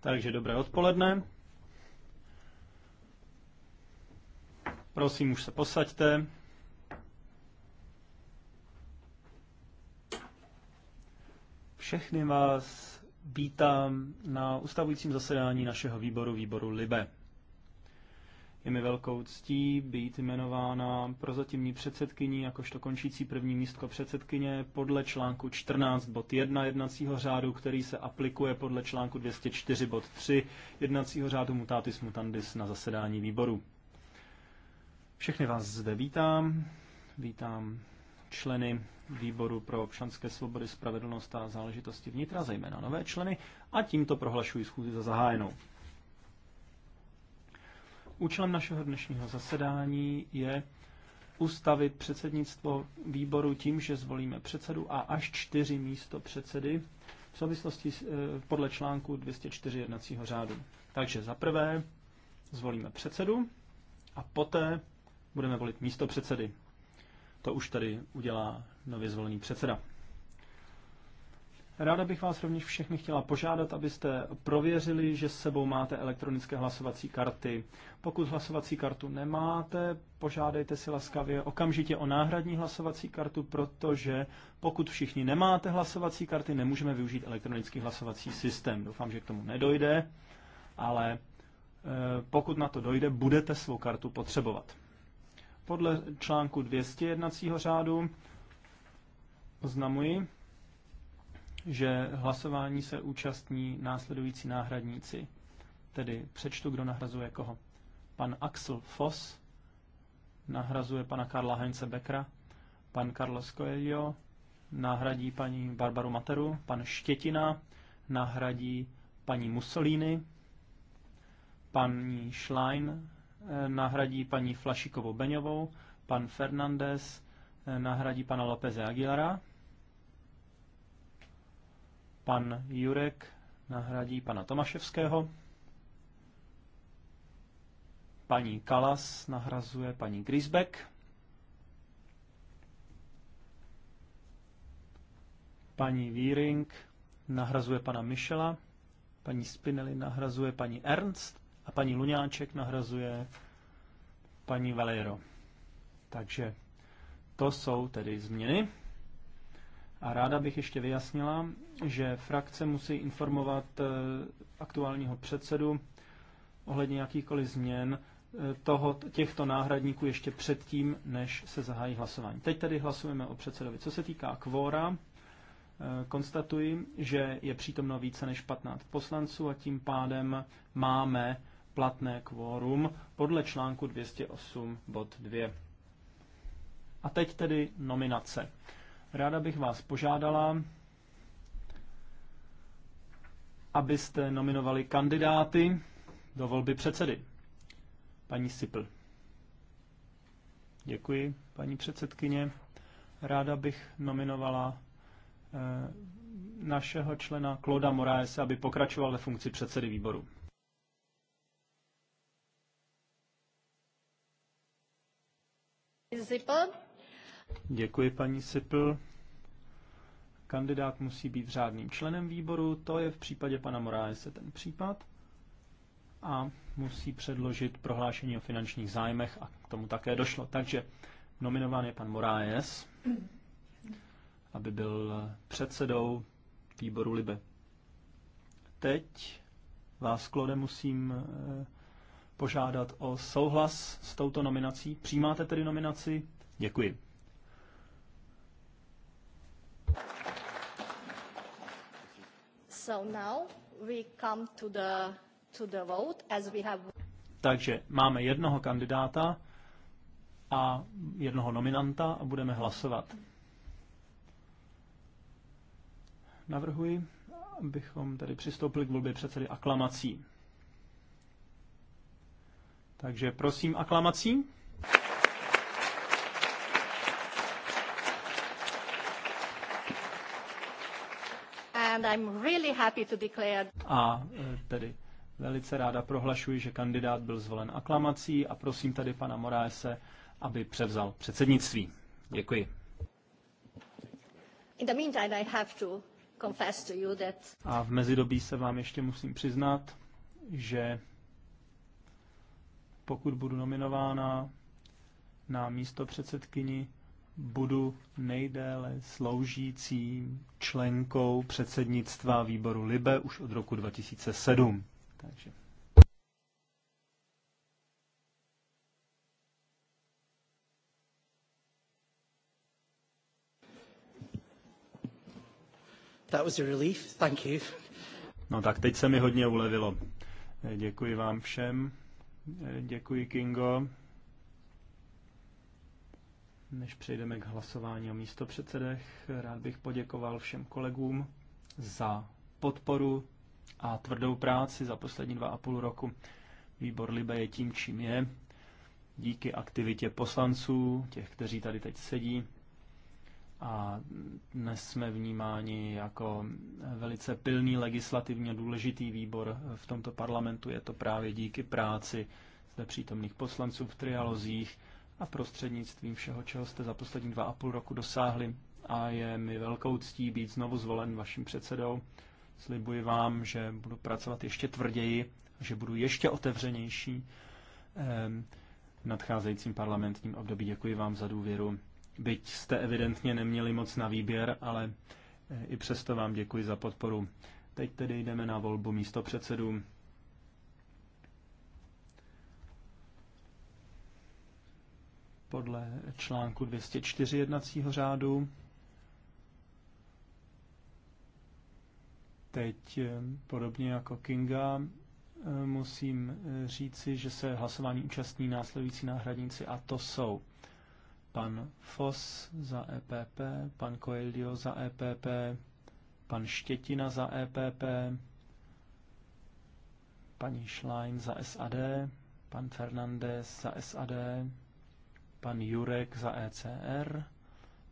Takže dobré odpoledne. Prosím, už se posaďte. Všechny vás vítám na ustavujícím zasedání našeho výboru, výboru LIBE. Je mi velkou ctí být jmenována prozatímní předsedkyní jakožto končící první místko předsedkyně podle článku 14 bod 1 jednacího řádu, který se aplikuje podle článku 204 bod 3 jednacího řádu mutatis mutandis na zasedání výboru. Všechny vás zde vítám. Vítám členy výboru pro občanské svobody, spravedlnost a záležitosti vnitra, zejména nové členy, a tímto prohlašuji schůzi za zahájenou. Účelem našeho dnešního zasedání je ustavit předsednictvo výboru tím, že zvolíme předsedu a až čtyři místo předsedy v souvislosti eh, podle článku 204 jednacího řádu. Takže za prvé zvolíme předsedu a poté budeme volit místo předsedy. To už tady udělá nově zvolený předseda. Ráda bych vás rovněž všechny chtěla požádat, abyste prověřili, že s sebou máte elektronické hlasovací karty. Pokud hlasovací kartu nemáte, požádejte si laskavě okamžitě o náhradní hlasovací kartu, protože pokud všichni nemáte hlasovací karty, nemůžeme využít elektronický hlasovací systém. Doufám, že k tomu nedojde, ale e, pokud na to dojde, budete svou kartu potřebovat. Podle článku 200 jednacího řádu oznamuji, že hlasování se účastní následující náhradníci. Tedy přečtu, kdo nahrazuje koho. Pan Axel Foss nahrazuje pana Karla Heinze Beckera, pan Carlos Coelho nahradí paní Barbaru Materu, pan Štětina nahradí paní Mussolini, paní Schlein eh, nahradí paní Flašikovou Beňovou, pan Fernandez eh, nahradí pana Lopeze Aguilara, Pan Jurek nahradí pana Tomaševského. Paní Kalas nahrazuje paní Grisbeck. Paní Víring nahrazuje pana Michela. Paní Spinelli nahrazuje paní Ernst. A paní Luňáček nahrazuje paní Valero. Takže to jsou tedy změny. A ráda bych ještě vyjasnila, že frakce musí informovat eh, aktuálního předsedu ohledně jakýchkoliv změn eh, toho, těchto náhradníků ještě předtím, než se zahájí hlasování. Teď tedy hlasujeme o předsedovi. Co se týká kvóra, eh, konstatuji, že je přítomno více než 15 poslanců a tím pádem máme platné kvórum podle článku 208 bod 2. A teď tedy nominace. Ráda bych vás požádala, abyste nominovali kandidáty do volby předsedy. Paní Sipl. Děkuji, paní předsedkyně. Ráda bych nominovala eh, našeho člena Kloda Moráese, aby pokračoval ve funkci předsedy výboru. Zipl. Děkuji, paní Sipl. Kandidát musí být řádným členem výboru, to je v případě pana Moráese ten případ, a musí předložit prohlášení o finančních zájmech a k tomu také došlo. Takže nominován je pan Moráes, aby byl předsedou výboru Libe. Teď vás, Klode, musím eh, požádat o souhlas s touto nominací. Přijímáte tedy nominaci? Děkuji. So now we come to the, to the vote as we have... Takže máme jednoho kandidáta a jednoho nominanta a budeme hlasovat. Navrhuji, abychom tedy přistoupili k volbě předsedy aklamací. Takže prosím aklamací. and I'm really happy to declare... A e, tedy velice ráda prohlašuji, že kandidát byl zvolen aklamací a prosím tady pana Moráese, aby převzal předsednictví. Děkuji. In the meantime, I have to confess to you that... A v mezidobí se vám ještě musím přiznat, že pokud budu nominována na místo předsedkyni, budu nejdéle sloužícím členkou předsednictva výboru Libe už od roku 2007. Takže. That was a relief. Thank you. No tak teď se mi hodně ulevilo. Děkuji vám všem. Děkuji Kingo. Než přejdeme k hlasování o místopředsedech, rád bych poděkoval všem kolegům za podporu a tvrdou práci za poslední dva a půl roku. Výbor Libe je tím, čím je. Díky aktivitě poslanců, těch, kteří tady teď sedí, a dnes jsme vnímáni jako velice pilný legislativně důležitý výbor v tomto parlamentu. Je to právě díky práci zde přítomných poslanců v trialozích a prostřednictvím všeho, čeho jste za poslední dva a půl roku dosáhli. A je mi velkou ctí být znovu zvolen vaším předsedou. Slibuji vám, že budu pracovat ještě tvrději, že budu ještě otevřenější ehm, v nadcházejícím parlamentním období. Děkuji vám za důvěru. Byť jste evidentně neměli moc na výběr, ale eh, i přesto vám děkuji za podporu. Teď tedy jdeme na volbu místo předsedů. podle článku 204 jednacího řádu. Teď, eh, podobně jako Kinga, eh, musím eh, říci, že se hlasování účastní následující náhradníci a to jsou pan Fos za EPP, pan Coelho za EPP, pan Štětina za EPP, paní Schlein za SAD, pan Fernandez za SAD, pan Jurek za ECR,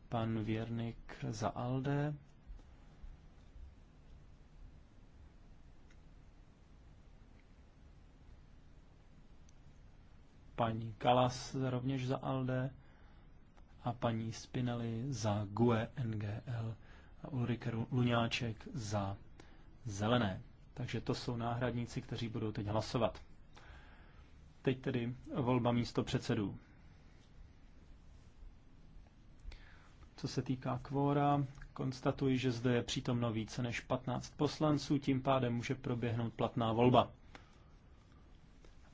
pan Věrnik za ALDE, paní Kalas rovněž za ALDE a paní Spinelli za GUE NGL a Ulrike Luňáček za Zelené. Takže to jsou náhradníci, kteří budou teď hlasovat. Teď tedy volba místo předsedů. Co se týká kvóra, konstatuji, že zde je přítomno více než 15 poslanců, tím pádem může proběhnout platná volba.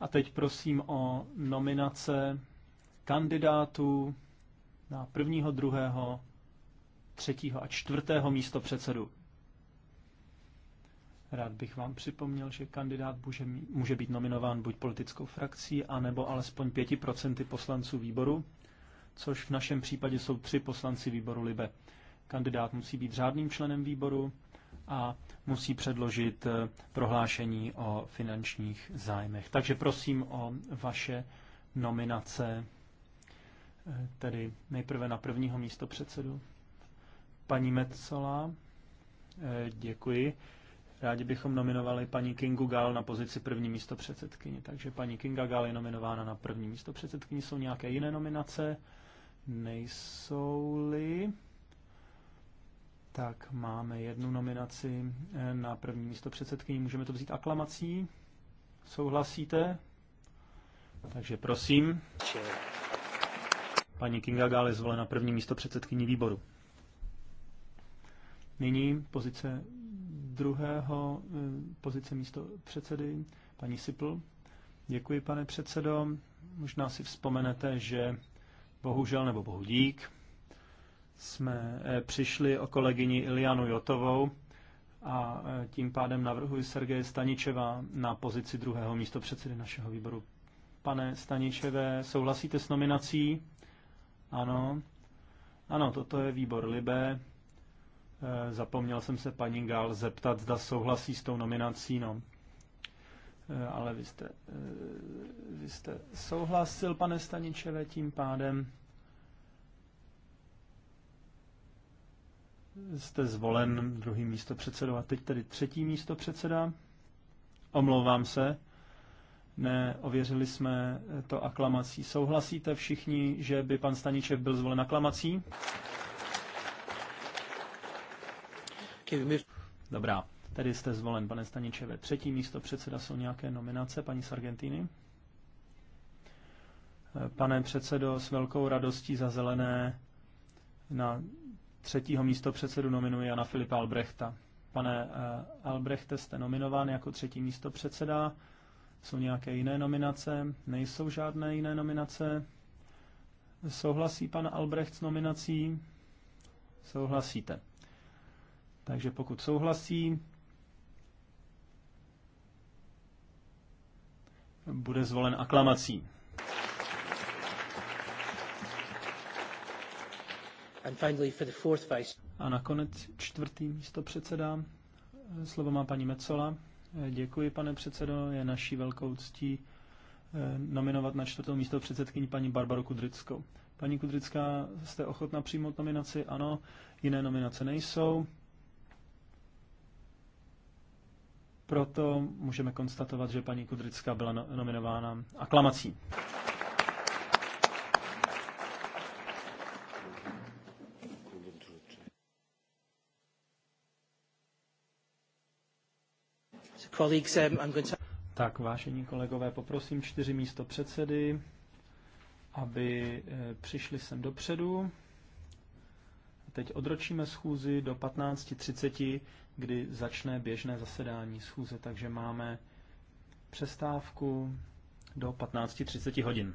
A teď prosím o nominace kandidátů na prvního, druhého, třetího a čtvrtého místo předsedu. Rád bych vám připomněl, že kandidát může, může být nominován buď politickou frakcí, anebo alespoň 5% poslanců výboru což v našem případě jsou tři poslanci výboru LIBE. Kandidát musí být řádným členem výboru a musí předložit eh, prohlášení o finančních zájmech. Takže prosím o vaše nominace, eh, tedy nejprve na prvního místo předsedu. Paní Metzola, eh, děkuji. Rádi bychom nominovali paní Kingu Gal na pozici první místo předsedkyně. Takže paní Kinga Gal je nominována na první místo předsedkyně. Jsou nějaké jiné nominace? Nejsou-li, tak máme jednu nominaci eh, na první místo předsedkyní. Můžeme to vzít aklamací? Souhlasíte? Takže prosím. Paní Kinga Gál je zvolena první místo předsedkyní výboru. Nyní pozice druhého, eh, pozice místo předsedy, paní Sipl. Děkuji, pane předsedo. Možná si vzpomenete, že bohužel nebo bohu dík, jsme eh, přišli o kolegyni Ilianu Jotovou a eh, tím pádem navrhuji Sergeje Staničeva na pozici druhého místo předsedy našeho výboru. Pane Staničeve, souhlasíte s nominací? Ano. Ano, toto je výbor Libé. Eh, zapomněl jsem se paní Gál zeptat, zda souhlasí s tou nominací. No, Eh, ale vy jste, eh, vy jste souhlasil, pane Staničeve, tím pádem jste zvolen druhý místo předsedou a teď tedy třetí místo předseda. Omlouvám se, ne, ověřili jsme to aklamací. Souhlasíte všichni, že by pan Staničev byl zvolen aklamací? Dobrá. Tedy jste zvolen, pane Staničeve. Třetí místo předseda jsou nějaké nominace, paní z Pane předsedo, s velkou radostí za zelené na třetího místo předsedu nominuje Jana Filipa Albrechta. Pane eh, Albrechte, jste nominován jako třetí místo předseda. Jsou nějaké jiné nominace? Nejsou žádné jiné nominace? Souhlasí pan Albrecht s nominací? Souhlasíte. Takže pokud souhlasí, bude zvolen aklamací. A nakonec čtvrtý místo předseda. Slovo má paní Mecola. Děkuji, pane předsedo. Je naší velkou ctí eh, nominovat na čtvrtou místo předsedkyní paní Barbaru Kudrickou. Paní Kudrická, jste ochotná přijmout nominaci? Ano, jiné nominace nejsou. Proto můžeme konstatovat, že paní Kudrická byla no-, nominována aklamací. Um, tak, vážení kolegové, poprosím čtyři místo předsedy, aby eh, přišli sem dopředu. Teď odročíme schůzi do 15.30 kdy začne běžné zasedání schůze, takže máme přestávku do 15.30 hodin.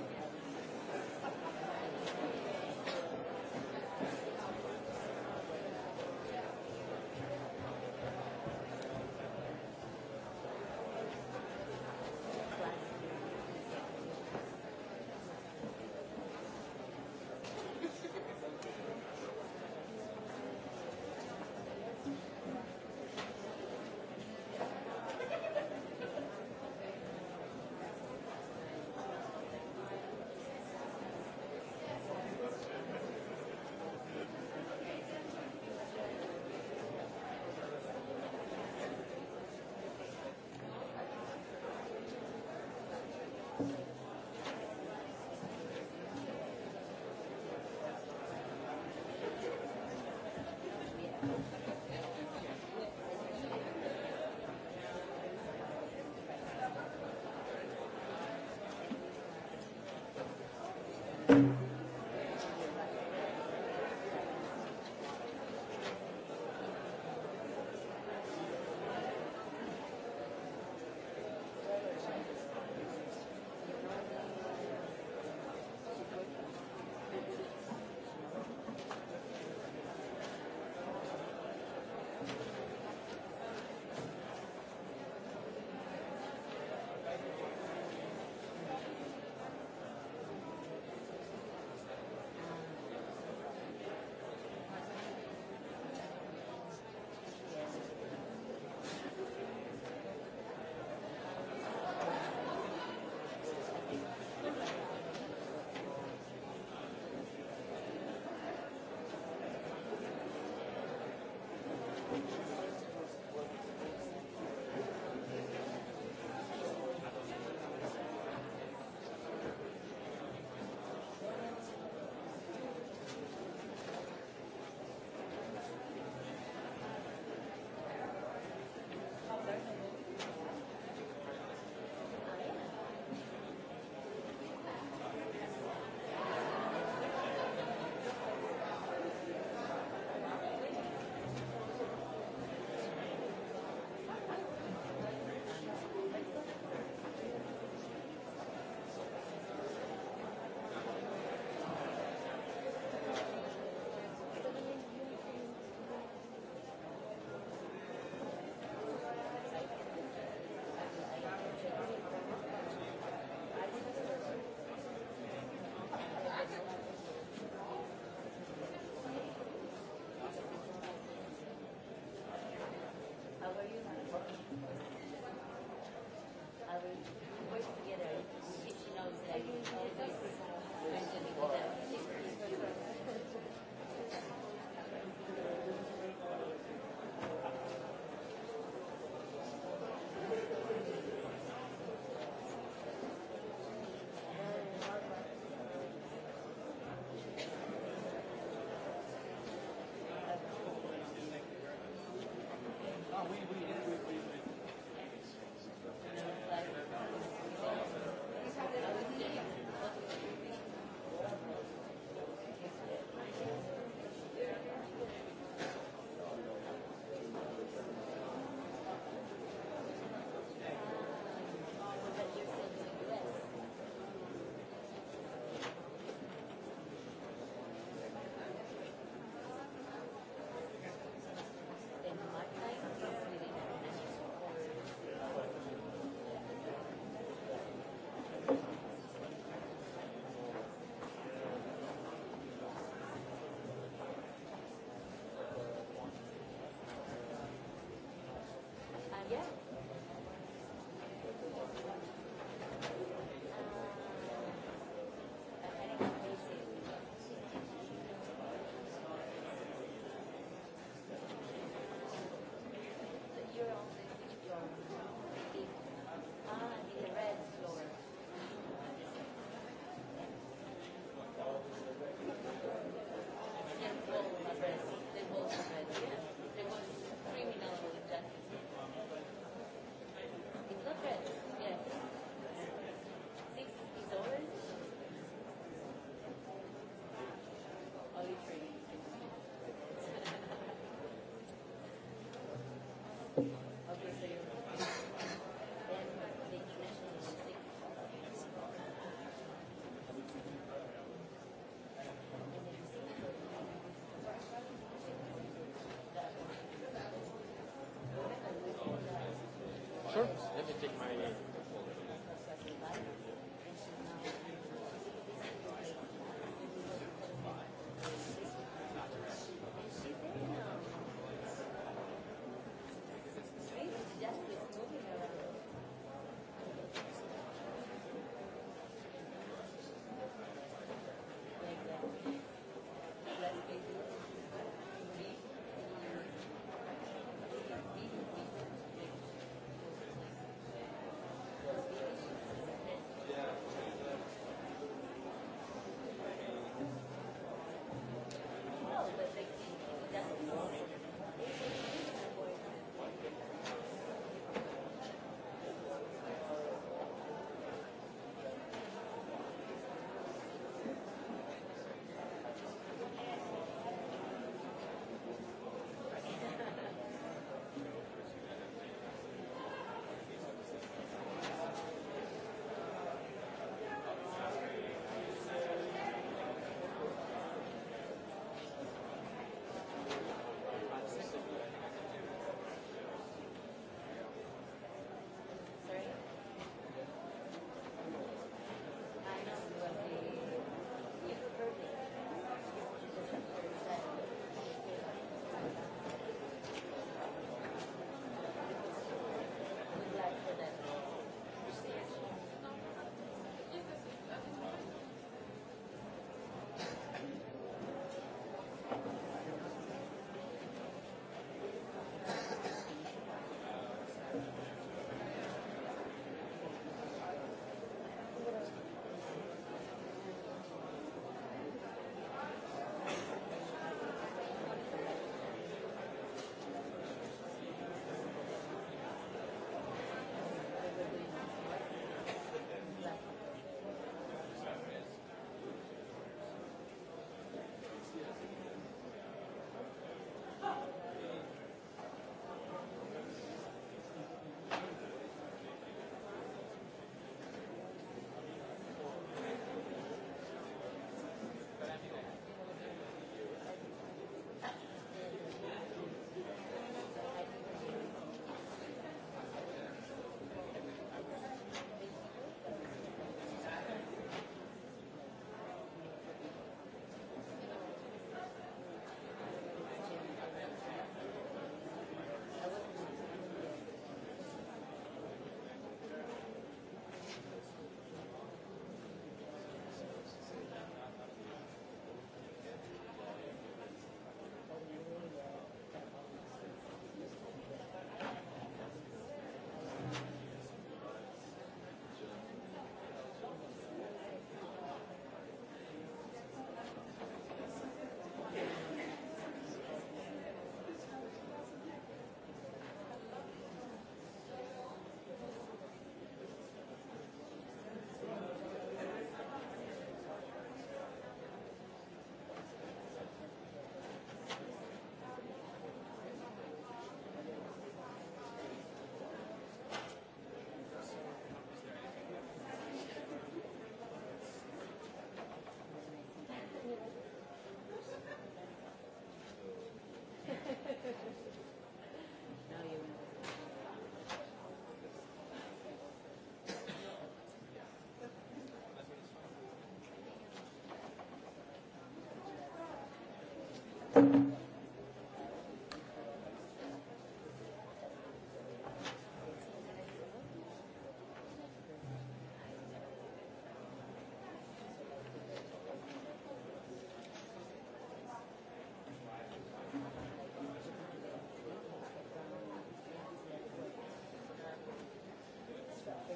Sure. Let me take my.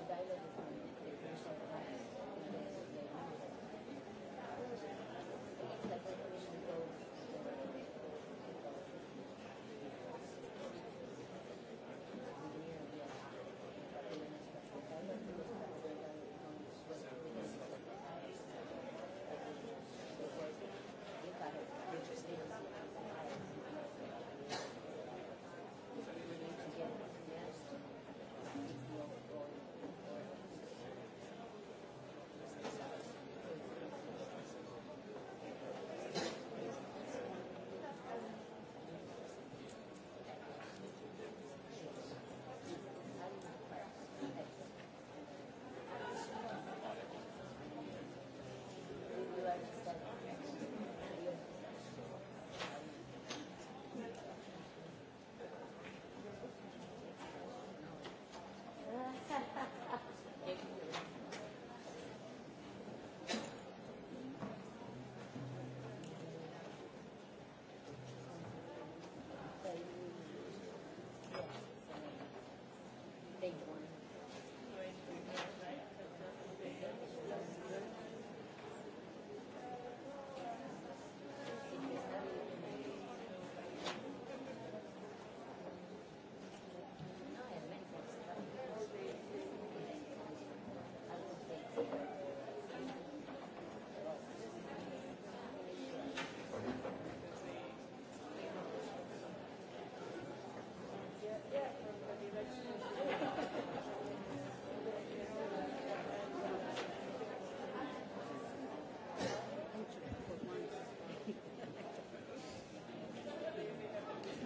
ได้เลย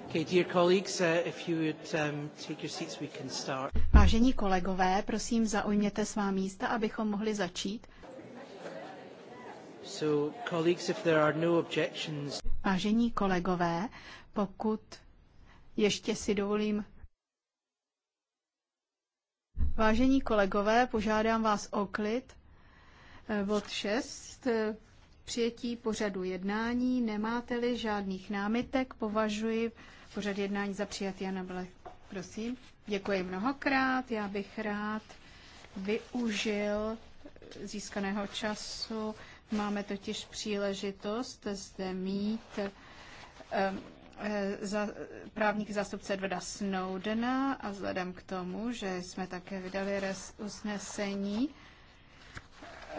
Okay, dear colleagues, uh, if you would um, take your seats, we can start. Vážení kolegové, prosím zaujměte svá místa, abychom mohli začít. So, colleagues, if there are no objections. Vážení kolegové, pokud ještě si dovolím Vážení kolegové, požádám vás o klid. Eh, bod 6 přijetí pořadu jednání. Nemáte-li žádných námitek, považuji pořad jednání za přijat Jana Ble. Prosím. Děkuji mnohokrát. Já bych rád využil získaného času. Máme totiž příležitost zde mít um, za, právník zástupce Edwarda Snowdena a vzhledem k tomu, že jsme také vydali res, usnesení,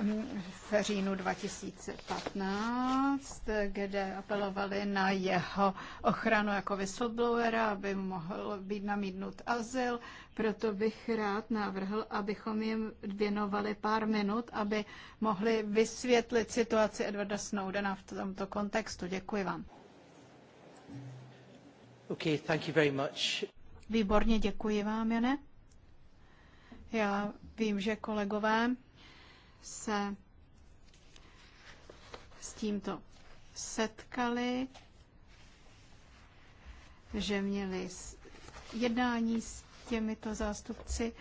v říjnu 2015, kde apelovali na jeho ochranu jako whistleblowera, aby mohl být namídnut azyl. Proto bych rád navrhl, abychom jim věnovali pár minut, aby mohli vysvětlit situaci Edwarda Snowdena v tomto kontextu. Děkuji vám. Okay, thank you very much. Výborně, děkuji vám, Jane. Já vím, že kolegové se s tímto setkali, že měli jednání s těmito zástupci.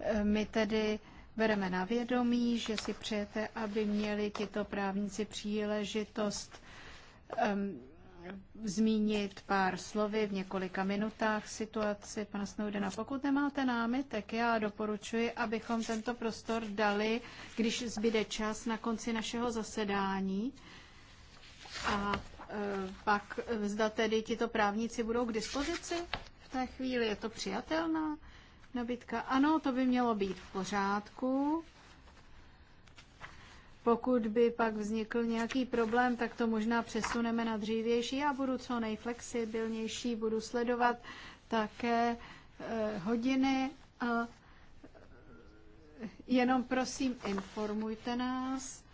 E, my tedy bereme na vědomí, že si přejete, aby měli tito právníci příležitost um, zmínit pár slovy v několika minutách situaci pana Snowdena. Pokud nemáte tak já doporučuji, abychom tento prostor dali, když zbyde čas na konci našeho zasedání. A e, pak e, zda tedy tito právníci budou k dispozici v té chvíli. Je to přijatelná nabídka? Ano, to by mělo být v pořádku. Pokud by pak vznikl nějaký problém, tak to možná přesuneme na dřívější. Já budu co nejflexibilnější, budu sledovat také eh, hodiny a eh, jenom prosím informujte nás.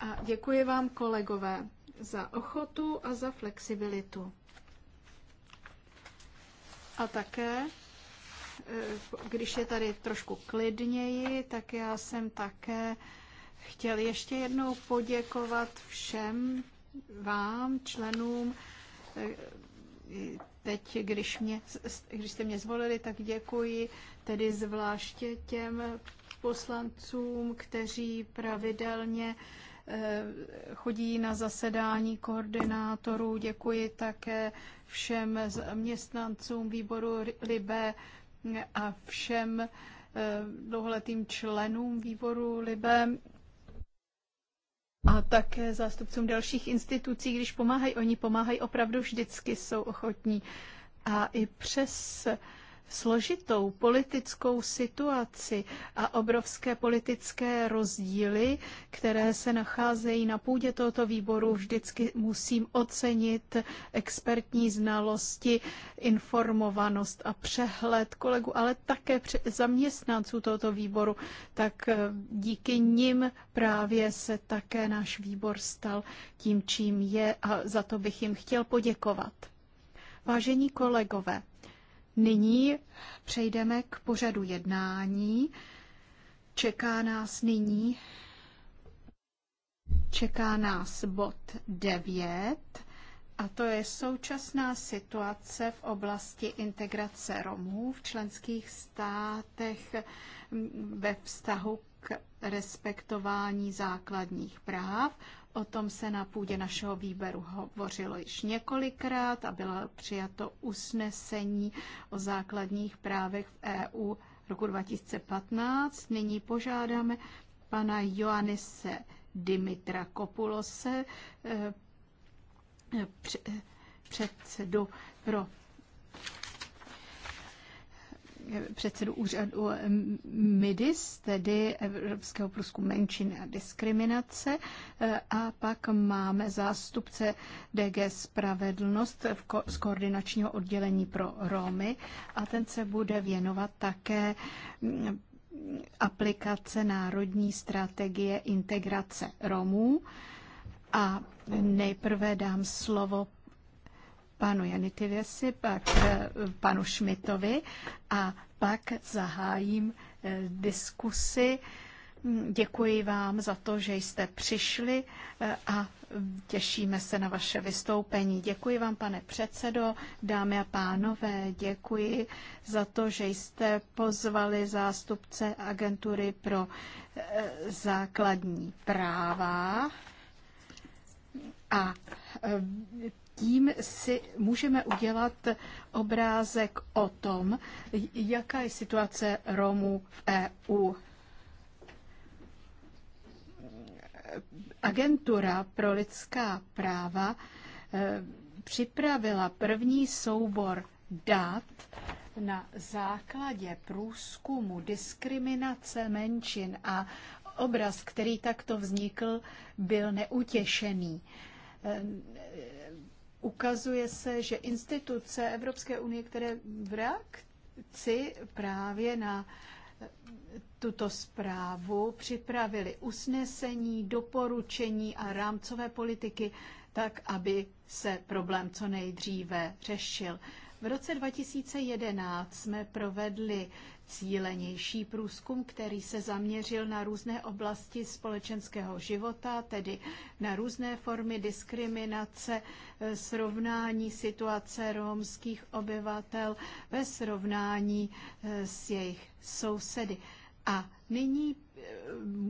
A děkuji vám, kolegové, za ochotu a za flexibilitu. A také, eh, když je tady trošku klidněji, tak já jsem také chtěl ještě jednou poděkovat všem vám, členům. Teď, když, mě, když jste mě zvolili, tak děkuji tedy zvláště těm poslancům, kteří pravidelně eh, chodí na zasedání koordinátorů. Děkuji také všem zaměstnancům výboru Libe a všem eh, dlouholetým členům výboru Libe a také zástupcům dalších institucí, když pomáhají, oni pomáhají opravdu vždycky, jsou ochotní. A i přes složitou politickou situaci a obrovské politické rozdíly, které se nacházejí na půdě tohoto výboru, vždycky musím ocenit expertní znalosti, informovanost a přehled kolegu, ale také zaměstnanců tohoto výboru. Tak eh, díky nim právě se také náš výbor stal tím, čím je a za to bych jim chtěl poděkovat. Vážení kolegové, Nyní přejdeme k pořadu jednání. Čeká nás nyní čeká nás bod 9 a to je současná situace v oblasti integrace Romů v členských státech ve vztahu k respektování základních práv O tom se na půdě našeho výberu hovořilo již několikrát a bylo přijato usnesení o základních právech v EU roku 2015. Nyní požádáme pana Joannise Dimitra Kopulose, eh, předsedu pro předsedu úřadu MIDIS, tedy Evropského průzkumu menšin a diskriminace. A pak máme zástupce DG Spravedlnost z koordinačního oddělení pro Romy a ten se bude věnovat také aplikace Národní strategie integrace Romů. A nejprve dám slovo panu Janitivěsi, pak eh, panu Šmitovi a pak zahájím eh, diskusy. Mm, děkuji vám za to, že jste přišli eh, a těšíme se na vaše vystoupení. Děkuji vám, pane předsedo, dámy a pánové, děkuji za to, že jste pozvali zástupce agentury pro základní práva a tím si můžeme udělat obrázek o tom, jaká je situace Romů v EU. Agentura pro lidská práva eh, připravila první soubor dat na základě průzkumu diskriminace menšin a obraz, který takto vznikl, byl neutěšený ukazuje se, že instituce Evropské unie, které v reakci právě na eh, tuto zprávu připravili usnesení, doporučení a rámcové politiky tak, aby se problém co nejdříve řešil. V roce 2011 jsme provedli cílenější průzkum, který se zaměřil na různé oblasti společenského života, tedy na různé formy diskriminace, eh, srovnání situace romských obyvatel ve srovnání eh, s jejich sousedy. A nyní eh,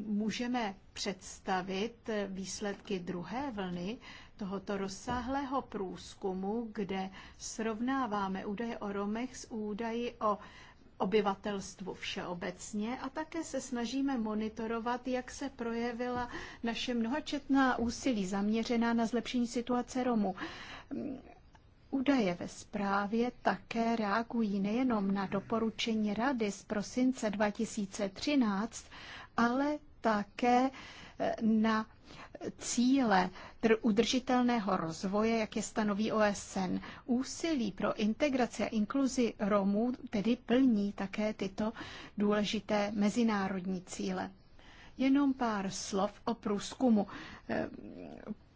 můžeme představit výsledky druhé vlny tohoto rozsáhlého průzkumu, kde srovnáváme údaje o Romech s údaji o obyvatelstvu všeobecně a také se snažíme monitorovat, jak se projevila naše mnohočetná úsilí zaměřená na zlepšení situace Romů. Údaje ve zprávě také reagují nejenom na doporučení Rady z prosince 2013, ale také na cíle udržitelného rozvoje, jak je stanoví OSN. Úsilí pro integraci a inkluzi Romů tedy plní také tyto důležité mezinárodní cíle. Jenom pár slov o průzkumu. Eh,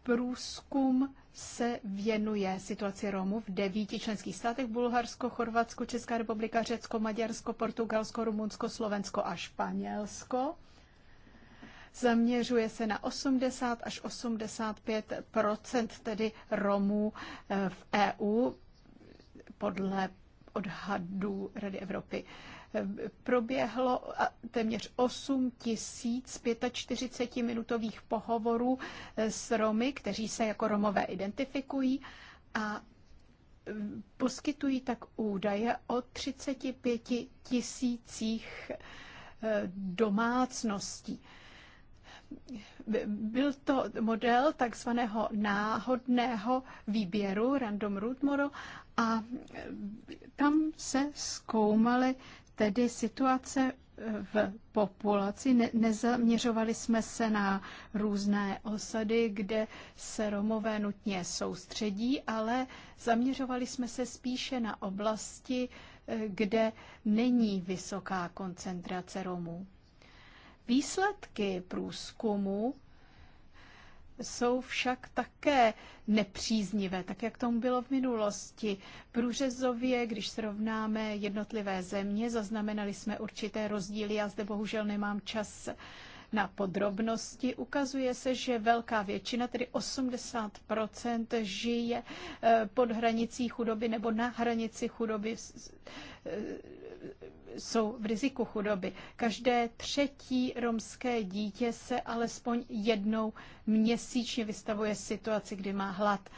průzkum se věnuje situaci Romů v devíti členských státech Bulharsko, Chorvatsko, Česká republika, Řecko, Maďarsko, Portugalsko, Rumunsko, Slovensko a Španělsko zaměřuje se na 80 až 85 tedy Romů eh, v EU podle odhadů Rady Evropy eh, proběhlo téměř 8 45-minutových pohovorů eh, s Romy, kteří se jako Romové identifikují a poskytují tak údaje o 35 tisících domácností. Byl to model takzvaného náhodného výběru, random root model, a e, tam se zkoumaly tedy situace e, v populaci. Ne, nezaměřovali jsme se na různé osady, kde se Romové nutně soustředí, ale zaměřovali jsme se spíše na oblasti, e, kde není vysoká koncentrace Romů. Výsledky průzkumu jsou však také nepříznivé, tak jak tomu bylo v minulosti. Průřezově, když srovnáme jednotlivé země, zaznamenali jsme určité rozdíly. Já zde bohužel nemám čas na podrobnosti. Ukazuje se, že velká většina, tedy 80 žije eh, pod hranicí chudoby nebo na hranici chudoby eh, jsou v riziku chudoby. Každé třetí romské dítě se alespoň jednou měsíčně vystavuje situaci, kdy má hlad.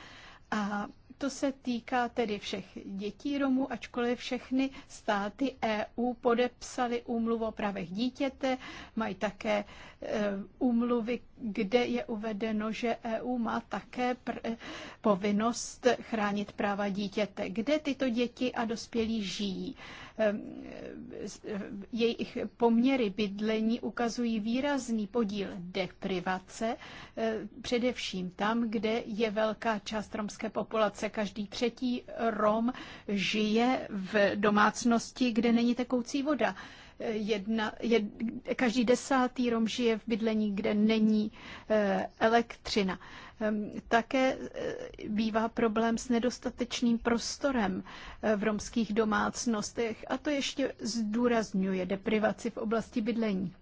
A to se týká tedy všech dětí Romů, ačkoliv všechny státy EU podepsaly úmluvu o právech dítěte, mají také e, úmluvy, kde je uvedeno, že EU má také povinnost chránit práva dítěte, kde tyto děti a dospělí žijí. Ehm, eh, jejich poměry bydlení ukazují výrazný podíl deprivace, eh, především tam, kde je velká část romské populace. Každý třetí Rom žije v domácnosti, kde není tekoucí voda eh, jedna, jed, každý desátý Rom žije v bydlení, kde není elektřina. Ehm, také e, bývá problém s nedostatečným prostorem e, v romských domácnostech a to ještě zdůrazňuje deprivaci v oblasti bydlení.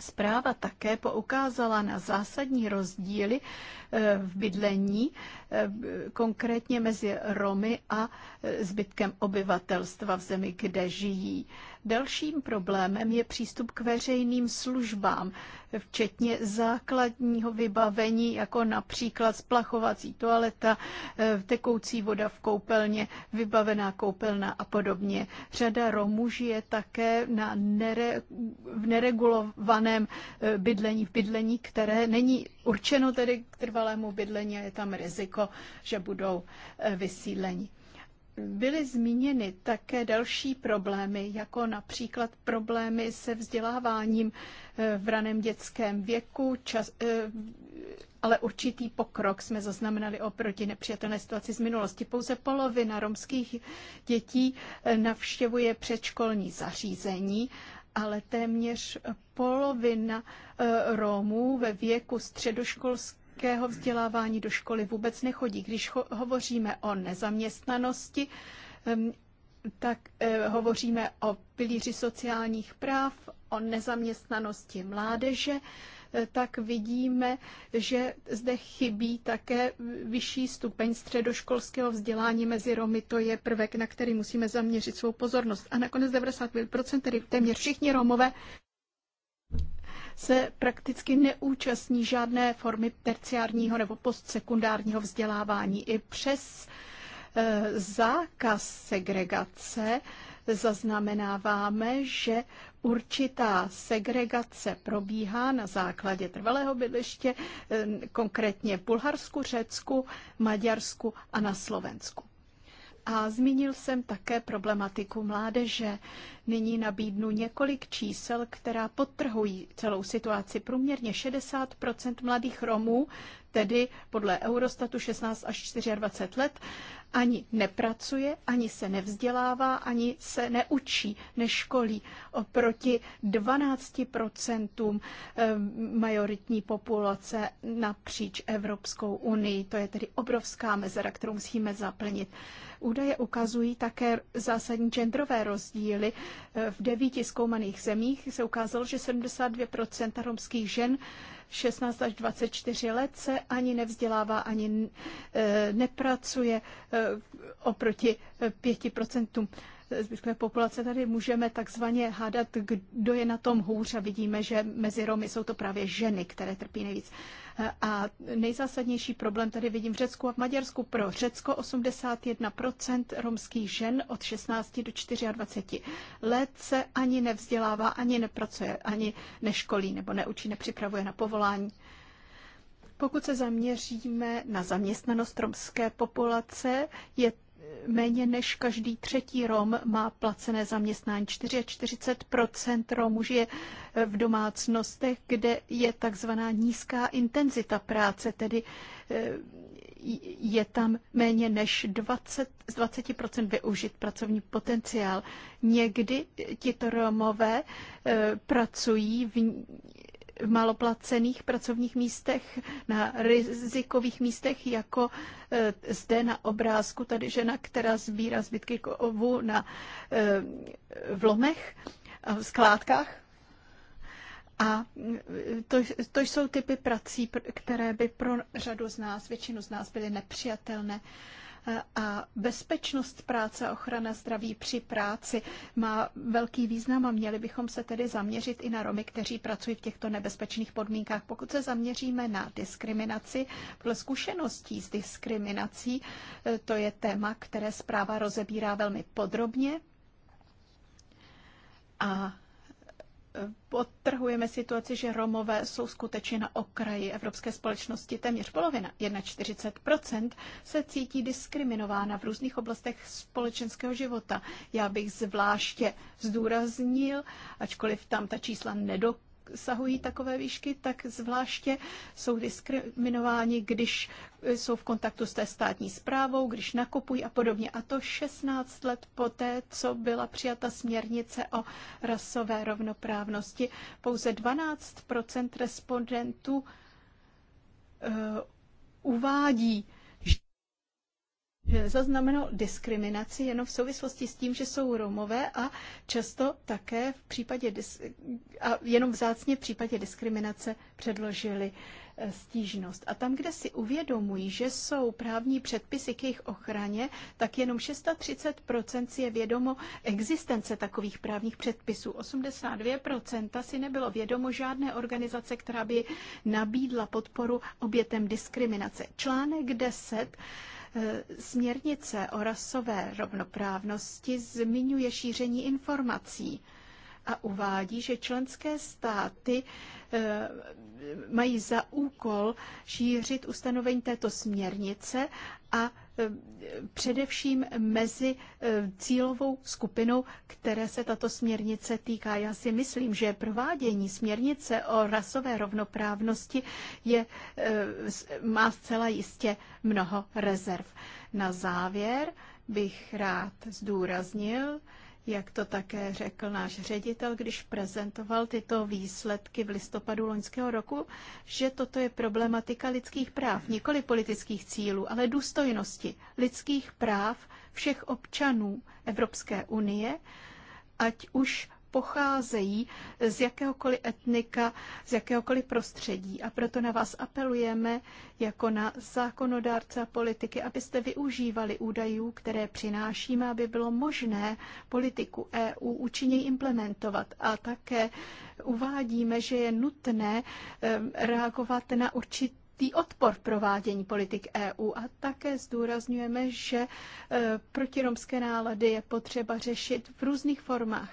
Zpráva také poukázala na zásadní rozdíly e, v bydlení Eh, konkrétně mezi Romy a eh, zbytkem obyvatelstva v zemi, kde žijí. Dalším problémem je přístup k veřejným službám, včetně základního vybavení, jako například splachovací toaleta, eh, tekoucí voda v koupelně, vybavená koupelna a podobně. Řada Romů žije také na nere, v neregulovaném bydlení, v bydlení, které není určeno tedy k trvalému bydlení a je tam riziko riziko, jako, že budou eh, vysíleni. Byly zmíněny také další problémy, jako například problémy se vzděláváním eh, v raném dětském věku, čas, eh, ale určitý pokrok jsme zaznamenali oproti nepřijatelné situaci z minulosti. Pouze polovina romských dětí navštěvuje předškolní zařízení, ale téměř polovina Romů ve věku středoškolského nějakého vzdělávání do školy vůbec nechodí. Když ho- hovoříme o nezaměstnanosti, tak eh, hovoříme o pilíři sociálních práv, o nezaměstnanosti mládeže, eh, tak vidíme, že zde chybí také vyšší stupeň středoškolského vzdělání mezi Romy. To je prvek, na který musíme zaměřit svou pozornost. A nakonec 95%, tedy téměř všichni Romové, se prakticky neúčastní žádné formy terciárního nebo postsekundárního vzdělávání. I přes e, zákaz segregace zaznamenáváme, že určitá segregace probíhá na základě trvalého bydliště, e, konkrétně v Bulharsku, Řecku, Maďarsku a na Slovensku. A zmínil jsem také problematiku mládeže. Nyní nabídnu několik čísel, která podtrhují celou situaci. Průměrně 60 mladých Romů, tedy podle Eurostatu 16 až 24 let, ani nepracuje, ani se nevzdělává, ani se neučí, neškolí oproti 12% eh, majoritní populace napříč Evropskou unii. To je tedy obrovská mezera, kterou musíme zaplnit. Údaje ukazují také zásadní genderové rozdíly. Eh, v devíti zkoumaných zemích se ukázalo, že 72% romských žen 16 až 24 let se ani nevzdělává, ani eh, nepracuje eh, oproti 5%. Eh, zbytkové populace, tady můžeme takzvaně hádat, kdo je na tom hůř a vidíme, že mezi Romy jsou to právě ženy, které trpí nejvíc. A nejzásadnější problém tady vidím v Řecku a v Maďarsku. Pro Řecko 81% romských žen od 16 do 24 let se ani nevzdělává, ani nepracuje, ani neškolí nebo neučí, nepřipravuje na povolání. Pokud se zaměříme na zaměstnanost romské populace, je méně než každý třetí Rom má placené zaměstnání. 44% Romů žije eh, v domácnostech, kde je takzvaná nízká intenzita práce, tedy eh, je tam méně než 20, z 20% využit pracovní potenciál. Někdy tito Romové eh, pracují v v maloplacených pracovních místech, na rizikových místech, jako eh, zde na obrázku tady žena, která sbírá zbytky kovu na eh, v lomech, v skládkách. A eh, to, to jsou typy prací, které by pro řadu z nás, většinu z nás byly nepřijatelné a bezpečnost práce a ochrana zdraví při práci má velký význam a měli bychom se tedy zaměřit i na Romy, kteří pracují v těchto nebezpečných podmínkách. Pokud se zaměříme na diskriminaci, podle zkušeností s diskriminací, eh, to je téma, které zpráva rozebírá velmi podrobně. A Podtrhujeme situaci, že Romové jsou skutečně na okraji evropské společnosti. Téměř polovina, 41%, se cítí diskriminována v různých oblastech společenského života. Já bych zvláště zdůraznil, ačkoliv tam ta čísla nedokážu, dosahují takové výšky, tak zvláště jsou diskriminováni, když jsou v kontaktu s té státní zprávou, když nakupují a podobně. A to 16 let poté, co byla přijata směrnice o rasové rovnoprávnosti. Pouze 12 respondentů uh, uvádí, zaznamenal diskriminaci jenom v souvislosti s tím, že jsou Romové a často také v případě a jenom vzácně v případě diskriminace předložili eh, stížnost. A tam, kde si uvědomují, že jsou právní předpisy k jejich ochraně, tak jenom 630% si je vědomo existence takových právních předpisů. 82% si nebylo vědomo žádné organizace, která by nabídla podporu obětem diskriminace. Článek 10 Eh, směrnice o rasové rovnoprávnosti zmiňuje šíření informací a uvádí, že členské státy eh, mají za úkol šířit ustanovení této směrnice a eh, především mezi eh, cílovou skupinou, které se tato směrnice týká. Já si myslím, že provádění směrnice o rasové rovnoprávnosti je, má zcela jistě mnoho rezerv. Na závěr bych rád zdůraznil, jak to také řekl náš ředitel, když prezentoval tyto výsledky v listopadu loňského roku, že toto je problematika lidských práv, nikoli politických cílů, ale důstojnosti lidských práv všech občanů Evropské unie, ať už pocházejí z jakéhokoliv etnika, z jakéhokoliv prostředí. A proto na vás apelujeme jako na zákonodárce a politiky, abyste využívali údajů, které přinášíme, aby bylo možné politiku EU účinněji implementovat. A také uvádíme, že je nutné ehm, reagovat na určitý odpor odpor provádění politik EU a také zdůrazňujeme, že ehm, protiromské nálady je potřeba řešit v různých formách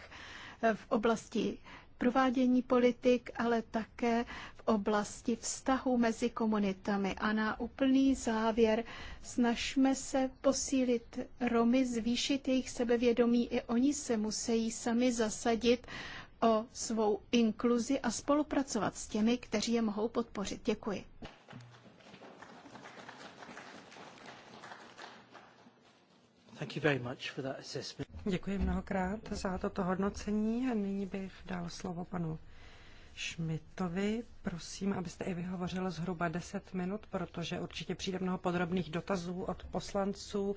v oblasti provádění politik, ale také v oblasti vztahu mezi komunitami. A na úplný závěr snažme se posílit Romy, zvýšit jejich sebevědomí. I oni se musí sami zasadit o svou inkluzi a spolupracovat s těmi, kteří je mohou podpořit. Děkuji. Děkuji mnohokrát za toto hodnocení. Nyní bych dal slovo panu Šmitovi. Prosím, abyste i vyhovořil zhruba 10 minut, protože určitě přijde mnoho podrobných dotazů od poslanců,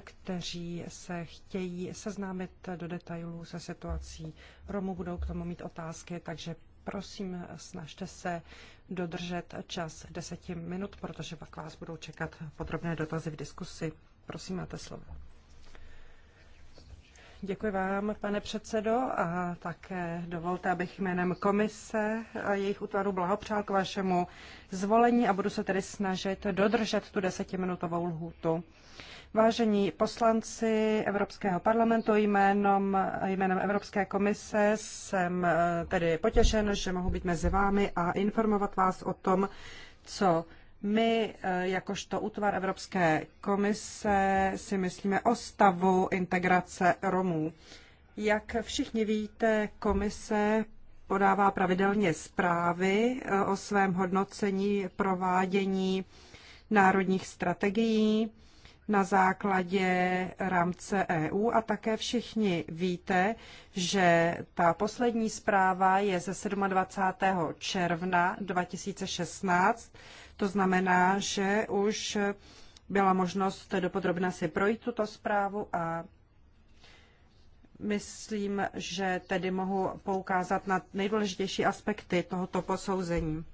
kteří se chtějí seznámit do detailů se situací Romů, budou k tomu mít otázky, takže prosím, snažte se dodržet čas 10 minut, protože pak vás budou čekat podrobné dotazy v diskusi. Prosím, máte slovo. Děkuji vám, pane předsedo, a také dovolte, abych jménem komise a jejich útvaru blahopřál k vašemu zvolení a budu se tedy snažit dodržet tu desetiminutovou lhůtu. Vážení poslanci Evropského parlamentu, jménem, jménem Evropské komise jsem eh, tedy potěšen, že mohu být mezi vámi a informovat vás o tom, co my, eh, jakožto útvar Evropské komise, si myslíme o stavu integrace Romů. Jak všichni víte, komise podává pravidelně zprávy eh, o svém hodnocení provádění národních strategií na základě rámce EU a také všichni víte, že ta poslední zpráva je ze 27. června 2016 to znamená, že už byla možnost dopodrobna si projít tuto zprávu a myslím, že tedy mohu poukázat na nejdůležitější aspekty tohoto posouzení.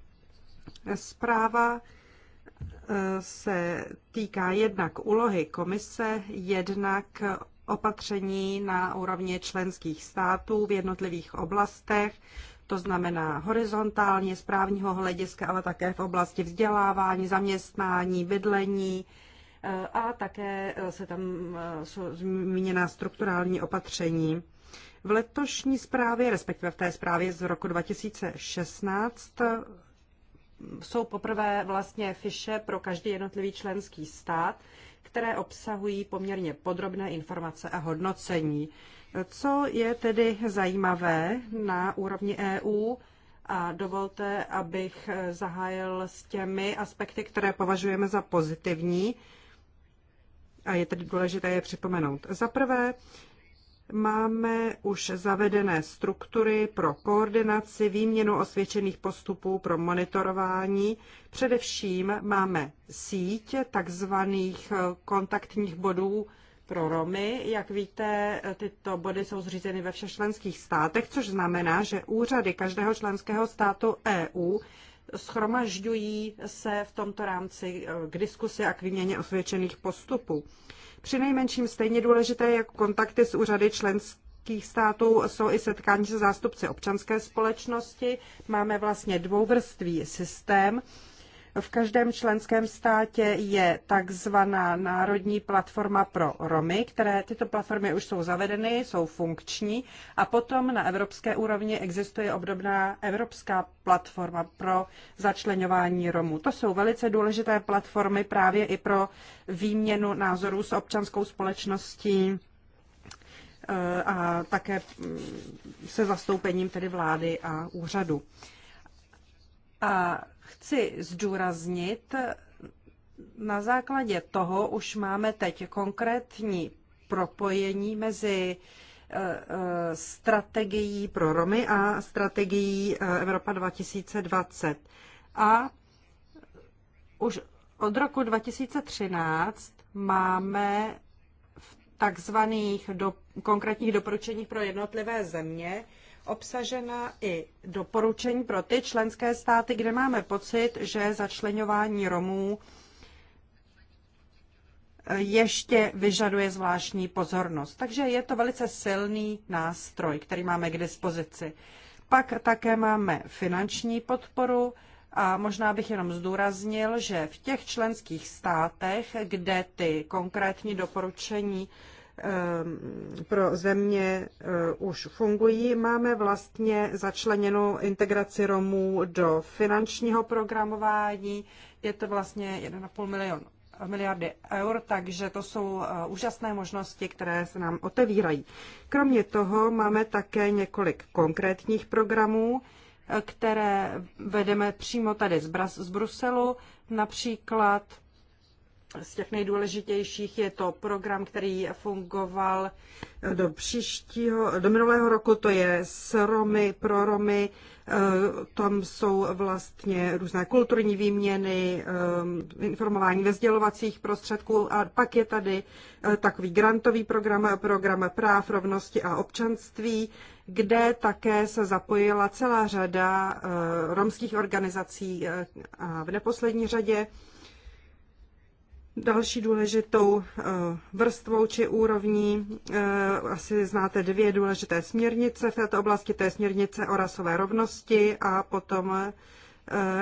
Zpráva eh, se týká jednak úlohy komise, jednak opatření na úrovni členských států v jednotlivých oblastech, to znamená horizontálně z právního hlediska, ale také v oblasti vzdělávání, zaměstnání, bydlení eh, a také eh, se tam eh, jsou zmíněna strukturální opatření. V letošní zprávě, respektive v té zprávě z roku 2016, jsou poprvé vlastně fiše pro každý jednotlivý členský stát, které obsahují poměrně podrobné informace a hodnocení. Co je tedy zajímavé na úrovni EU, a dovolte, abych zahájil s těmi aspekty, které považujeme za pozitivní, a je tedy důležité je připomenout. Za prvé, máme už zavedené struktury pro koordinaci, výměnu osvědčených postupů pro monitorování. Především máme síť takzvaných kontaktních bodů pro Romy. Jak víte, tyto body jsou zřízeny ve všech členských státech, což znamená, že úřady každého členského státu EU schromažďují se v tomto rámci eh, k diskusi a k výměně osvědčených postupů. Při nejmenším stejně důležité jak kontakty s úřady členských států jsou i setkání se zástupci občanské společnosti. Máme vlastně dvouvrstvý systém v každém členském státě je takzvaná národní platforma pro Romy, které tyto platformy už jsou zavedeny, jsou funkční a potom na evropské úrovni existuje obdobná evropská platforma pro začlenování Romů. To jsou velice důležité platformy právě i pro výměnu názorů s občanskou společností eh, a také mm, se zastoupením tedy vlády a úřadu. A chci zdůraznit, na základě toho už máme teď konkrétní propojení mezi eh, eh, strategií pro Romy a strategií eh, Evropa 2020. A už od roku 2013 máme v takzvaných do, konkrétních doporučeních pro jednotlivé země obsažena i doporučení pro ty členské státy, kde máme pocit, že začlenování Romů ještě vyžaduje zvláštní pozornost. Takže je to velice silný nástroj, který máme k dispozici. Pak také máme finanční podporu a možná bych jenom zdůraznil, že v těch členských státech, kde ty konkrétní doporučení Ehm, pro země eh, už fungují. Máme vlastně začleněnou integraci Romů do finančního programování. Je to vlastně 1,5 milion eh, miliardy eur, takže to jsou eh, úžasné možnosti, které se nám otevírají. Kromě toho máme také několik konkrétních programů, které vedeme přímo tady z, Bruselu, například z těch nejdůležitějších je to program, který fungoval do příštího, do minulého roku, to je s Romy, pro Romy, e, tam jsou vlastně různé kulturní výměny, e, informování ve sdělovacích prostředků a pak je tady e, takový grantový program, program práv, rovnosti a občanství, kde také se zapojila celá řada romských organizací a v neposlední řadě Další důležitou eh, vrstvou či úrovní eh, asi znáte dvě důležité směrnice v této oblasti, to je směrnice o rasové rovnosti a potom eh,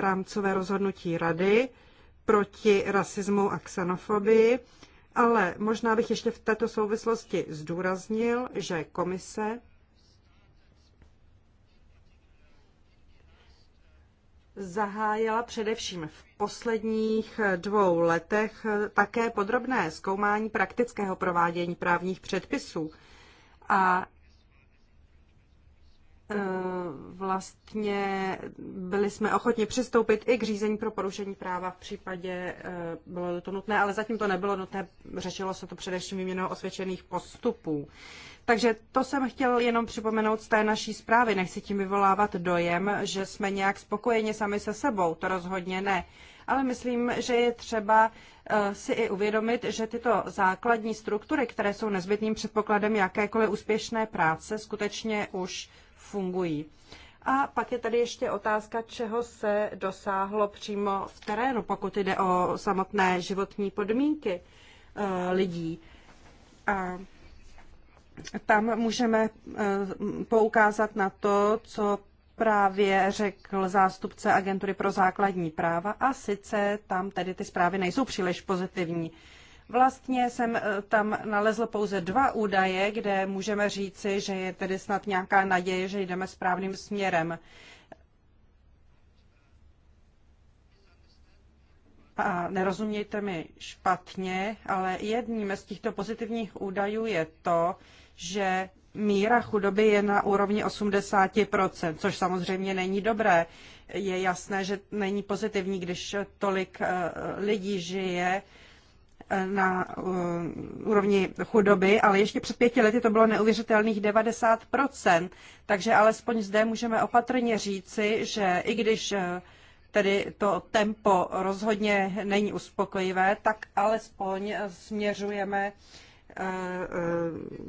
rámcové rozhodnutí Rady proti rasismu a xenofobii. Ale možná bych ještě v této souvislosti zdůraznil, že komise zahájila především v posledních dvou letech také podrobné zkoumání praktického provádění právních předpisů a Eh, vlastně byli jsme ochotni přistoupit i k řízení pro porušení práva v případě, eh, bylo to nutné, ale zatím to nebylo nutné, řešilo se to především výměnou osvědčených postupů. Takže to jsem chtěl jenom připomenout z té naší zprávy. Nechci tím vyvolávat dojem, že jsme nějak spokojeni sami se sebou, to rozhodně ne. Ale myslím, že je třeba eh, si i uvědomit, že tyto základní struktury, které jsou nezbytným předpokladem jakékoliv úspěšné práce, skutečně už fungují. A pak je tady ještě otázka, čeho se dosáhlo přímo v terénu, pokud jde o samotné životní podmínky eh, lidí. A tam můžeme eh, poukázat na to, co právě řekl zástupce Agentury pro základní práva a sice tam tedy ty zprávy nejsou příliš pozitivní. Vlastně jsem eh, tam nalezl pouze dva údaje, kde můžeme říci, že je tedy snad nějaká naděje, že jdeme správným směrem. A nerozumějte mi špatně, ale jedním z těchto pozitivních údajů je to, že míra chudoby je na úrovni 80%, což samozřejmě není dobré. Je jasné, že není pozitivní, když tolik eh, lidí žije na eh, úrovni chudoby, ale ještě před pěti lety to bylo neuvěřitelných 90%. Takže alespoň zde můžeme opatrně říci, že i když eh, tedy to tempo rozhodně není uspokojivé, tak alespoň směřujeme eh,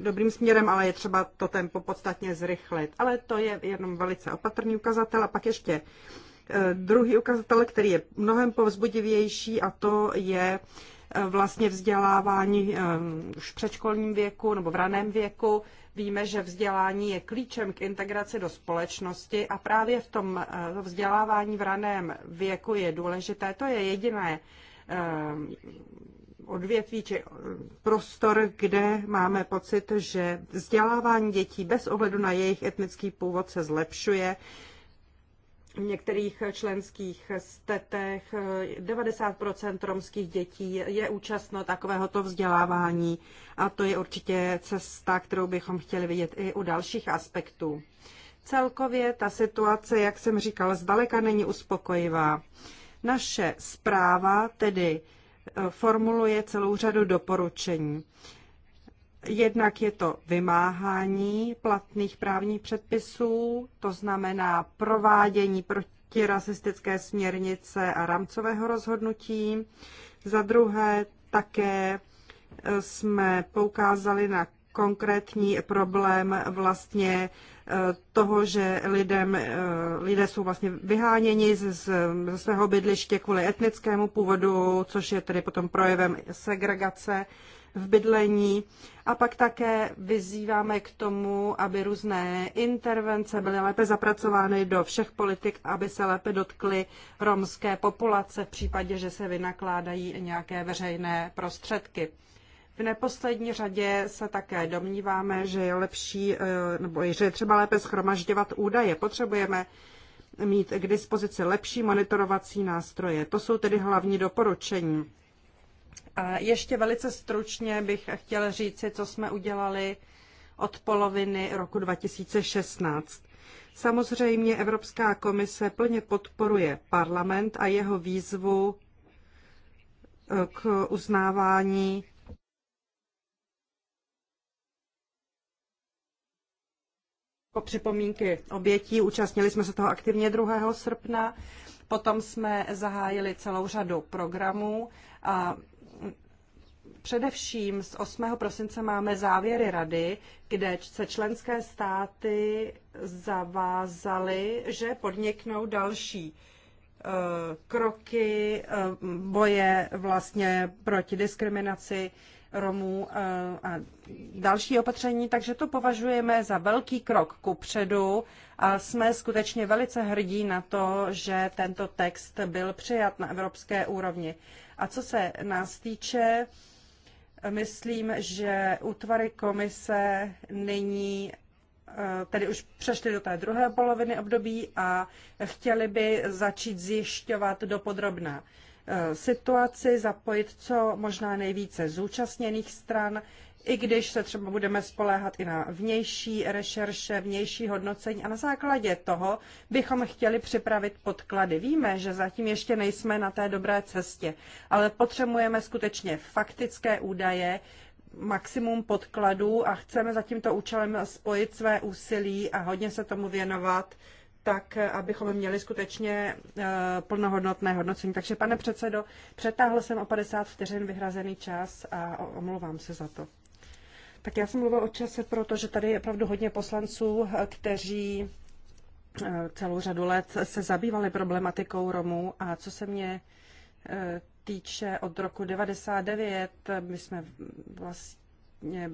dobrým směrem, ale je třeba to tempo podstatně zrychlit. Ale to je jenom velice opatrný ukazatel. A pak ještě druhý ukazatel, který je mnohem povzbudivější, a to je Eh, vlastně vzdělávání eh, už v předškolním věku nebo v raném věku. Víme, že vzdělání je klíčem k integraci do společnosti a právě v tom eh, vzdělávání v raném věku je důležité. To je jediné odvětví či prostor, kde máme pocit, že vzdělávání dětí bez ohledu na jejich etnický původ se zlepšuje v některých členských stetech 90 eh, romských dětí je účastno takovéhoto vzdělávání a to je určitě cesta, kterou bychom chtěli vidět i u dalších aspektů. Celkově ta situace, jak jsem říkal, zdaleka není uspokojivá. Naše zpráva tedy eh, formuluje celou řadu doporučení. Jednak je to vymáhání platných právních předpisů, to znamená provádění protirasistické směrnice a rámcového rozhodnutí. Za druhé také e, jsme poukázali na konkrétní problém vlastně e, toho, že lidem, e, lidé jsou vlastně vyháněni ze, svého bydliště kvůli etnickému původu, což je tedy potom projevem segregace v bydlení. A pak také vyzýváme k tomu, aby různé intervence byly lépe zapracovány do všech politik, aby se lépe dotkly romské populace v případě, že se vynakládají nějaké veřejné prostředky. V neposlední řadě se také domníváme, že je lepší, eh, nebo že je třeba lépe schromažďovat údaje. Potřebujeme mít k dispozici lepší monitorovací nástroje. To jsou tedy hlavní doporučení. A ještě velice stručně bych chtěla říci, co jsme udělali od poloviny roku 2016. Samozřejmě Evropská komise plně podporuje parlament a jeho výzvu eh, k uznávání po připomínky obětí. Účastnili jsme se toho aktivně 2. srpna. Potom jsme zahájili celou řadu programů a Především z 8. prosince máme závěry rady, kde se členské státy zavázaly, že podniknou další e, kroky e, boje vlastně proti diskriminaci Romů e, a další opatření, takže to považujeme za velký krok ku předu a jsme skutečně velice hrdí na to, že tento text byl přijat na evropské úrovni. A co se nás týče, Myslím, že útvary komise nyní eh, tedy už přešli do té druhé poloviny období a chtěli by začít zjišťovat do podrobné eh, situaci, zapojit co možná nejvíce zúčastněných stran i když se třeba budeme spoléhat i na vnější rešerše, vnější hodnocení a na základě toho bychom chtěli připravit podklady. Víme, že zatím ještě nejsme na té dobré cestě, ale potřebujeme skutečně faktické údaje, maximum podkladů a chceme za tímto účelem spojit své úsilí a hodně se tomu věnovat tak abychom měli skutečně eh, plnohodnotné hodnocení. Takže pane předsedo, přetáhl jsem o 50 vteřin vyhrazený čas a omlouvám se za to. Tak já jsem mluvila o čase, protože tady je opravdu hodně poslanců, kteří eh, celou řadu let se zabývali problematikou Romů a co se mě eh, týče od roku 99, my jsme vlastně vlastně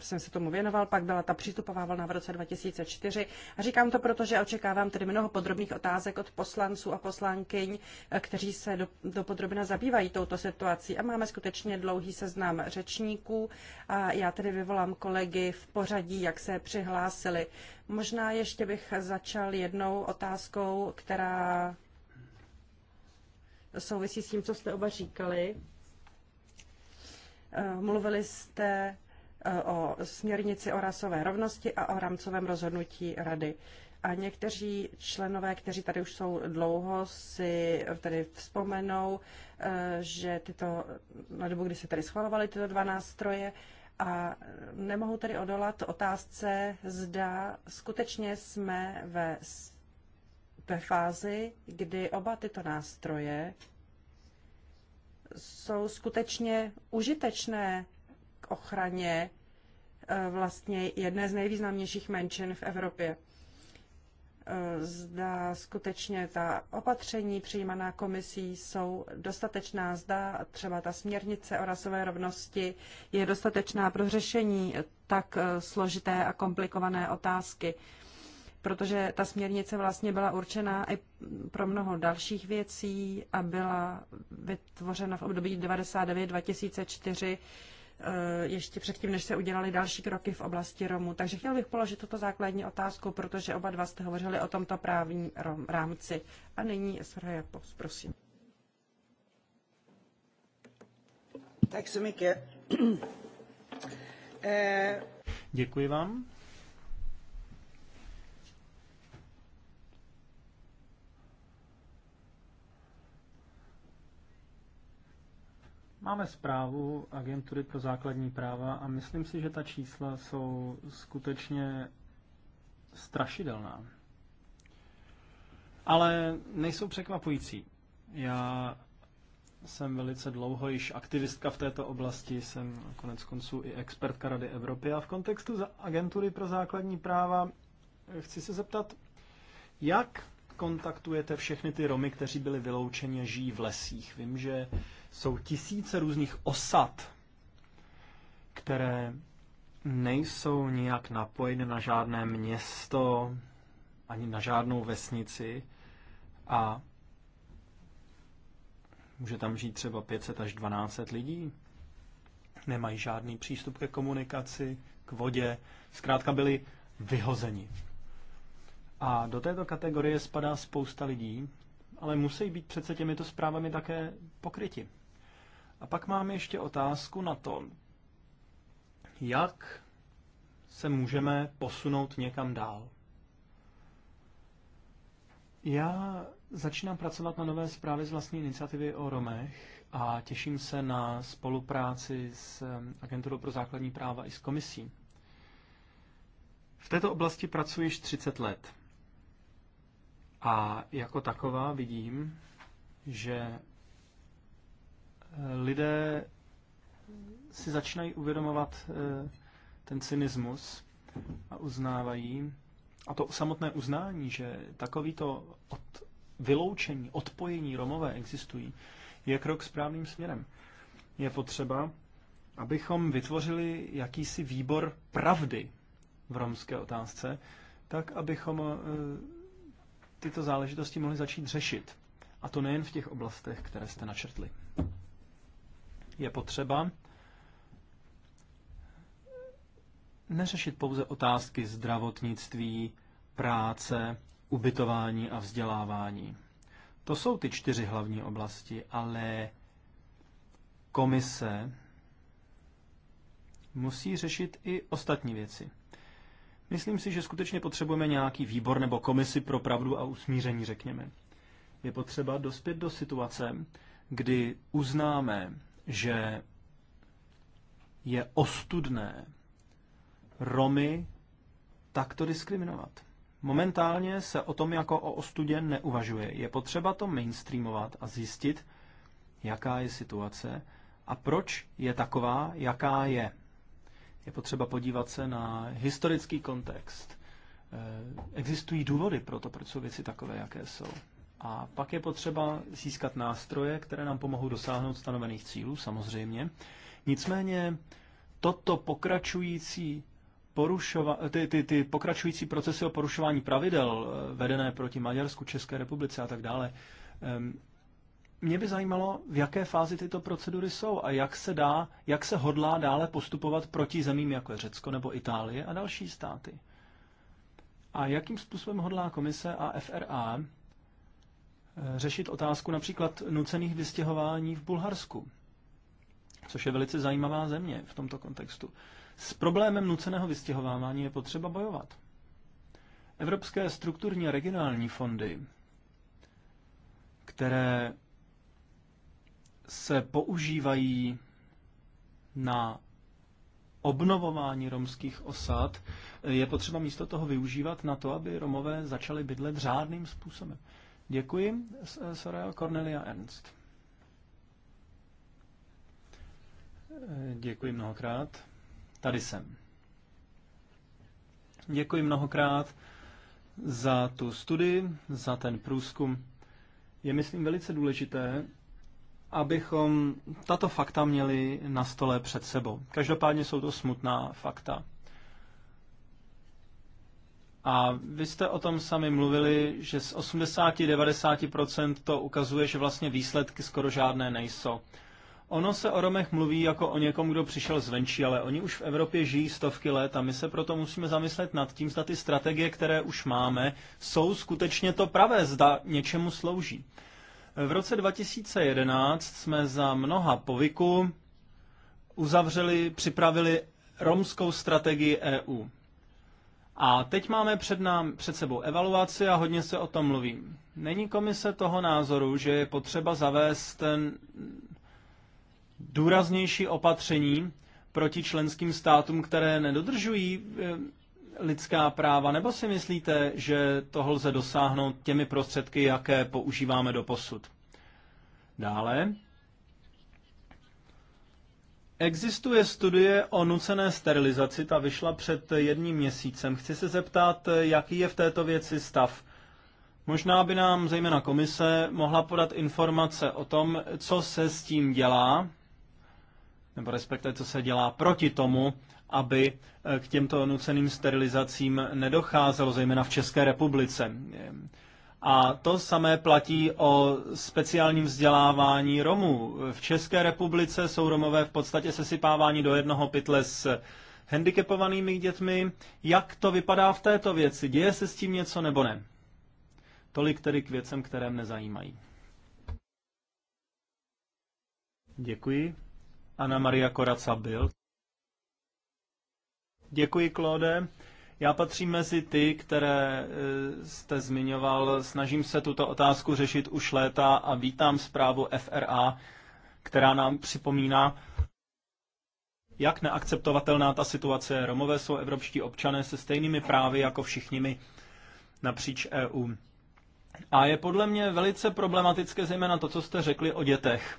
jsem se tomu věnoval, pak byla ta přístupová vlna v roce 2004. A říkám to proto, že očekávám tedy mnoho podrobných otázek od poslanců a poslankyň, kteří se do, dopodrobna zabývají touto situací. A máme skutečně dlouhý seznam řečníků a já tedy vyvolám kolegy v pořadí, jak se přihlásili. Možná ještě bych začal jednou otázkou, která souvisí s tím, co jste oba říkali. Eh, mluvili jste eh, o směrnici o rasové rovnosti a o rámcovém rozhodnutí rady. A někteří členové, kteří tady už jsou dlouho, si tady vzpomenou, eh, že tyto, na dobu, kdy se tady schvalovaly tyto dva nástroje, a nemohu tedy odolat otázce, zda skutečně jsme ve, ve fázi, kdy oba tyto nástroje jsou skutečně užitečné k ochraně eh, vlastně jedné z nejvýznamnějších menšin v Evropě. Eh, zda skutečně ta opatření přijímaná komisí jsou dostatečná, zda třeba ta směrnice o rasové rovnosti je dostatečná pro řešení tak eh, složité a komplikované otázky protože ta směrnice vlastně byla určená i pro mnoho dalších věcí a byla vytvořena v období 99-2004, eh, ještě předtím, než se udělali další kroky v oblasti Romů. Takže chtěl bych položit tuto základní otázku, protože oba dva jste hovořili o tomto právním rámci. A nyní Sraja Pops, prosím. Tak se eh. Děkuji vám. Máme zprávu Agentury pro základní práva a myslím si, že ta čísla jsou skutečně strašidelná. Ale nejsou překvapující. Já jsem velice dlouho již aktivistka v této oblasti, jsem konec konců i expertka Rady Evropy a v kontextu Agentury pro základní práva chci se zeptat, jak kontaktujete všechny ty Romy, kteří byli vyloučeni a žijí v lesích? Vím, že jsou tisíce různých osad, které nejsou nijak napojeny na žádné město, ani na žádnou vesnici a může tam žít třeba 500 až 1200 lidí. Nemají žádný přístup ke komunikaci, k vodě, zkrátka byli vyhozeni. A do této kategorie spadá spousta lidí, ale musí být přece těmito zprávami také pokryti. A pak mám ještě otázku na to, jak se můžeme posunout někam dál. Já začínám pracovat na nové zprávě z vlastní iniciativy o Romech a těším se na spolupráci s um, Agenturou pro základní práva i s komisí. V této oblasti pracuji již 30 let. A jako taková vidím, že lidé si začínají uvědomovat eh, ten cynismus a uznávají, a to samotné uznání, že takovýto od, vyloučení, odpojení Romové existují, je krok správným směrem. Je potřeba, abychom vytvořili jakýsi výbor pravdy v romské otázce, tak abychom eh, tyto záležitosti mohli začít řešit. A to nejen v těch oblastech, které jste načrtli je potřeba neřešit pouze otázky zdravotnictví, práce, ubytování a vzdělávání. To jsou ty čtyři hlavní oblasti, ale komise musí řešit i ostatní věci. Myslím si, že skutečně potřebujeme nějaký výbor nebo komisi pro pravdu a usmíření, řekněme. Je potřeba dospět do situace, kdy uznáme že je ostudné Romy takto diskriminovat. Momentálně se o tom jako o ostudě neuvažuje. Je potřeba to mainstreamovat a zjistit, jaká je situace a proč je taková, jaká je. Je potřeba podívat se na historický kontext. Eh, existují důvody pro to, proč jsou věci takové, jaké jsou. A pak je potřeba získat nástroje, které nám pomohou dosáhnout stanovených cílů, samozřejmě. Nicméně toto pokračující porušova- ty, ty, ty pokračující procesy o porušování pravidel eh, vedené proti Maďarsku, České republice a tak dále, ehm, mě by zajímalo, v jaké fázi tyto procedury jsou a jak se, dá, jak se hodlá dále postupovat proti zemím jako je Řecko nebo Itálie a další státy. A jakým způsobem hodlá komise a FRA Eh, řešit otázku například nucených vystěhování v Bulharsku, což je velice zajímavá země v tomto kontextu. S problémem nuceného vystěhovávání je potřeba bojovat. Evropské strukturní a regionální fondy, které se používají na obnovování romských osad, je potřeba místo toho využívat na to, aby Romové začali bydlet řádným způsobem. Děkuji, Sorel Cornelia Ernst. Děkuji mnohokrát. Tady jsem. Děkuji mnohokrát za tu studii, za ten průzkum. Je, myslím, velice důležité, abychom tato fakta měli na stole před sebou. Každopádně jsou to smutná fakta. A vy jste o tom sami mluvili, že z 80-90% to ukazuje, že vlastně výsledky skoro žádné nejsou. Ono se o Romech mluví jako o někom, kdo přišel zvenčí, ale oni už v Evropě žijí stovky let a my se proto musíme zamyslet nad tím, zda ty strategie, které už máme, jsou skutečně to pravé, zda něčemu slouží. V roce 2011 jsme za mnoha povyku uzavřeli, připravili romskou strategii EU. A teď máme před, nám, před sebou evaluaci a hodně se o tom mluvím. Není komise toho názoru, že je potřeba zavést ten důraznější opatření proti členským státům, které nedodržují eh, lidská práva, nebo si myslíte, že toho lze dosáhnout těmi prostředky, jaké používáme do posud? Dále, Existuje studie o nucené sterilizaci, ta vyšla před jedním měsícem. Chci se zeptat, jaký je v této věci stav. Možná by nám zejména komise mohla podat informace o tom, co se s tím dělá, nebo respektive co se dělá proti tomu, aby eh, k těmto nuceným sterilizacím nedocházelo, zejména v České republice. A to samé platí o speciálním vzdělávání Romů. V České republice jsou Romové v podstatě sesypáváni do jednoho pytle s handicapovanými dětmi. Jak to vypadá v této věci? Děje se s tím něco nebo ne? Tolik tedy k věcem, které mne zajímají. Děkuji. Ana Maria Koraca byl. Děkuji, Claude. Já patřím mezi ty, které eh, jste zmiňoval. Snažím se tuto otázku řešit už léta a vítám zprávu FRA, která nám připomíná, jak neakceptovatelná ta situace je. Romové jsou evropští občané se stejnými právy jako všichni my napříč EU. A je podle mě velice problematické zejména to, co jste řekli o dětech.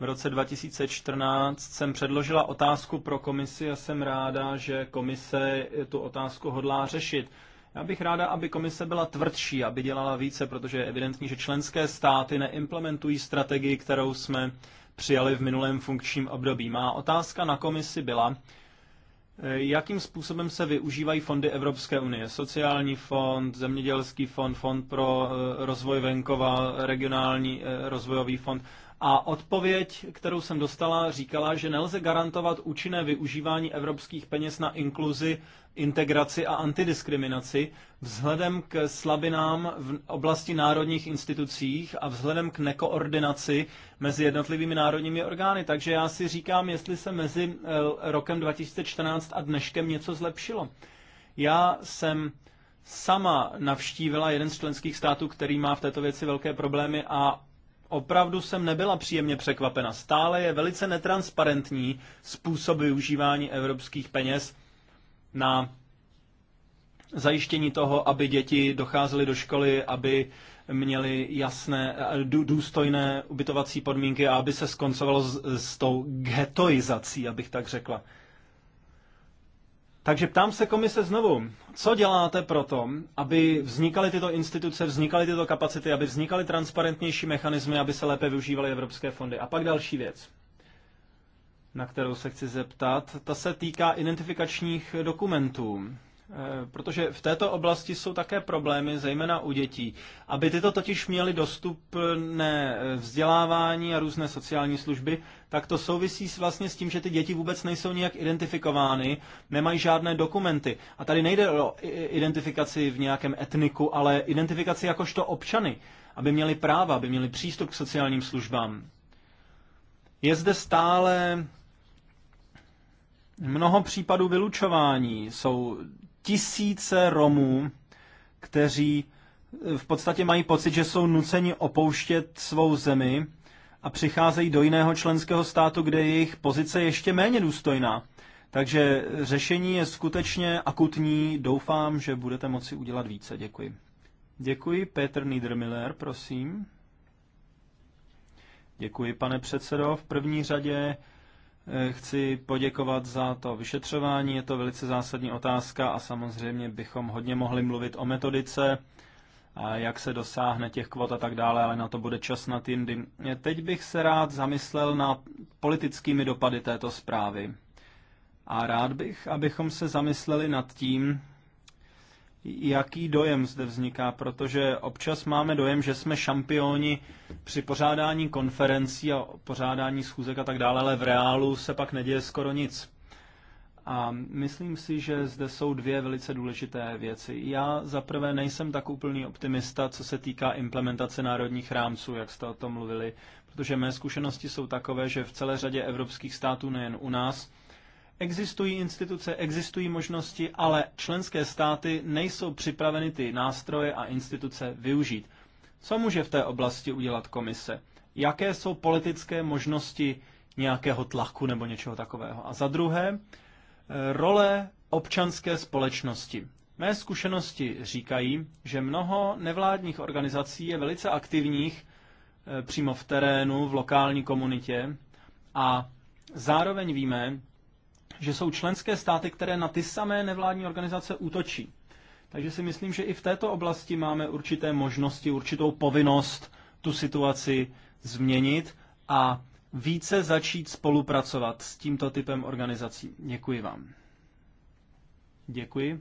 V roce 2014 jsem předložila otázku pro komisi a jsem ráda, že komise tu otázku hodlá řešit. Já bych ráda, aby komise byla tvrdší, aby dělala více, protože je evidentní, že členské státy neimplementují strategii, kterou jsme přijali v minulém funkčním období. Má otázka na komisi byla, jakým způsobem se využívají fondy Evropské unie. Sociální fond, zemědělský fond, fond pro eh, rozvoj venkova, regionální eh, rozvojový fond. A odpověď, kterou jsem dostala, říkala, že nelze garantovat účinné využívání evropských peněz na inkluzi, integraci a antidiskriminaci vzhledem k slabinám v oblasti národních institucích a vzhledem k nekoordinaci mezi jednotlivými národními orgány. Takže já si říkám, jestli se mezi eh, rokem 2014 a dneškem něco zlepšilo. Já jsem sama navštívila jeden z členských států, který má v této věci velké problémy a opravdu jsem nebyla příjemně překvapena. Stále je velice netransparentní způsob využívání evropských peněz na zajištění toho, aby děti docházely do školy, aby měli jasné, eh, důstojné ubytovací podmínky a aby se skoncovalo s, s tou getoizací, abych tak řekla. Takže ptám se komise znovu, co děláte pro to, aby vznikaly tyto instituce, vznikaly tyto kapacity, aby vznikaly transparentnější mechanismy, aby se lépe využívaly evropské fondy. A pak další věc, na kterou se chci zeptat, ta se týká identifikačních dokumentů. Eh, protože v této oblasti jsou také problémy, zejména u dětí. Aby tyto totiž měly dostupné eh, vzdělávání a různé sociální služby, tak to souvisí vlastně s tím, že ty děti vůbec nejsou nijak identifikovány, nemají žádné dokumenty. A tady nejde o identifikaci v nějakém etniku, ale identifikaci jakožto občany, aby měli práva, aby měli přístup k sociálním službám. Je zde stále Mnoho případů vylučování jsou tisíce Romů, kteří eh, v podstatě mají pocit, že jsou nuceni opouštět svou zemi a přicházejí do jiného členského státu, kde je jejich pozice ještě méně důstojná. Takže řešení je skutečně akutní. Doufám, že budete moci udělat více. Děkuji. Děkuji. Petr Niedermiller, prosím. Děkuji, pane předsedo. V první řadě Eh, chci poděkovat za to vyšetřování, je to velice zásadní otázka a samozřejmě bychom hodně mohli mluvit o metodice, a jak se dosáhne těch kvot a tak dále, ale na to bude čas na jindy. Eh, teď bych se rád zamyslel na politickými dopady této zprávy. A rád bych, abychom se zamysleli nad tím, jaký dojem zde vzniká, protože občas máme dojem, že jsme šampioni při pořádání konferencí a pořádání schůzek a tak dále, ale v reálu se pak neděje skoro nic. A myslím si, že zde jsou dvě velice důležité věci. Já zaprvé nejsem tak úplný optimista, co se týká implementace národních rámců, jak jste o tom mluvili, protože mé zkušenosti jsou takové, že v celé řadě evropských států, nejen u nás, Existují instituce, existují možnosti, ale členské státy nejsou připraveny ty nástroje a instituce využít. Co může v té oblasti udělat komise? Jaké jsou politické možnosti nějakého tlaku nebo něčeho takového? A za druhé, eh, role občanské společnosti. Mé zkušenosti říkají, že mnoho nevládních organizací je velice aktivních eh, přímo v terénu, v lokální komunitě a zároveň víme, že jsou členské státy, které na ty samé nevládní organizace útočí. Takže si myslím, že i v této oblasti máme určité možnosti, určitou povinnost tu situaci změnit a více začít spolupracovat s tímto typem organizací. Děkuji vám. Děkuji.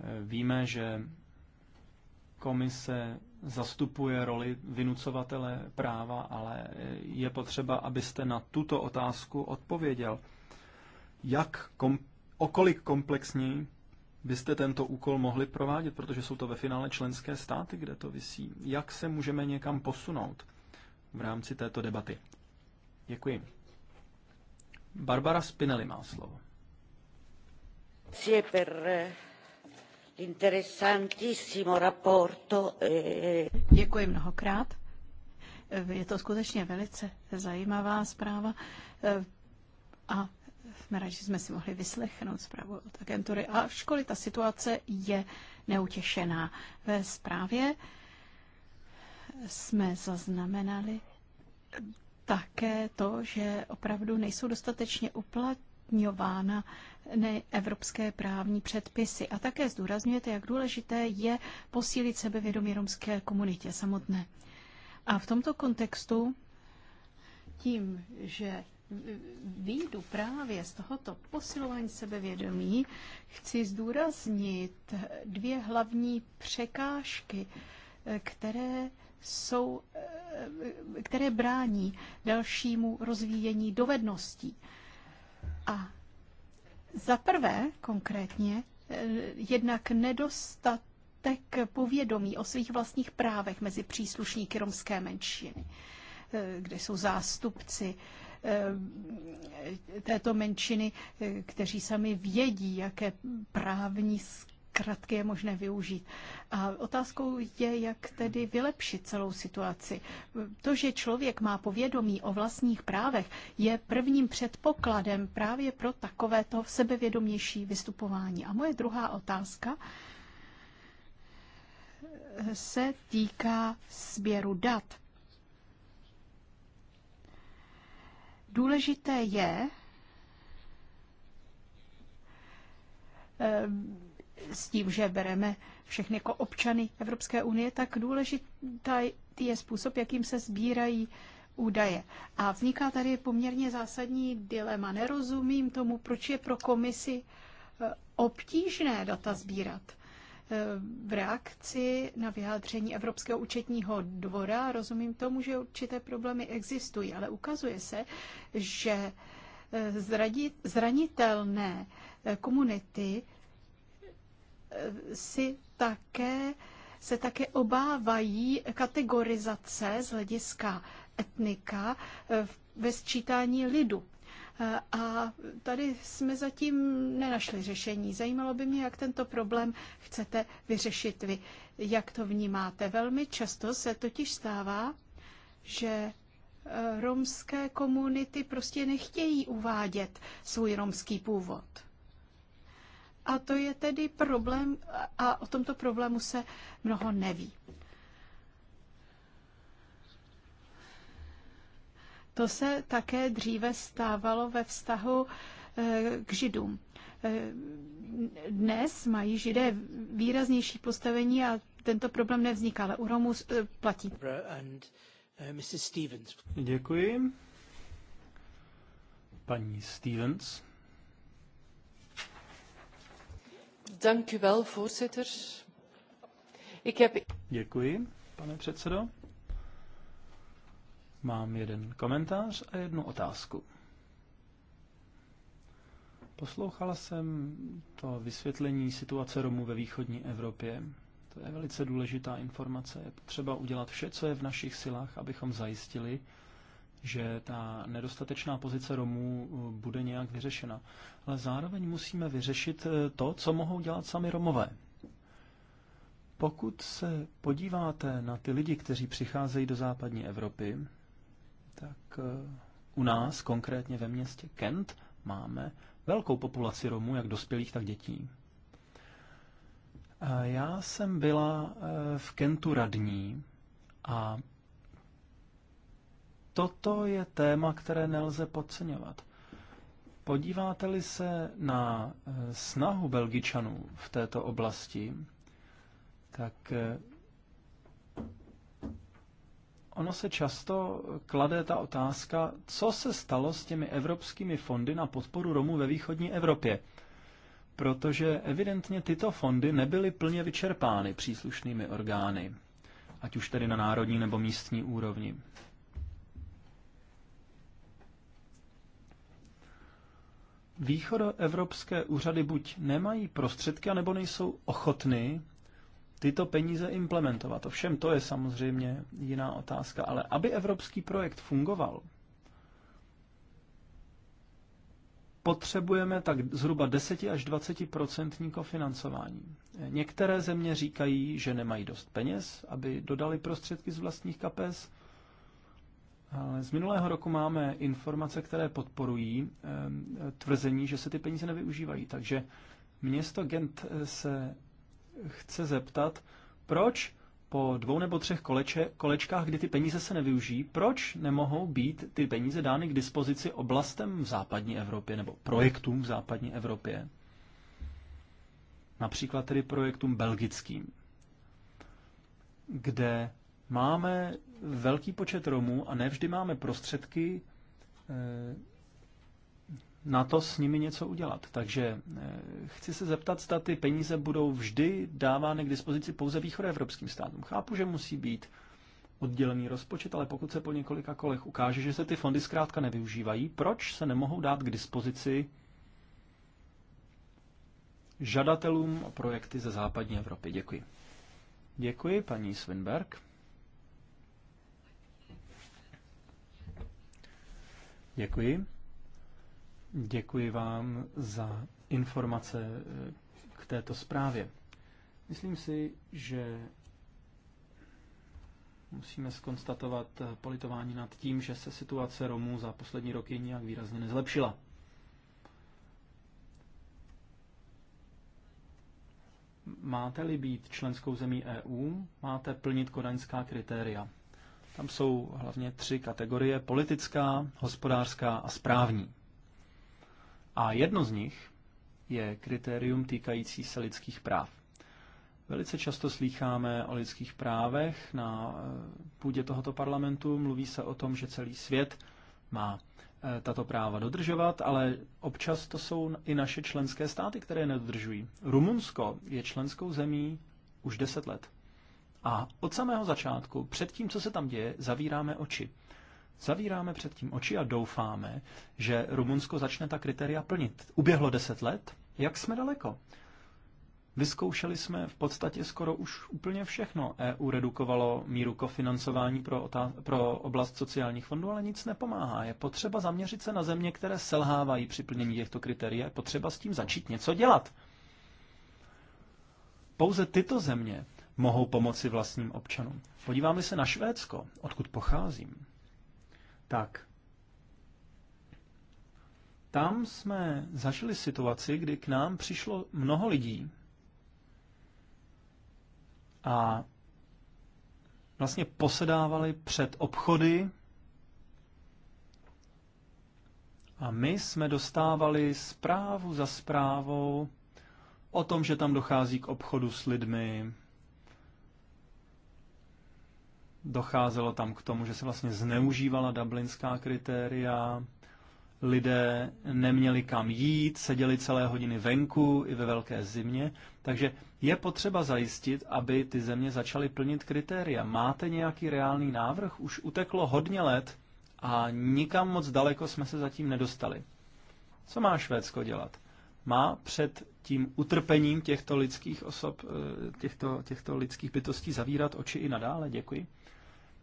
Eh, víme, že komise zastupuje roli vynucovatele práva, ale eh, je potřeba, abyste na tuto otázku odpověděl jak kom, okolik komplexní byste tento úkol mohli provádět, protože jsou to ve finále členské státy, kde to vysí. Jak se můžeme někam posunout v rámci této debaty? Děkuji. Barbara Spinelli má slovo. Eh, eh, eh. Děkuji mnohokrát. Je to skutečně velice zajímavá zpráva a jsme rádi, že jsme si mohli vyslechnout zprávu od agentury. A v školy ta situace je neutěšená. Ve zprávě jsme zaznamenali také to, že opravdu nejsou dostatečně uplatňována evropské právní předpisy. A také zdůrazňujete, jak důležité je posílit sebevědomí romské komunitě samotné. A v tomto kontextu tím, že výjdu právě z tohoto posilování sebevědomí, chci zdůraznit dvě hlavní překážky, které jsou, které brání dalšímu rozvíjení dovedností. A za prvé konkrétně jednak nedostatek povědomí o svých vlastních právech mezi příslušníky romské menšiny, kde jsou zástupci Eh, této menšiny, eh, kteří sami vědí, jaké právní zkratky je možné využít. A otázkou je, jak tedy vylepšit celou situaci. To, že člověk má povědomí o vlastních právech, je prvním předpokladem právě pro takovéto sebevědomější vystupování. A moje druhá otázka se týká sběru dat Důležité je, ehm, s tím, že bereme všechny jako občany Evropské unie, tak důležitý je způsob, jakým se sbírají údaje. A vzniká tady poměrně zásadní dilema. Nerozumím tomu, proč je pro komisi eh, obtížné data sbírat v reakci na vyjádření Evropského účetního dvora. Rozumím tomu, že určité problémy existují, ale ukazuje se, že eh, zranitelné eh, komunity eh, si také, se také obávají kategorizace z hlediska etnika ve sčítání lidu. A tady jsme zatím nenašli řešení. Zajímalo by mě, jak tento problém chcete vyřešit vy. Jak to vnímáte? Velmi často se totiž stává, že eh, romské komunity prostě nechtějí uvádět svůj romský původ. A to je tedy problém a o tomto problému se mnoho neví. To se také dříve stávalo ve vztahu eh, k židům. Eh, dnes mají židé výraznější postavení a tento problém nevzniká, ale u Romů eh, platí. Děkuji. Paní Stevens. Děkuji, pane předsedo. Mám jeden komentář a jednu otázku. Poslouchala jsem to vysvětlení situace Romů ve východní Evropě. To je velice důležitá informace. Je potřeba udělat vše, co je v našich silách, abychom zajistili, že ta nedostatečná pozice Romů eh, bude nějak vyřešena. Ale zároveň musíme vyřešit eh, to, co mohou dělat sami Romové. Pokud se podíváte na ty lidi, kteří přicházejí do západní Evropy, tak eh, u nás, konkrétně ve městě Kent, máme velkou populaci Romů, jak dospělých, tak dětí. Já jsem byla eh, v Kentu radní a toto je téma, které nelze podceňovat. Podíváte-li se na eh, snahu Belgičanů v této oblasti, tak ono se často klade ta otázka, co se stalo s těmi evropskými fondy na podporu Romů ve východní Evropě. Protože evidentně tyto fondy nebyly plně vyčerpány příslušnými orgány, ať už tedy na národní nebo místní úrovni. Východoevropské úřady buď nemají prostředky, nebo nejsou ochotny tyto peníze implementovat. Ovšem to je samozřejmě jiná otázka, ale aby evropský projekt fungoval, potřebujeme tak zhruba 10 až 20% kofinancování. Některé země říkají, že nemají dost peněz, aby dodali prostředky z vlastních kapes. Ale z minulého roku máme informace, které podporují eh, tvrzení, že se ty peníze nevyužívají. Takže město Gent se chce zeptat, proč po dvou nebo třech koleče, kolečkách, kdy ty peníze se nevyužijí, proč nemohou být ty peníze dány k dispozici oblastem v západní Evropě nebo projektům v západní Evropě? Například tedy projektům belgickým, kde máme velký počet Romů a nevždy máme prostředky eh, na to s nimi něco udělat. Takže eh, chci se zeptat, zda ty peníze budou vždy dávány k dispozici pouze východoevropským státům. Chápu, že musí být oddělený rozpočet, ale pokud se po několika kolech ukáže, že se ty fondy zkrátka nevyužívají, proč se nemohou dát k dispozici žadatelům o projekty ze západní Evropy? Děkuji. Děkuji, paní Svinberg. Děkuji. Děkuji vám za informace eh, k této zprávě. Myslím si, že musíme skonstatovat eh, politování nad tím, že se situace Romů za poslední roky nijak výrazně nezlepšila. Máte-li být členskou zemí EU, máte plnit kodaňská kritéria. Tam jsou hlavně tři kategorie politická, hospodářská a správní. A jedno z nich je kritérium týkající se lidských práv. Velice často slýcháme o lidských právech na eh, půdě tohoto parlamentu. Mluví se o tom, že celý svět má eh, tato práva dodržovat, ale občas to jsou i naše členské státy, které nedodržují. Rumunsko je členskou zemí už deset let. A od samého začátku, před tím, co se tam děje, zavíráme oči. Zavíráme před tím oči a doufáme, že Rumunsko začne ta kritéria plnit. Uběhlo deset let, jak jsme daleko? Vyzkoušeli jsme v podstatě skoro už úplně všechno. EU redukovalo míru kofinancování pro, pro oblast sociálních fondů, ale nic nepomáhá. Je potřeba zaměřit se na země, které selhávají při plnění těchto kritérií. Je potřeba s tím začít něco dělat. Pouze tyto země mohou pomoci vlastním občanům. Podíváme se na Švédsko, odkud pocházím tak tam jsme zažili situaci, kdy k nám přišlo mnoho lidí a vlastně posedávali před obchody a my jsme dostávali zprávu za zprávou o tom, že tam dochází k obchodu s lidmi, Docházelo tam k tomu, že se vlastně zneužívala dublinská kritéria, lidé neměli kam jít, seděli celé hodiny venku i ve velké zimě. Takže je potřeba zajistit, aby ty země začaly plnit kritéria. Máte nějaký reálný návrh? Už uteklo hodně let a nikam moc daleko jsme se zatím nedostali. Co má Švédsko dělat? Má před tím utrpením těchto lidských osob, eh, těchto, těchto lidských bytostí zavírat oči i nadále? Děkuji.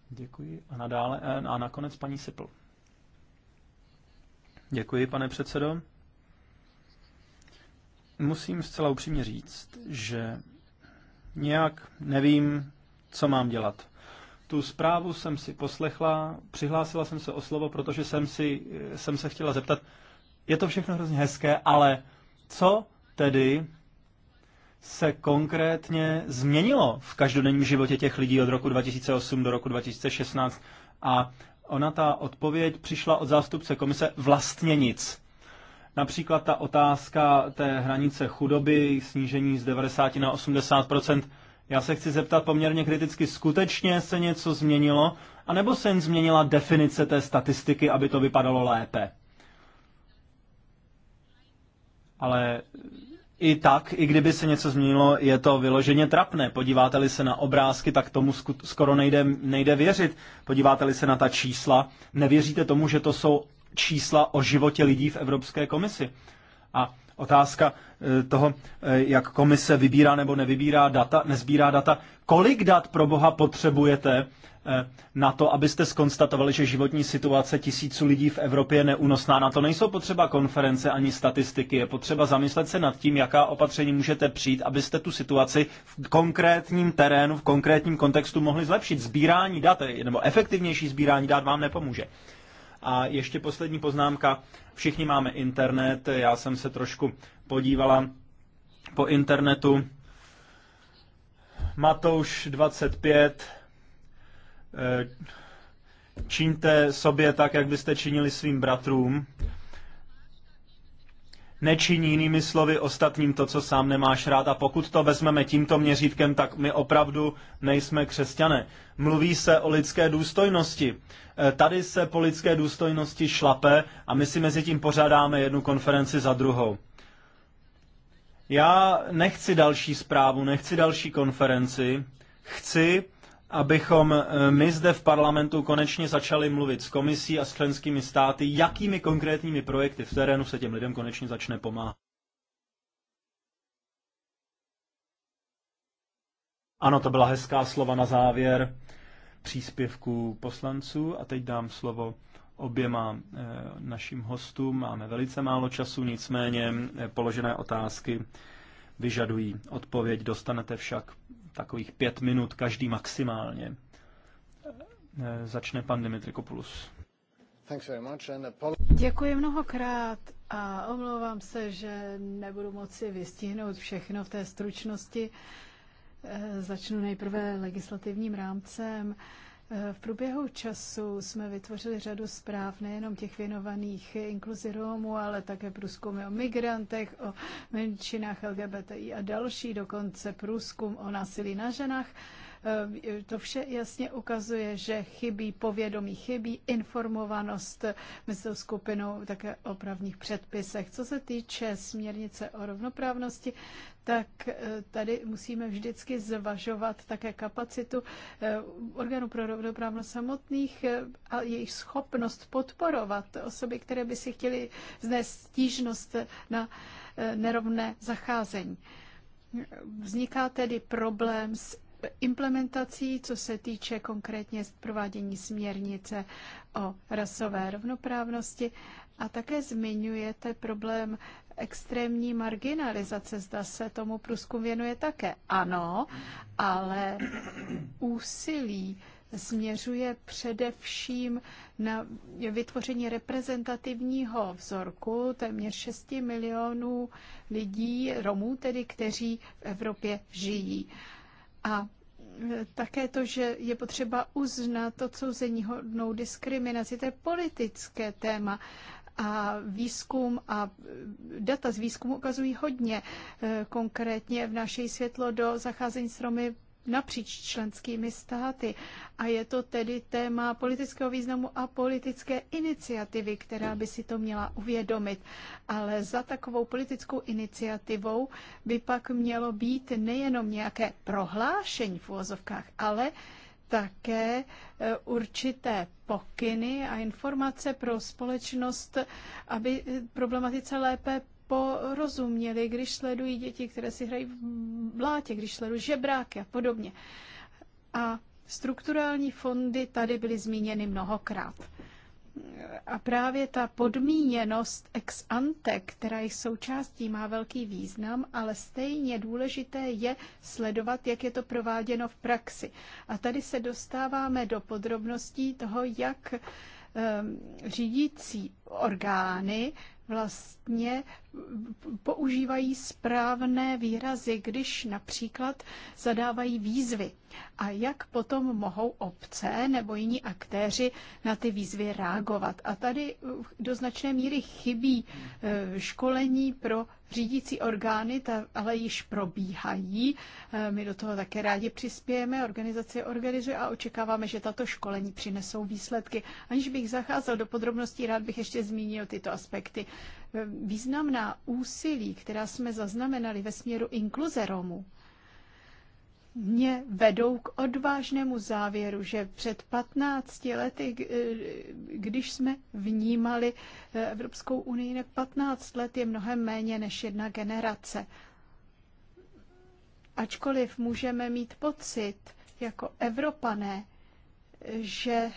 Děkuji. A, nadále, eh, a nakonec paní Sipl. Děkuji, pane předsedo. Musím zcela upřímně říct, že nějak nevím, co mám dělat. Tu zprávu jsem si poslechla, přihlásila jsem se o slovo, protože jsem, si, eh, jsem se chtěla zeptat, je to všechno hrozně hezké, ale co tedy se konkrétně změnilo v každodenním životě těch lidí od roku 2008 do roku 2016. A ona ta odpověď přišla od zástupce komise vlastně nic. Například ta otázka té hranice chudoby, snížení z 90 na 80 Já se chci zeptat poměrně kriticky, skutečně se něco změnilo, anebo se jen změnila definice té statistiky, aby to vypadalo lépe? Ale i tak, i kdyby se něco změnilo, je to vyloženě trapné. Podíváte-li se na obrázky, tak tomu skoro nejde, nejde věřit. Podíváte-li se na ta čísla, nevěříte tomu, že to jsou čísla o životě lidí v Evropské komisi. A otázka e, toho, e, jak komise vybírá nebo nevybírá data, nezbírá data. Kolik dat pro boha potřebujete e, na to, abyste skonstatovali, že životní situace tisíců lidí v Evropě je neúnosná? Na to nejsou potřeba konference ani statistiky. Je potřeba zamyslet se nad tím, jaká opatření můžete přijít, abyste tu situaci v konkrétním terénu, v konkrétním kontextu mohli zlepšit. Sbírání dat nebo efektivnější sbírání dat vám nepomůže. A ještě poslední poznámka. Všichni máme internet, já jsem se trošku podívala po internetu. Matouš 25. Eh, čiňte sobě tak, jak byste činili svým bratrům nečiní jinými slovy ostatním to, co sám nemáš rád. A pokud to vezmeme tímto měřítkem, tak my opravdu nejsme křesťané. Mluví se o lidské důstojnosti. E, tady se po lidské důstojnosti šlape a my si mezi tím pořádáme jednu konferenci za druhou. Já nechci další zprávu, nechci další konferenci, chci, abychom eh, my zde v parlamentu konečně začali mluvit s komisí a s členskými státy, jakými konkrétními projekty v terénu se těm lidem konečně začne pomáhat. Ano, to byla hezká slova na závěr příspěvku poslanců a teď dám slovo oběma eh, našim hostům. Máme velice málo času, nicméně eh, položené otázky vyžadují odpověď. Dostanete však takových pět minut každý maximálně. Eh, začne pan Dimitrikopoulos. Děkuji mnohokrát a omlouvám se, že nebudu moci vystihnout všechno v té stručnosti. Eh, začnu nejprve legislativním rámcem. V průběhu času jsme vytvořili řadu zpráv, nejenom těch věnovaných inkluzi Romů, ale také průzkumy o migrantech, o menšinách LGBTI a další, dokonce průzkum o násilí na ženách. Eh, to vše jasně ukazuje, že chybí povědomí, chybí informovanost mezi tou skupinou také o právních předpisech. Co se týče směrnice o rovnoprávnosti, tak eh, tady musíme vždycky zvažovat také kapacitu eh, orgánů pro rovnoprávnost samotných a jejich schopnost podporovat osoby, které by si chtěly znést stížnost na nerovné zacházení. Vzniká tedy problém s implementací, co se týče konkrétně provádění směrnice o rasové rovnoprávnosti a také zmiňujete problém extrémní marginalizace. Zda se tomu průzkum věnuje také. Ano, ale úsilí směřuje především na vytvoření reprezentativního vzorku téměř 6 milionů lidí, Romů tedy, kteří v Evropě žijí. A e, také to, že je potřeba uznat odsouzení hodnou diskriminaci, to je politické téma. A výzkum a e, data z výzkumu ukazují hodně. E, konkrétně v naší světlo do zacházení Romy napříč členskými státy. A je to tedy téma politického významu a politické iniciativy, která by si to měla uvědomit. Ale za takovou politickou iniciativou by pak mělo být nejenom nějaké prohlášení v úvozovkách, ale také e, určité pokyny a informace pro společnost, aby e, problematice lépe porozuměli, když sledují děti, které si hrají v blátě, když sledují žebráky a podobně. A strukturální fondy tady byly zmíněny mnohokrát. A právě ta podmíněnost ex ante, která je součástí, má velký význam, ale stejně důležité je sledovat, jak je to prováděno v praxi. A tady se dostáváme do podrobností toho, jak ehm, řídící orgány vlastně používají správné výrazy, když například zadávají výzvy. A jak potom mohou obce nebo jiní aktéři na ty výzvy reagovat. A tady uh, do značné míry chybí uh, školení pro řídící orgány, ta ale již probíhají. Uh, my do toho také rádi přispějeme, organizace organizuje a očekáváme, že tato školení přinesou výsledky. Aniž bych zacházel do podrobností, rád bych ještě zmínil tyto aspekty významná úsilí, která jsme zaznamenali ve směru inkluze Romů, mě vedou k odvážnému závěru, že před 15 lety, eh, když jsme vnímali eh, Evropskou unii, tak 15 let je mnohem méně než jedna generace. Ačkoliv můžeme mít pocit jako Evropané, že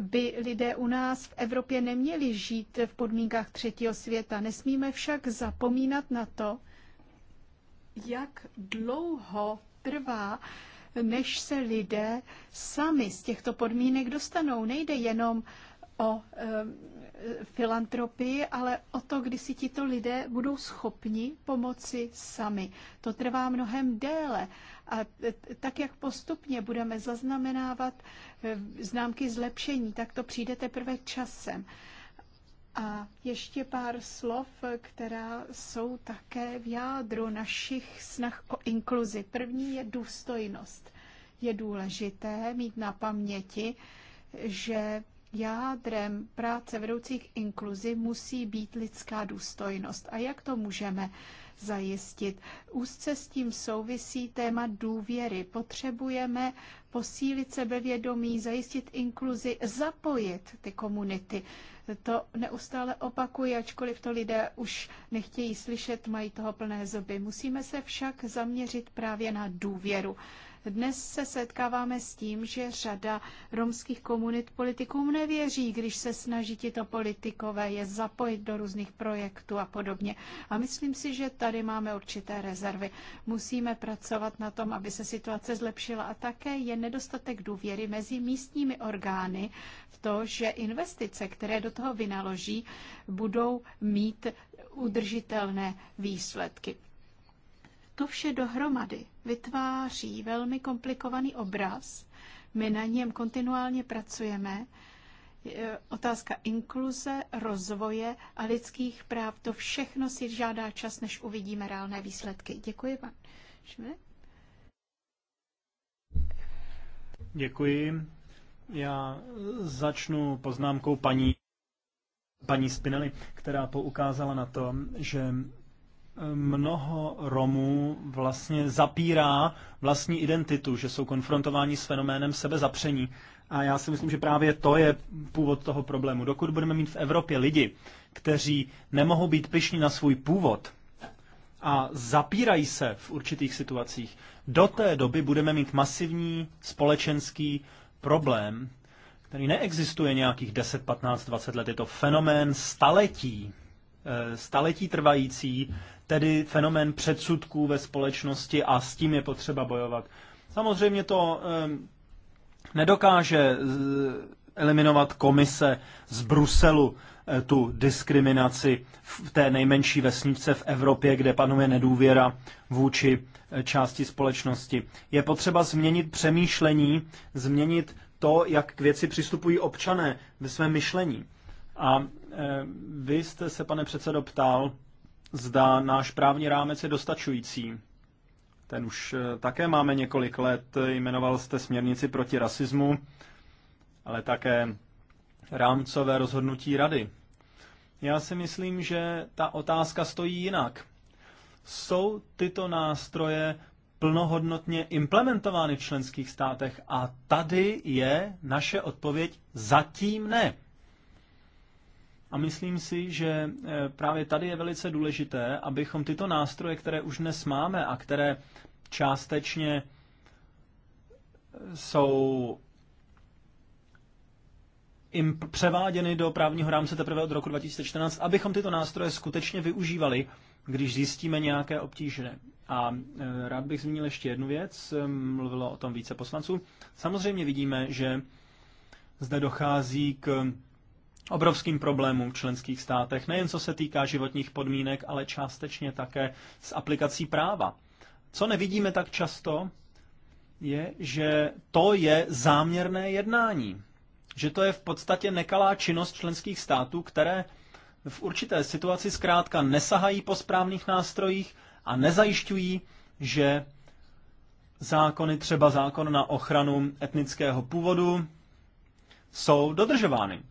by lidé u nás v Evropě neměli žít v podmínkách třetího světa. Nesmíme však zapomínat na to, jak dlouho trvá, než se lidé sami z těchto podmínek dostanou. Nejde jenom o e, filantropii, ale o to, kdy si tito lidé budou schopni pomoci sami. To trvá mnohem déle. A tak, jak postupně budeme zaznamenávat E, známky zlepšení, tak to přijde teprve časem. A ještě pár slov, která jsou také v jádru našich snah o inkluzi. První je důstojnost. Je důležité mít na paměti, že jádrem práce vedoucích inkluzi musí být lidská důstojnost. A jak to můžeme zajistit? Úzce s tím souvisí téma důvěry. Potřebujeme posílit sebevědomí, zajistit inkluzi, zapojit ty komunity. To neustále opakuji, ačkoliv to lidé už nechtějí slyšet, mají toho plné zuby. Musíme se však zaměřit právě na důvěru. Dnes se setkáváme s tím, že řada romských komunit politikům nevěří, když se snaží tyto politikové je zapojit do různých projektů a podobně. A myslím si, že tady máme určité rezervy. Musíme pracovat na tom, aby se situace zlepšila a také je nedostatek důvěry mezi místními orgány v to, že investice, které do toho vynaloží, budou mít udržitelné výsledky. To vše dohromady vytváří velmi komplikovaný obraz. My na něm kontinuálně pracujeme. E, otázka inkluze, rozvoje a lidských práv, to všechno si žádá čas, než uvidíme reálné výsledky. Děkuji vám. Děkuji. Já začnu poznámkou paní, paní Spinelli, která poukázala na to, že mnoho Romů vlastně zapírá vlastní identitu, že jsou konfrontováni s fenoménem sebezapření. A já si myslím, že právě to je původ toho problému. Dokud budeme mít v Evropě lidi, kteří nemohou být pyšní na svůj původ a zapírají se v určitých situacích, do té doby budeme mít masivní společenský problém, který neexistuje nějakých 10, 15, 20 let. Je to fenomén staletí Eh, staletí trvající, tedy fenomén předsudků ve společnosti a s tím je potřeba bojovat. Samozřejmě to eh, nedokáže eliminovat komise z Bruselu eh, tu diskriminaci v té nejmenší vesnice v Evropě, kde panuje nedůvěra vůči části společnosti. Je potřeba změnit přemýšlení, změnit to, jak k věci přistupují občané ve svém myšlení. A Eh, vy jste se, pane předsedo, ptal, zda náš právní rámec je dostačující. Ten už eh, také máme několik let. Eh, jmenoval jste směrnici proti rasismu, ale také rámcové rozhodnutí rady. Já si myslím, že ta otázka stojí jinak. Jsou tyto nástroje plnohodnotně implementovány v členských státech? A tady je naše odpověď zatím ne. A myslím si, že eh, právě tady je velice důležité, abychom tyto nástroje, které už dnes máme a které částečně eh, jsou im převáděny do právního rámce teprve od roku 2014, abychom tyto nástroje skutečně využívali, když zjistíme nějaké obtíže. A eh, rád bych zmínil ještě jednu věc, mluvilo o tom více poslanců. Samozřejmě vidíme, že zde dochází k obrovským problémům v členských státech, nejen co se týká životních podmínek, ale částečně také s aplikací práva. Co nevidíme tak často, je, že to je záměrné jednání. Že to je v podstatě nekalá činnost členských států, které v určité situaci zkrátka nesahají po správných nástrojích a nezajišťují, že zákony, třeba zákon na ochranu etnického původu, jsou dodržovány.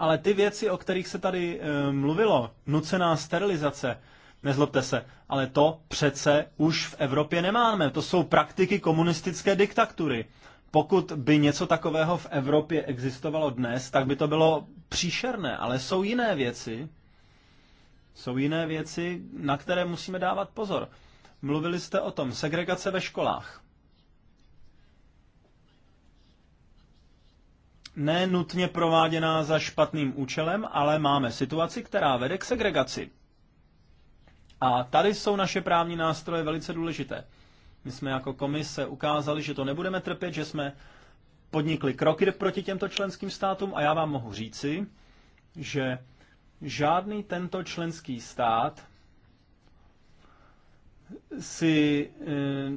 Ale ty věci, o kterých se tady e, mluvilo, nucená sterilizace, nezlobte se, ale to přece už v Evropě nemáme. To jsou praktiky komunistické diktatury. Pokud by něco takového v Evropě existovalo dnes, tak by to bylo příšerné, ale jsou jiné věci, jsou jiné věci, na které musíme dávat pozor. Mluvili jste o tom, segregace ve školách. ne nutně prováděná za špatným účelem, ale máme situaci, která vede k segregaci. A tady jsou naše právní nástroje velice důležité. My jsme jako komise ukázali, že to nebudeme trpět, že jsme podnikli kroky proti těmto členským státům a já vám mohu říci, že žádný tento členský stát si eh,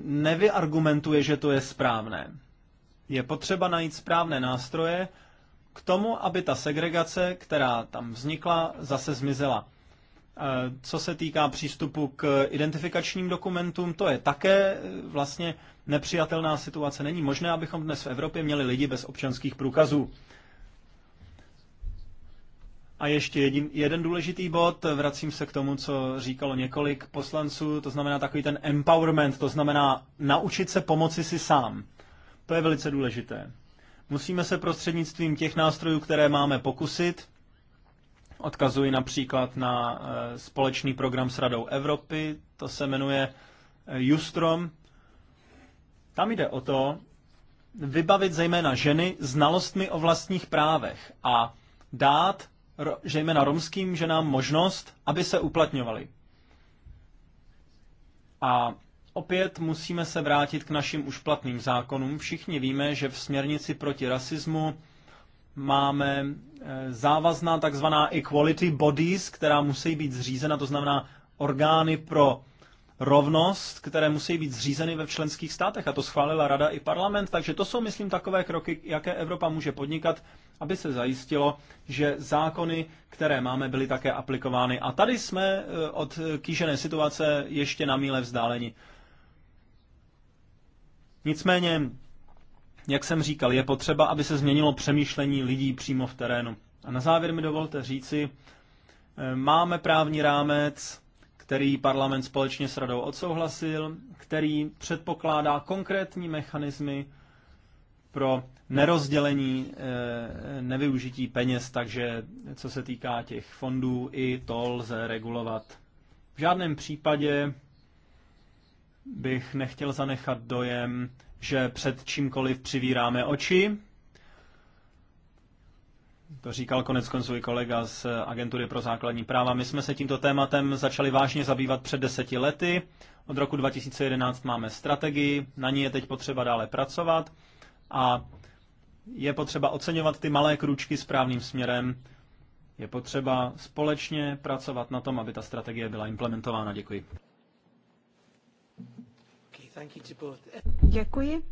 nevyargumentuje, že to je správné. Je potřeba najít správné nástroje k tomu, aby ta segregace, která tam vznikla, zase zmizela. E, co se týká přístupu k identifikačním dokumentům, to je také e, vlastně nepřijatelná situace. Není možné, abychom dnes v Evropě měli lidi bez občanských průkazů. A ještě jedin, jeden důležitý bod, vracím se k tomu, co říkalo několik poslanců, to znamená takový ten empowerment, to znamená naučit se pomoci si sám. To je velice důležité. Musíme se prostřednictvím těch nástrojů, které máme, pokusit. Odkazuji například na eh, společný program s Radou Evropy, to se jmenuje eh, Justrom. Tam jde o to, vybavit zejména ženy znalostmi o vlastních právech a dát zejména romským ženám možnost, aby se uplatňovaly. A Opět musíme se vrátit k našim už platným zákonům. Všichni víme, že v směrnici proti rasismu máme eh, závazná takzvaná equality bodies, která musí být zřízena, to znamená orgány pro rovnost, které musí být zřízeny ve členských státech. A to schválila Rada i parlament, takže to jsou, myslím, takové kroky, jaké Evropa může podnikat, aby se zajistilo, že zákony, které máme, byly také aplikovány. A tady jsme eh, od kýžené situace ještě na míle vzdáleni. Nicméně, jak jsem říkal, je potřeba, aby se změnilo přemýšlení lidí přímo v terénu. A na závěr mi dovolte říci, eh, máme právní rámec, který parlament společně s radou odsouhlasil, který předpokládá konkrétní mechanismy pro nerozdělení eh, nevyužití peněz, takže co se týká těch fondů, i to lze regulovat. V žádném případě bych nechtěl zanechat dojem, že před čímkoliv přivíráme oči. To říkal konec konců i kolega z Agentury pro základní práva. My jsme se tímto tématem začali vážně zabývat před deseti lety. Od roku 2011 máme strategii, na ní je teď potřeba dále pracovat a je potřeba oceňovat ty malé kručky správným směrem. Je potřeba společně pracovat na tom, aby ta strategie byla implementována. Děkuji. Děkuji.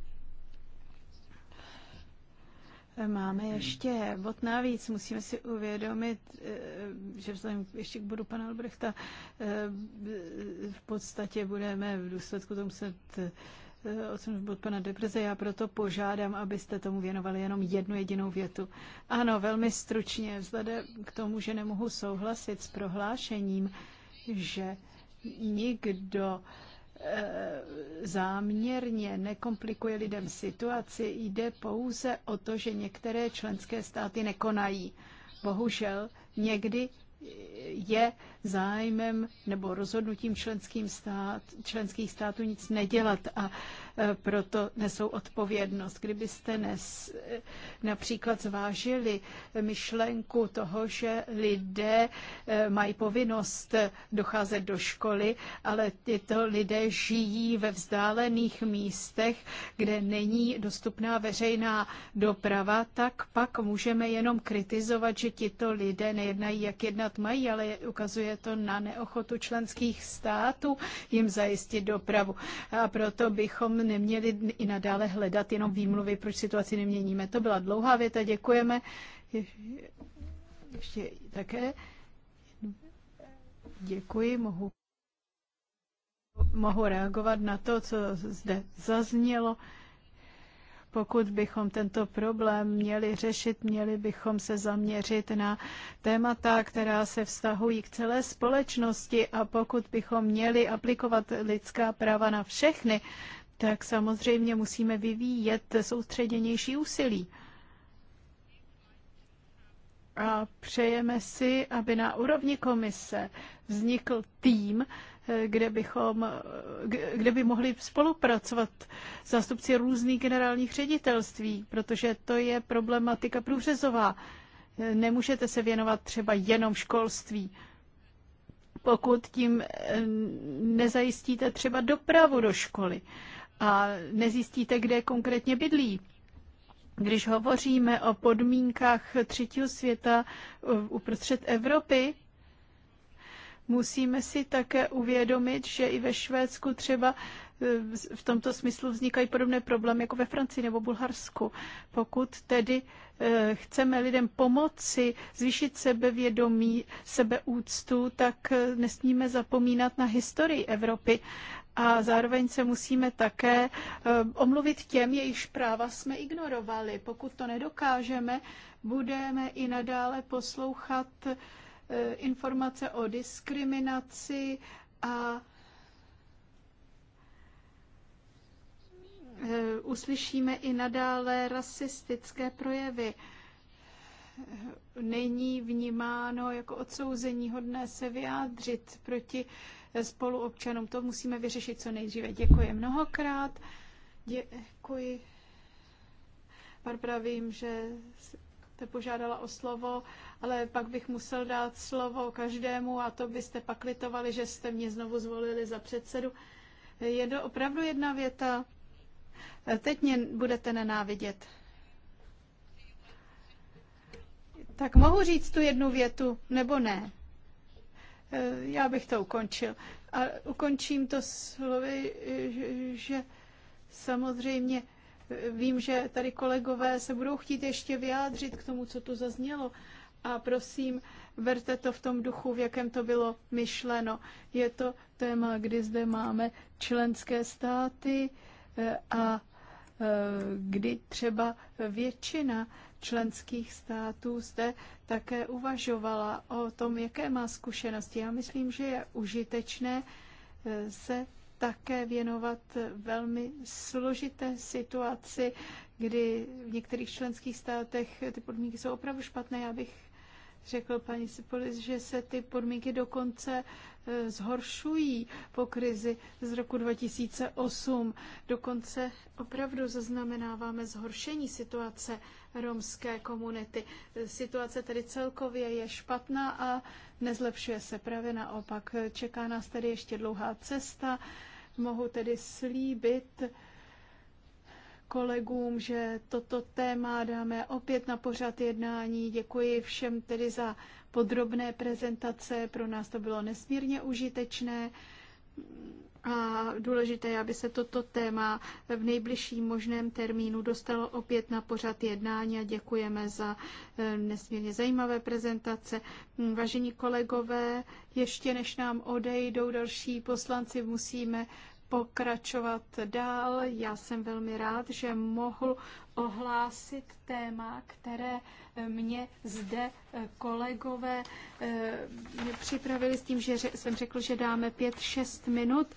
Máme ještě bod navíc. Musíme si uvědomit, eh, že vzhledem ještě k bodu pana Albrechta eh, v podstatě budeme v důsledku tomu muset eh, odsunout bod pana Depreze. Já proto požádám, abyste tomu věnovali jenom jednu jedinou větu. Ano, velmi stručně, vzhledem k tomu, že nemohu souhlasit s prohlášením, že nikdo Eh, záměrně nekomplikuje lidem situaci, jde pouze o to, že některé členské státy nekonají. Bohužel někdy je zájmem nebo rozhodnutím členským stát, členských států nic nedělat a e, proto nesou odpovědnost. Kdybyste nes, e, například zvážili myšlenku toho, že lidé e, mají povinnost docházet do školy, ale tyto lidé žijí ve vzdálených místech, kde není dostupná veřejná doprava, tak pak můžeme jenom kritizovat, že tito lidé nejednají, jak jednat mají, ale ukazuje je to na neochotu členských států jim zajistit dopravu. A proto bychom neměli i nadále hledat jenom výmluvy, proč situaci neměníme. To byla dlouhá věta, děkujeme. Ještě také. Děkuji, mohu, mohu reagovat na to, co zde zaznělo. Pokud bychom tento problém měli řešit, měli bychom se zaměřit na témata, která se vztahují k celé společnosti a pokud bychom měli aplikovat lidská práva na všechny, tak samozřejmě musíme vyvíjet soustředěnější úsilí. A přejeme si, aby na úrovni komise vznikl tým, kde, bychom, kde by mohli spolupracovat zástupci různých generálních ředitelství, protože to je problematika průřezová. Nemůžete se věnovat třeba jenom školství, pokud tím eh, nezajistíte třeba dopravu do školy a nezjistíte, kde konkrétně bydlí. Když hovoříme o podmínkách třetího světa eh, uprostřed Evropy, Musíme si také uvědomit, že i ve Švédsku třeba e, v tomto smyslu vznikají podobné problémy jako ve Francii nebo Bulharsku. Pokud tedy e, chceme lidem pomoci zvýšit sebevědomí, sebeúctu, tak e, nesmíme zapomínat na historii Evropy. A zároveň se musíme také omluvit těm, jejichž práva jsme ignorovali. Pokud to nedokážeme, budeme i nadále poslouchat Eh, informace o diskriminaci a eh, uslyšíme i nadále rasistické projevy. Není vnímáno jako odsouzení hodné se vyjádřit proti eh, spoluobčanům. To musíme vyřešit co nejdříve. Děkuji mnohokrát. Děkuji. Barbara, vím, že jste požádala o slovo ale pak bych musel dát slovo každému a to byste pak litovali, že jste mě znovu zvolili za předsedu. Je to opravdu jedna věta. Teď mě budete nenávidět. Tak mohu říct tu jednu větu, nebo ne? Já bych to ukončil. A ukončím to slovy, že samozřejmě vím, že tady kolegové se budou chtít ještě vyjádřit k tomu, co tu zaznělo, a prosím, verte to v tom duchu, v jakém to bylo myšleno. Je to téma, kdy zde máme členské státy eh, a eh, kdy třeba většina členských států zde také uvažovala o tom, jaké má zkušenosti. Já myslím, že je užitečné eh, se také věnovat velmi složité situaci, kdy v některých členských státech ty podmínky jsou opravdu špatné. Já bych řekl paní Sipolis, že se ty podmínky dokonce e, zhoršují po krizi z roku 2008. Dokonce opravdu zaznamenáváme zhoršení situace romské komunity. E, situace tedy celkově je špatná a nezlepšuje se právě naopak. E, čeká nás tedy ještě dlouhá cesta. Mohu tedy slíbit, kolegům, že toto téma dáme opět na pořad jednání. Děkuji všem tedy za podrobné prezentace. Pro nás to bylo nesmírně užitečné a důležité aby se toto téma v nejbližším možném termínu dostalo opět na pořad jednání a děkujeme za eh, nesmírně zajímavé prezentace. Hm, vážení kolegové, ještě než nám odejdou další poslanci, musíme pokračovat dál. Já jsem velmi rád, že mohl ohlásit téma, které mě zde eh, kolegové eh, připravili s tím, že jsem řekl, že dáme 5-6 minut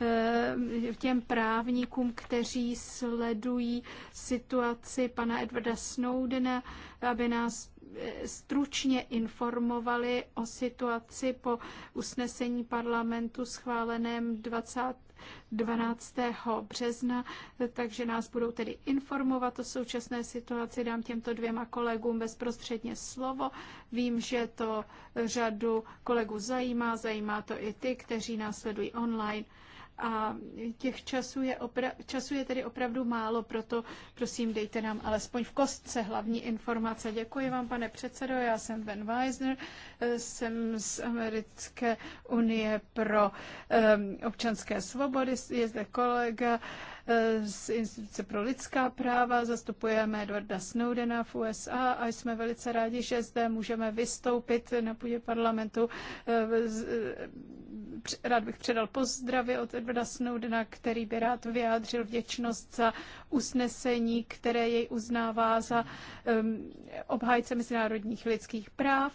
eh, těm právníkům, kteří sledují situaci pana Edwarda Snowdena, aby nás stručně informovali o situaci po usnesení parlamentu schváleném 20. 12. března, takže nás budou tedy informovat o současné situaci. Dám těmto dvěma kolegům bezprostředně slovo. Vím, že to řadu kolegů zajímá, zajímá to i ty, kteří nás sledují online a těch časů je, opra- času je tedy opravdu málo, proto prosím dejte nám alespoň v kostce hlavní informace. Děkuji vám, pane předsedo, já jsem Ben Weisner, jsem z Americké unie pro um, občanské svobody, je zde kolega Eh, z Instituce pro lidská práva, zastupujeme Edwarda Snowdena v USA a jsme velice rádi, že zde můžeme vystoupit na půdě parlamentu. Eh, eh, rád bych předal pozdravy od Edwarda Snowdena, který by rád vyjádřil vděčnost za usnesení, které jej uznává za ehm, obhájce mezinárodních lidských práv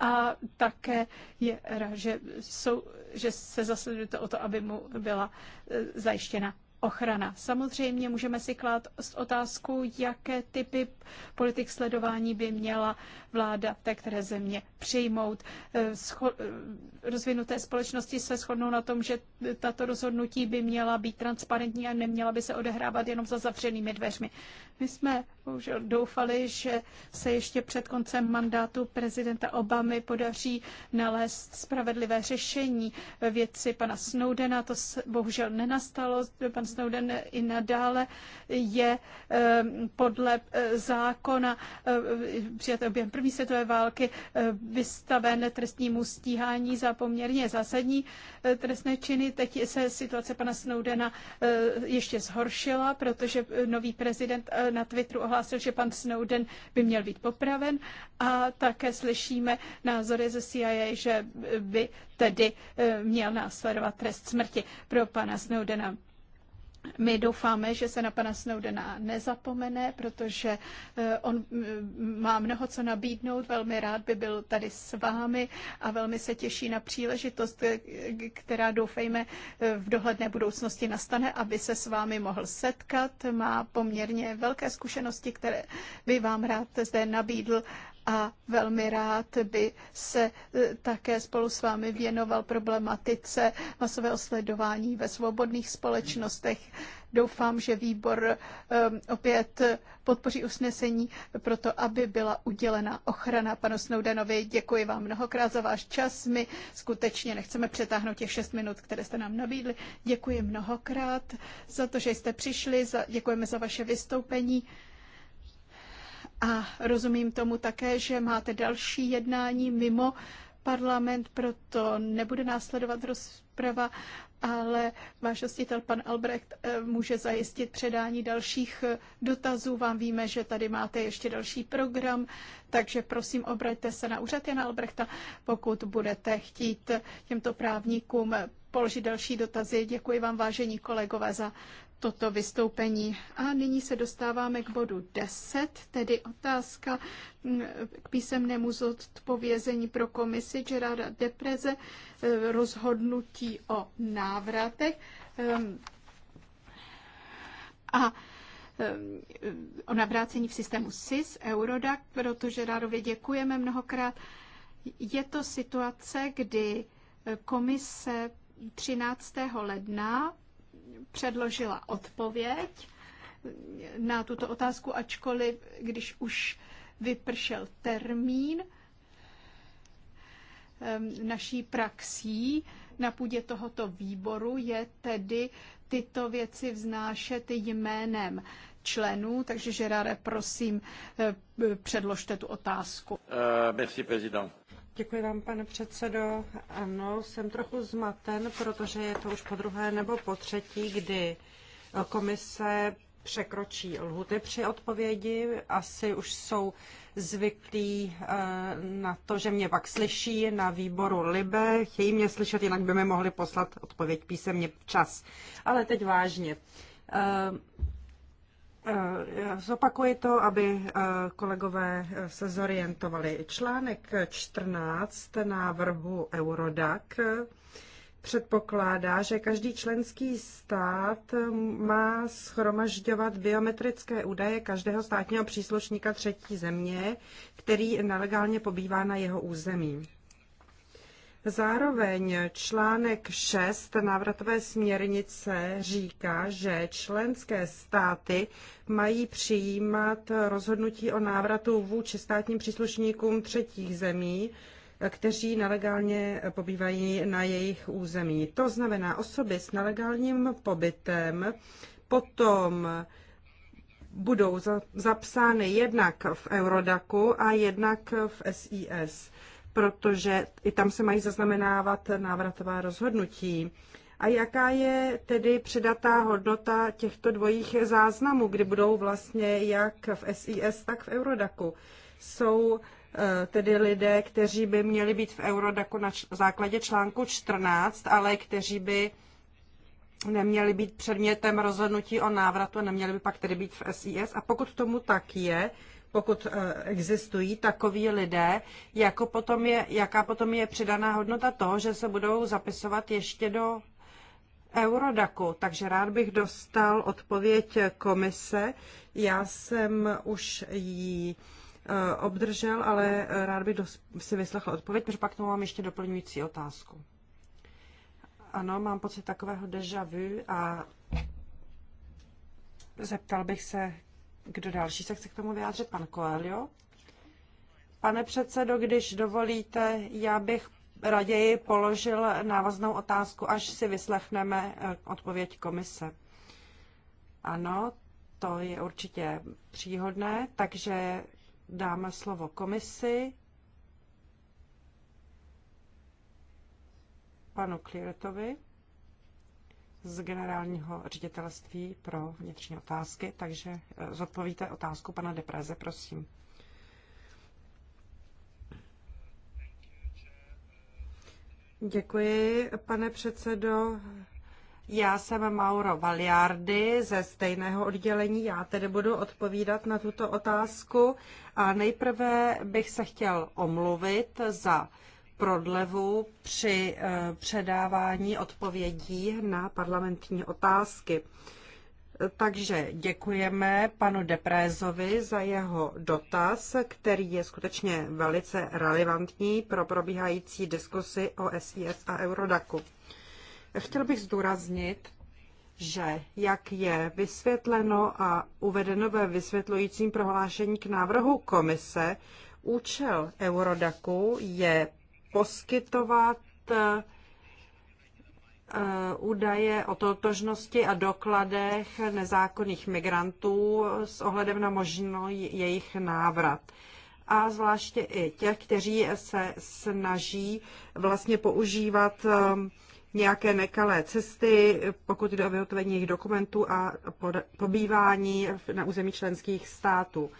a také je rád, že, jsou, že se zasledujete o to, aby mu byla zajištěna ochrana. Samozřejmě můžeme si klát otázku, jaké typy politik sledování by měla vláda té které země přijmout. Eh, eh, rozvinuté společnosti se shodnou na tom, že tato rozhodnutí by měla být transparentní a neměla by se odehrávat jenom za zavřenými dveřmi. My jsme bohužel doufali, že se ještě před koncem mandátu prezidenta Obamy podaří nalézt spravedlivé řešení věci pana Snowdena. To bohužel nenastalo. Pan Snowden i nadále je eh, podle eh, zákona eh, přijaté objem první světové války vystaven trestnímu stíhání za poměrně zásadní trestné činy. Teď se situace pana Snowdena ještě zhoršila, protože nový prezident Eh, na Twitteru ohlásil, že pan Snowden by měl být popraven a také slyšíme názory ze CIA, že by tedy eh, měl následovat trest smrti pro pana Snowdena my doufáme, že se na pana Snowdena nezapomene, protože eh, on mm, má mnoho co nabídnout, velmi rád by byl tady s vámi a velmi se těší na příležitost, eh, která doufejme eh, v dohledné budoucnosti nastane, aby se s vámi mohl setkat. Má poměrně velké zkušenosti, které by vám rád zde nabídl a velmi rád by se e, také spolu s vámi věnoval problematice masového sledování ve svobodných společnostech. Doufám, že výbor e, opět podpoří usnesení pro to, aby byla udělena ochrana panu Snowdenovi. Děkuji vám mnohokrát za váš čas. My skutečně nechceme přetáhnout těch šest minut, které jste nám nabídli. Děkuji mnohokrát za to, že jste přišli. děkujeme za vaše vystoupení. A rozumím tomu také, že máte další jednání mimo parlament, proto nebude následovat rozprava, ale váš hostitel pan Albrecht eh, může zajistit předání dalších eh, dotazů. Vám víme, že tady máte ještě další program, takže prosím, obraťte se na úřad Jana Albrechta, pokud budete chtít těmto právníkům položit další dotazy. Děkuji vám, vážení kolegové, za toto vystoupení. A nyní se dostáváme k bodu 10, tedy otázka mm, k písemnému zodpovězení pro komisi Gerarda Depreze eh, rozhodnutí o návratech. Ehm, a ehm, o navrácení v systému SIS, Eurodac, protože Rárově děkujeme mnohokrát. Je to situace, kdy eh, komise 13. ledna předložila odpověď na tuto otázku, ačkoliv, když už vypršel termín naší praxí na půdě tohoto výboru je tedy tyto věci vznášet jménem členů, takže Žeráre, prosím, eh, předložte tu otázku. Uh, merci, prezident. Děkuji vám, pane předsedo. Ano, jsem trochu zmaten, protože je to už po druhé nebo po třetí, kdy komise překročí lhuty při odpovědi. Asi už jsou zvyklí eh, na to, že mě pak slyší na výboru Libe. Chtějí mě slyšet, jinak by mi mohli poslat odpověď písemně včas. Ale teď vážně. Eh, Eh, zopakuji to, aby eh, kolegové eh, se zorientovali. Článek 14 návrhu Eurodac předpokládá, že každý členský stát má schromažďovat biometrické údaje každého státního příslušníka třetí země, který nelegálně pobývá na jeho území. Zároveň článek 6 návratové směrnice říká, že členské státy mají přijímat rozhodnutí o návratu vůči státním příslušníkům třetích zemí, kteří nelegálně pobývají na jejich území. To znamená osoby s nelegálním pobytem potom budou zapsány jednak v Eurodaku a jednak v SIS protože i tam se mají zaznamenávat návratová rozhodnutí. A jaká je tedy předatá hodnota těchto dvojích záznamů, kdy budou vlastně jak v SIS, tak v Eurodaku? Jsou eh, tedy lidé, kteří by měli být v Eurodaku na základě článku 14, ale kteří by neměli být předmětem rozhodnutí o návratu a neměli by pak tedy být v SIS. A pokud tomu tak je, pokud eh, existují takoví lidé, jako potom je, jaká potom je přidaná hodnota toho, že se budou zapisovat ještě do Eurodaku. Takže rád bych dostal odpověď komise. Já jsem už ji eh, obdržel, ale rád bych si vyslechl odpověď, protože pak tomu mám ještě doplňující otázku. Ano, mám pocit takového deja vu a zeptal bych se kdo další se chce k tomu vyjádřit? Pan Coelho. Pane předsedo, když dovolíte, já bych raději položil návaznou otázku, až si vyslechneme eh, odpověď komise. Ano, to je určitě příhodné, takže dáme slovo komisi. Panu Kliretovi z generálního ředitelství pro vnitřní otázky, takže eh, zodpovíte otázku pana Depreze, prosím. Děkuji, pane předsedo. Já jsem Mauro Valiardi ze stejného oddělení, já tedy budu odpovídat na tuto otázku. A nejprve bych se chtěl omluvit za prodlevu při eh, předávání odpovědí na parlamentní otázky. Takže děkujeme panu Deprézovi za jeho dotaz, který je skutečně velice relevantní pro probíhající diskusy o SIS a Eurodaku. Chtěl bych zdůraznit, že jak je vysvětleno a uvedeno ve vysvětlujícím prohlášení k návrhu komise, účel Eurodaku je poskytovat eh, údaje o totožnosti a dokladech nezákonných migrantů s ohledem na možný jejich návrat. A zvláště i těch, kteří se snaží vlastně používat eh, nějaké nekalé cesty, pokud jde o vyhotovení jejich dokumentů a pobývání na území členských států.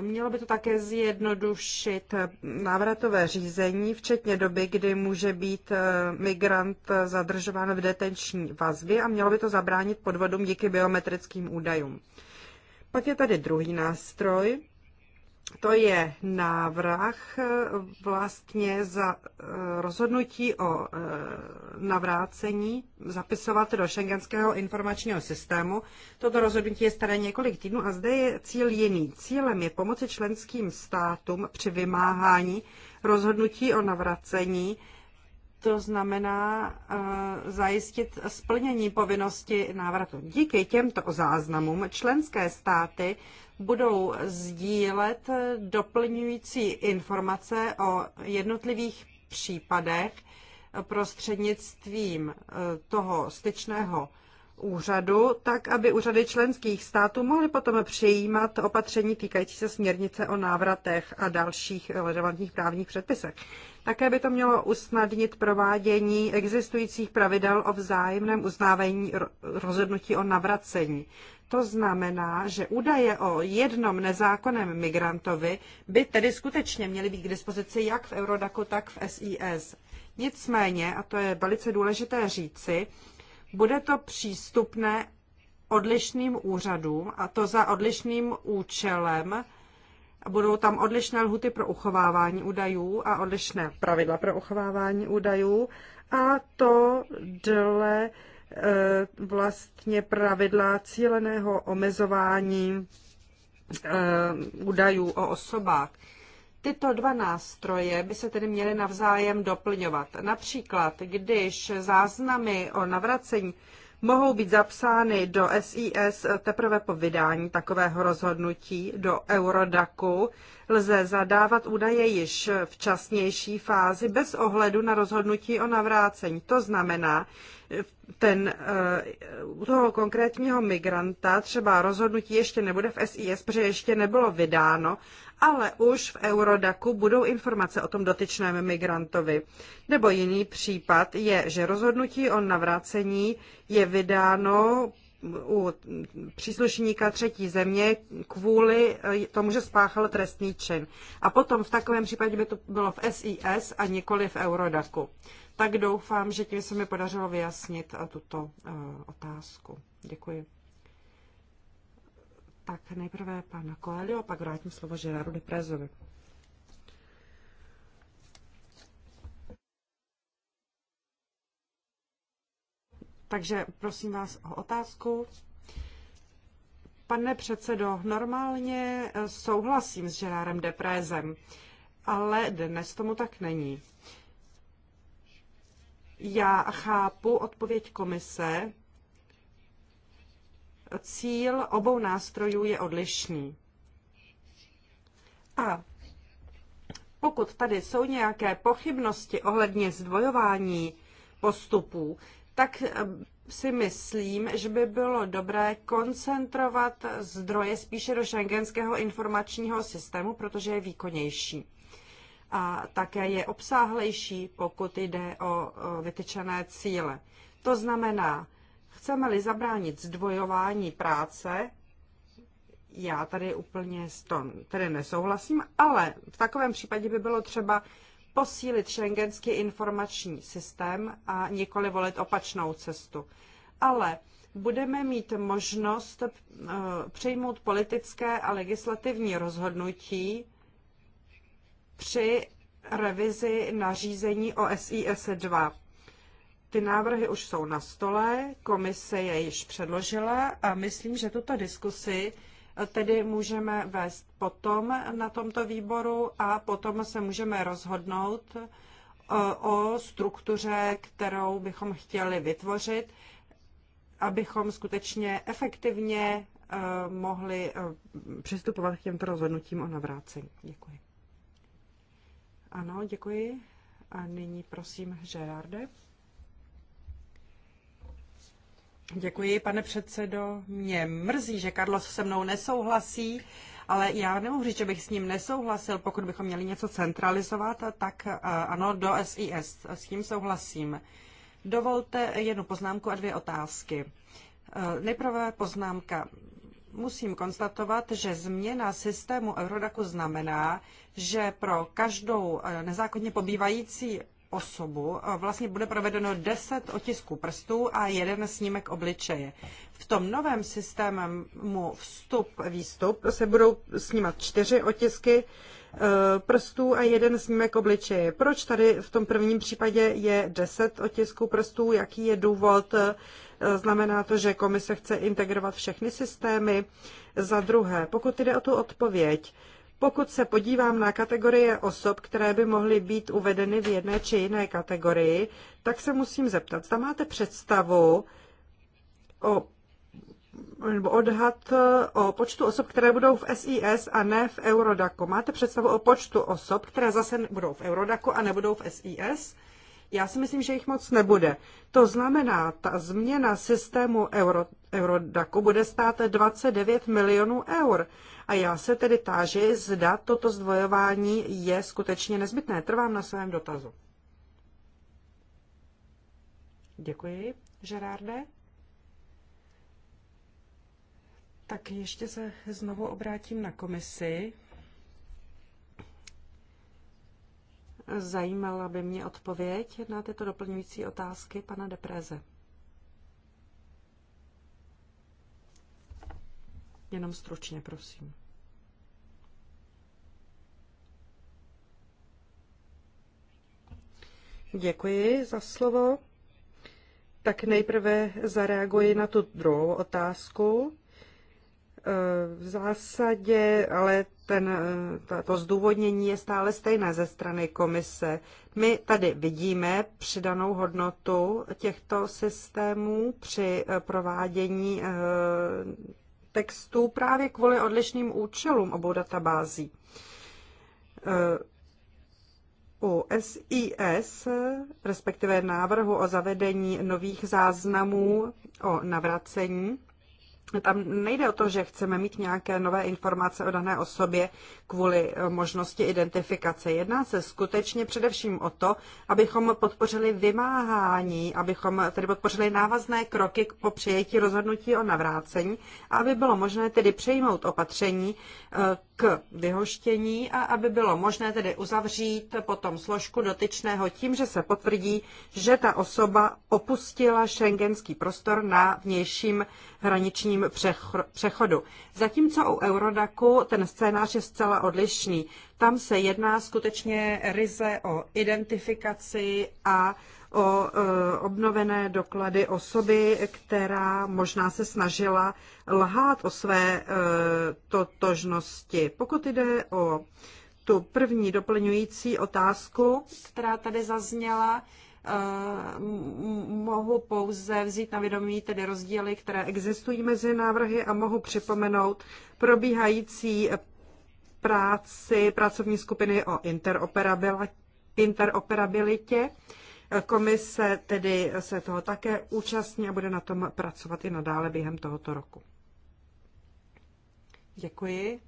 Mělo by to také zjednodušit návratové řízení, včetně doby, kdy může být eh, migrant zadržován v detenční vazbě a mělo by to zabránit podvodům díky biometrickým údajům. Pak je tady druhý nástroj, to je návrh eh, vlastně za eh, rozhodnutí o eh, navrácení zapisovat do šengenského informačního systému. Toto rozhodnutí je staré několik týdnů a zde je cíl jiný. Cílem je pomoci členským státům při vymáhání rozhodnutí o navracení to znamená uh, zajistit splnění povinnosti návratu. Díky těmto záznamům členské státy budou sdílet doplňující informace o jednotlivých případech prostřednictvím eh, toho styčného úřadu, tak aby úřady členských států mohly potom přijímat opatření týkající se směrnice o návratech a dalších relevantních právních předpisech. Také by to mělo usnadnit provádění existujících pravidel o vzájemném uznávání rozhodnutí o navracení. To znamená, že údaje o jednom nezákonném migrantovi by tedy skutečně měly být k dispozici jak v Eurodaku, tak v SIS. Nicméně, a to je velice důležité říci, bude to přístupné odlišným úřadům a to za odlišným účelem. Budou tam odlišné lhuty pro uchovávání údajů a odlišné pravidla pro uchovávání údajů a to dle e, vlastně pravidla cíleného omezování e, údajů o osobách. Tyto dva nástroje by se tedy měly navzájem doplňovat. Například, když záznamy o navracení mohou být zapsány do SIS teprve po vydání takového rozhodnutí do Eurodaku. Lze zadávat údaje již v časnější fázi bez ohledu na rozhodnutí o navrácení. To znamená, ten, eh, toho konkrétního migranta třeba rozhodnutí ještě nebude v SIS, protože ještě nebylo vydáno, ale už v Eurodaku budou informace o tom dotyčném migrantovi. Nebo jiný případ je, že rozhodnutí o navrácení je vydáno u příslušníka třetí země kvůli eh, tomu, že spáchal trestný čin. A potom v takovém případě by to bylo v SIS a nikoli v Eurodaku. Tak doufám, že tím se mi podařilo vyjasnit eh, tuto eh, otázku. Děkuji. Tak nejprve pan Coelho, pak vrátím slovo Gerardu Prezovi. Takže prosím vás o otázku. Pane předsedo, normálně eh, souhlasím s Gerárem Deprézem, ale dnes tomu tak není. Já chápu odpověď komise, cíl obou nástrojů je odlišný. A pokud tady jsou nějaké pochybnosti ohledně zdvojování postupů, tak eh, si myslím, že by bylo dobré koncentrovat zdroje spíše do šengenského informačního systému, protože je výkonnější. A také je obsáhlejší, pokud jde o vytyčené cíle. To znamená, Chceme-li zabránit zdvojování práce, já tady úplně s tom tedy nesouhlasím, ale v takovém případě by bylo třeba posílit šengenský informační systém a nikoli volit opačnou cestu. Ale budeme mít možnost eh, přijmout politické a legislativní rozhodnutí při revizi nařízení o SIS 2. Ty návrhy už jsou na stole, komise je již předložila a myslím, že tuto diskusi tedy můžeme vést potom na tomto výboru a potom se můžeme rozhodnout e, o struktuře, kterou bychom chtěli vytvořit, abychom skutečně efektivně e, mohli e, přistupovat k těmto rozhodnutím o navrácení. Děkuji. Ano, děkuji. A nyní prosím Gerarde. Děkuji, pane předsedo. Mě mrzí, že Carlos se mnou nesouhlasí, ale já nemohu říct, že bych s ním nesouhlasil, pokud bychom měli něco centralizovat, tak eh, ano, do SIS. S tím souhlasím. Dovolte jednu poznámku a dvě otázky. Eh, nejprve poznámka. Musím konstatovat, že změna systému Eurodaku znamená, že pro každou eh, nezákonně pobývající osobu vlastně bude provedeno 10 otisků prstů a jeden snímek obličeje. V tom novém systému vstup-výstup se budou snímat čtyři otisky e, prstů a jeden snímek obličeje. Proč tady v tom prvním případě je 10 otisků prstů? Jaký je důvod? E, znamená to, že komise chce integrovat všechny systémy? Za druhé, pokud jde o tu odpověď, pokud se podívám na kategorie osob, které by mohly být uvedeny v jedné či jiné kategorii, tak se musím zeptat, zda máte představu o nebo odhad o počtu osob, které budou v SIS a ne v Eurodaku. Máte představu o počtu osob, které zase budou v Eurodaku a nebudou v SIS? Já si myslím, že jich moc nebude. To znamená, ta změna systému Euro, Eurodaku bude stát 29 milionů eur. A já se tedy táži, zda toto zdvojování je skutečně nezbytné. Trvám na svém dotazu. Děkuji, Gerarde. Tak ještě se znovu obrátím na komisi. Zajímala by mě odpověď na tyto doplňující otázky pana Depreze. Jenom stručně, prosím. Děkuji za slovo. Tak nejprve zareaguji na tu druhou otázku. V zásadě, ale ten, to zdůvodnění je stále stejné ze strany komise. My tady vidíme přidanou hodnotu těchto systémů při provádění eh, textů právě kvůli odlišným účelům obou databází. U SIS, respektive návrhu o zavedení nových záznamů o navracení, tam nejde o to, že chceme mít nějaké nové informace o dané osobě kvůli eh, možnosti identifikace. Jedná se skutečně především o to, abychom podpořili vymáhání, abychom tedy podpořili návazné kroky po přijetí rozhodnutí o navrácení a aby bylo možné tedy přejmout opatření eh, k vyhoštění a aby bylo možné tedy uzavřít potom složku dotyčného tím, že se potvrdí, že ta osoba opustila šengenský prostor na vnějším hraničním přechodu. Zatímco u Eurodaku ten scénář je zcela odlišný. Tam se jedná skutečně ryze o identifikaci a o e, obnovené doklady osoby, která možná se snažila lhát o své e, totožnosti. Pokud jde o tu první doplňující otázku, která tady zazněla, e, mohu pouze vzít na vědomí tedy rozdíly, které existují mezi návrhy a mohu připomenout probíhající práci pracovní skupiny o interoperabilitě, Komise tedy se toho také účastní a bude na tom pracovat i nadále během tohoto roku. Děkuji.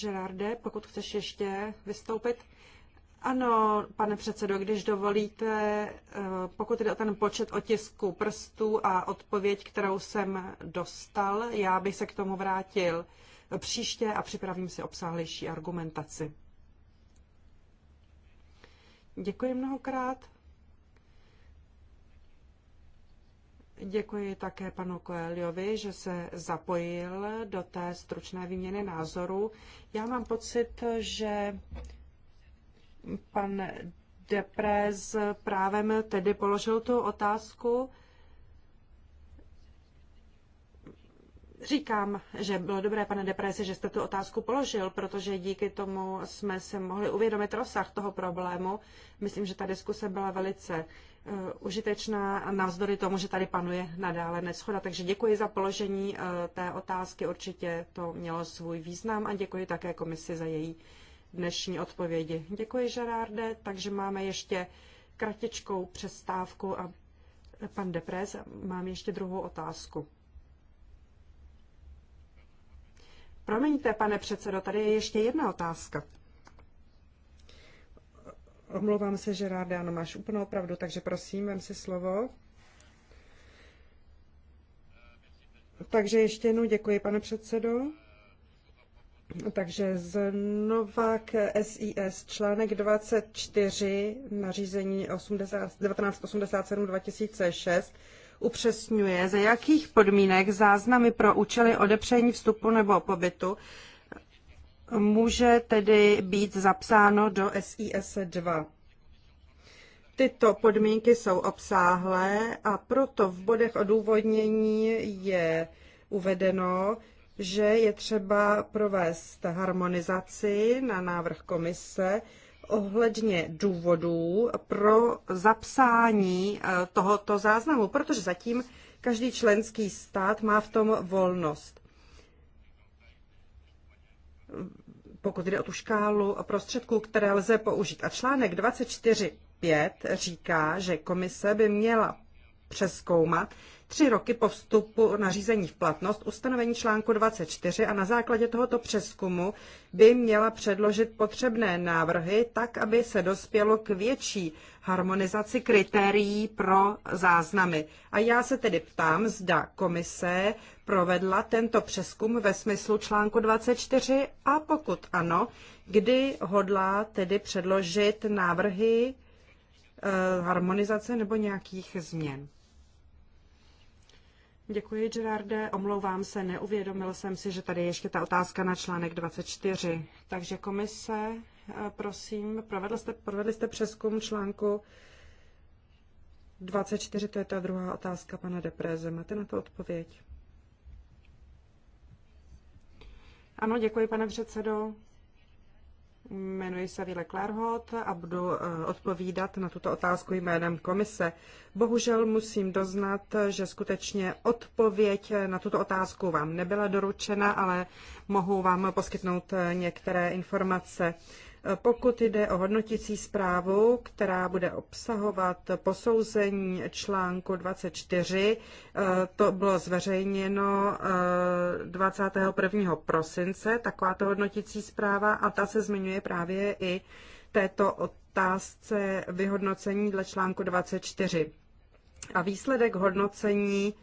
Gerarde, pokud chceš ještě vystoupit. Ano, pane předsedo, když dovolíte, eh, pokud jde o ten počet otisků prstů a odpověď, kterou jsem dostal, já bych se k tomu vrátil příště a připravím si obsáhlejší argumentaci. Děkuji mnohokrát. Děkuji také panu Koeliovi, že se zapojil do té stručné výměny názoru. Já mám pocit, že pan Deprez právem tedy položil tu otázku, Říkám, že bylo dobré, pane Deprese, že jste tu otázku položil, protože díky tomu jsme se mohli uvědomit rozsah toho problému. Myslím, že ta diskuse byla velice eh, užitečná a navzdory tomu, že tady panuje nadále neschoda. Takže děkuji za položení eh, té otázky, určitě to mělo svůj význam a děkuji také komisi za její dnešní odpovědi. Děkuji, Žerárde, takže máme ještě kratičkou přestávku a eh, pan Depres, mám ještě druhou otázku. Promiňte, pane předsedo, tady je ještě jedna otázka. Omlouvám se, že ráda, ano, máš úplnou pravdu, takže prosím, vem si slovo. Takže ještě jednou děkuji, pane předsedo. Takže znova k SIS článek 24 nařízení 80, 1987-2006 upřesňuje, za jakých podmínek záznamy pro účely odepření vstupu nebo pobytu může tedy být zapsáno do SIS 2. Tyto podmínky jsou obsáhlé a proto v bodech odůvodnění je uvedeno, že je třeba provést harmonizaci na návrh komise ohledně důvodů pro zapsání eh, tohoto záznamu, protože zatím každý členský stát má v tom volnost. Pokud jde o tu škálu prostředků, které lze použít. A článek 24.5 říká, že komise by měla přeskoumat, tři roky po vstupu nařízení v platnost ustanovení článku 24 a na základě tohoto přeskumu by měla předložit potřebné návrhy tak, aby se dospělo k větší harmonizaci kritérií pro záznamy. A já se tedy ptám, zda komise provedla tento přeskum ve smyslu článku 24 a pokud ano, kdy hodlá tedy předložit návrhy eh, harmonizace nebo nějakých změn. Děkuji, Gerarde. Omlouvám se, neuvědomil jsem si, že tady ještě ta otázka na článek 24. Takže komise, eh, prosím, provedli jste, provedli jste přeskum článku 24, to je ta druhá otázka pana Depréze. Máte na to odpověď? Ano, děkuji, pane předsedo. Jmenuji se Vile Klarhot a budu eh, odpovídat na tuto otázku jménem komise. Bohužel musím doznat, že skutečně odpověď na tuto otázku vám nebyla doručena, ale mohu vám poskytnout eh, některé informace. Pokud jde o hodnotící zprávu, která bude obsahovat posouzení článku 24, eh, to bylo zveřejněno 21. Eh, prosince, takováto hodnotící zpráva a ta se zmiňuje právě i této otázce vyhodnocení dle článku 24. A výsledek hodnocení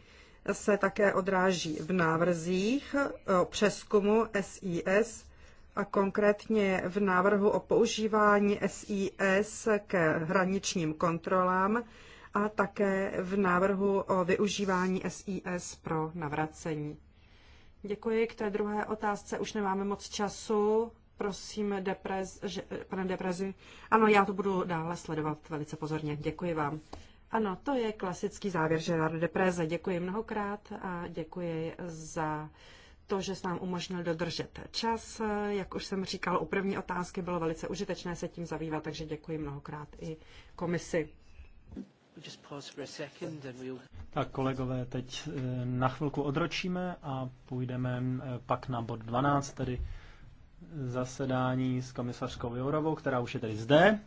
se také odráží v návrzích eh, o přeskumu SIS a konkrétně v návrhu o používání SIS k hraničním kontrolám a také v návrhu o využívání SIS pro navracení. Děkuji. K té druhé otázce už nemáme moc času. Prosím, deprez, že, pane Deprezi. Ano, já to budu dále sledovat velice pozorně. Děkuji vám. Ano, to je klasický závěr Gerard Depreze. Děkuji mnohokrát a děkuji za to, že jste nám umožnil dodržet čas. Jak už jsem říkal, u první otázky bylo velice užitečné se tím zabývat, takže děkuji mnohokrát i komisi. Tak kolegové, teď eh, na chvilku odročíme a půjdeme eh, pak na bod 12, tedy zasedání s komisařkou Jourovou, která už je tedy zde.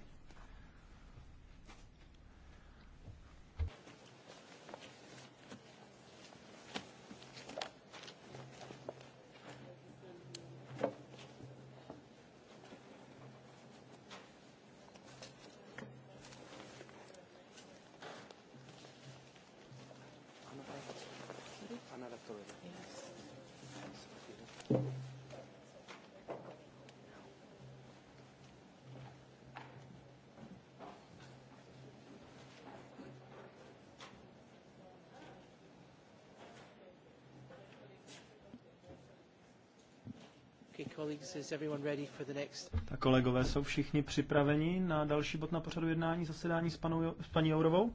Tak kolegové, jsou všichni připraveni na další bod na pořadu jednání, zasedání s, panou, s paní Jourovou?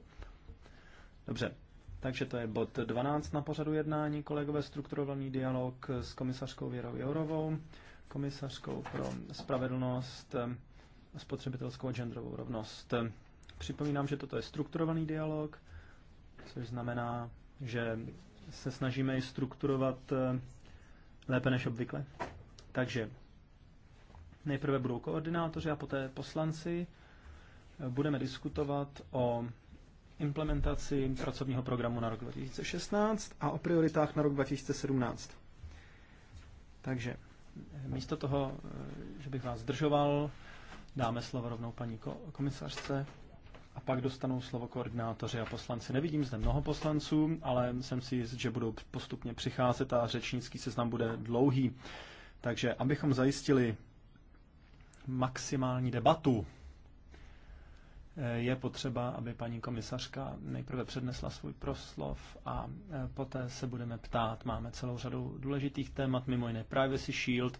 Dobře, takže to je bod 12 na pořadu jednání, kolegové, strukturovaný dialog s komisařkou Věrou Jourovou, komisařkou pro spravedlnost, eh, spotřebitelskou a genderovou rovnost. Připomínám, že toto je strukturovaný dialog, což znamená, že se snažíme ji strukturovat eh, lépe než obvykle. Takže nejprve budou koordinátoři a poté poslanci. Budeme diskutovat o implementaci pracovního programu na rok 2016 a o prioritách na rok 2017. Takže místo toho, že bych vás zdržoval, dáme slovo rovnou paní komisařce a pak dostanou slovo koordinátoři a poslanci. Nevidím zde mnoho poslanců, ale jsem si jist, že budou postupně přicházet a řečnický seznam bude dlouhý. Takže abychom zajistili maximální debatu, eh, je potřeba, aby paní komisařka nejprve přednesla svůj proslov a eh, poté se budeme ptát. Máme celou řadu důležitých témat, mimo jiné Privacy Shield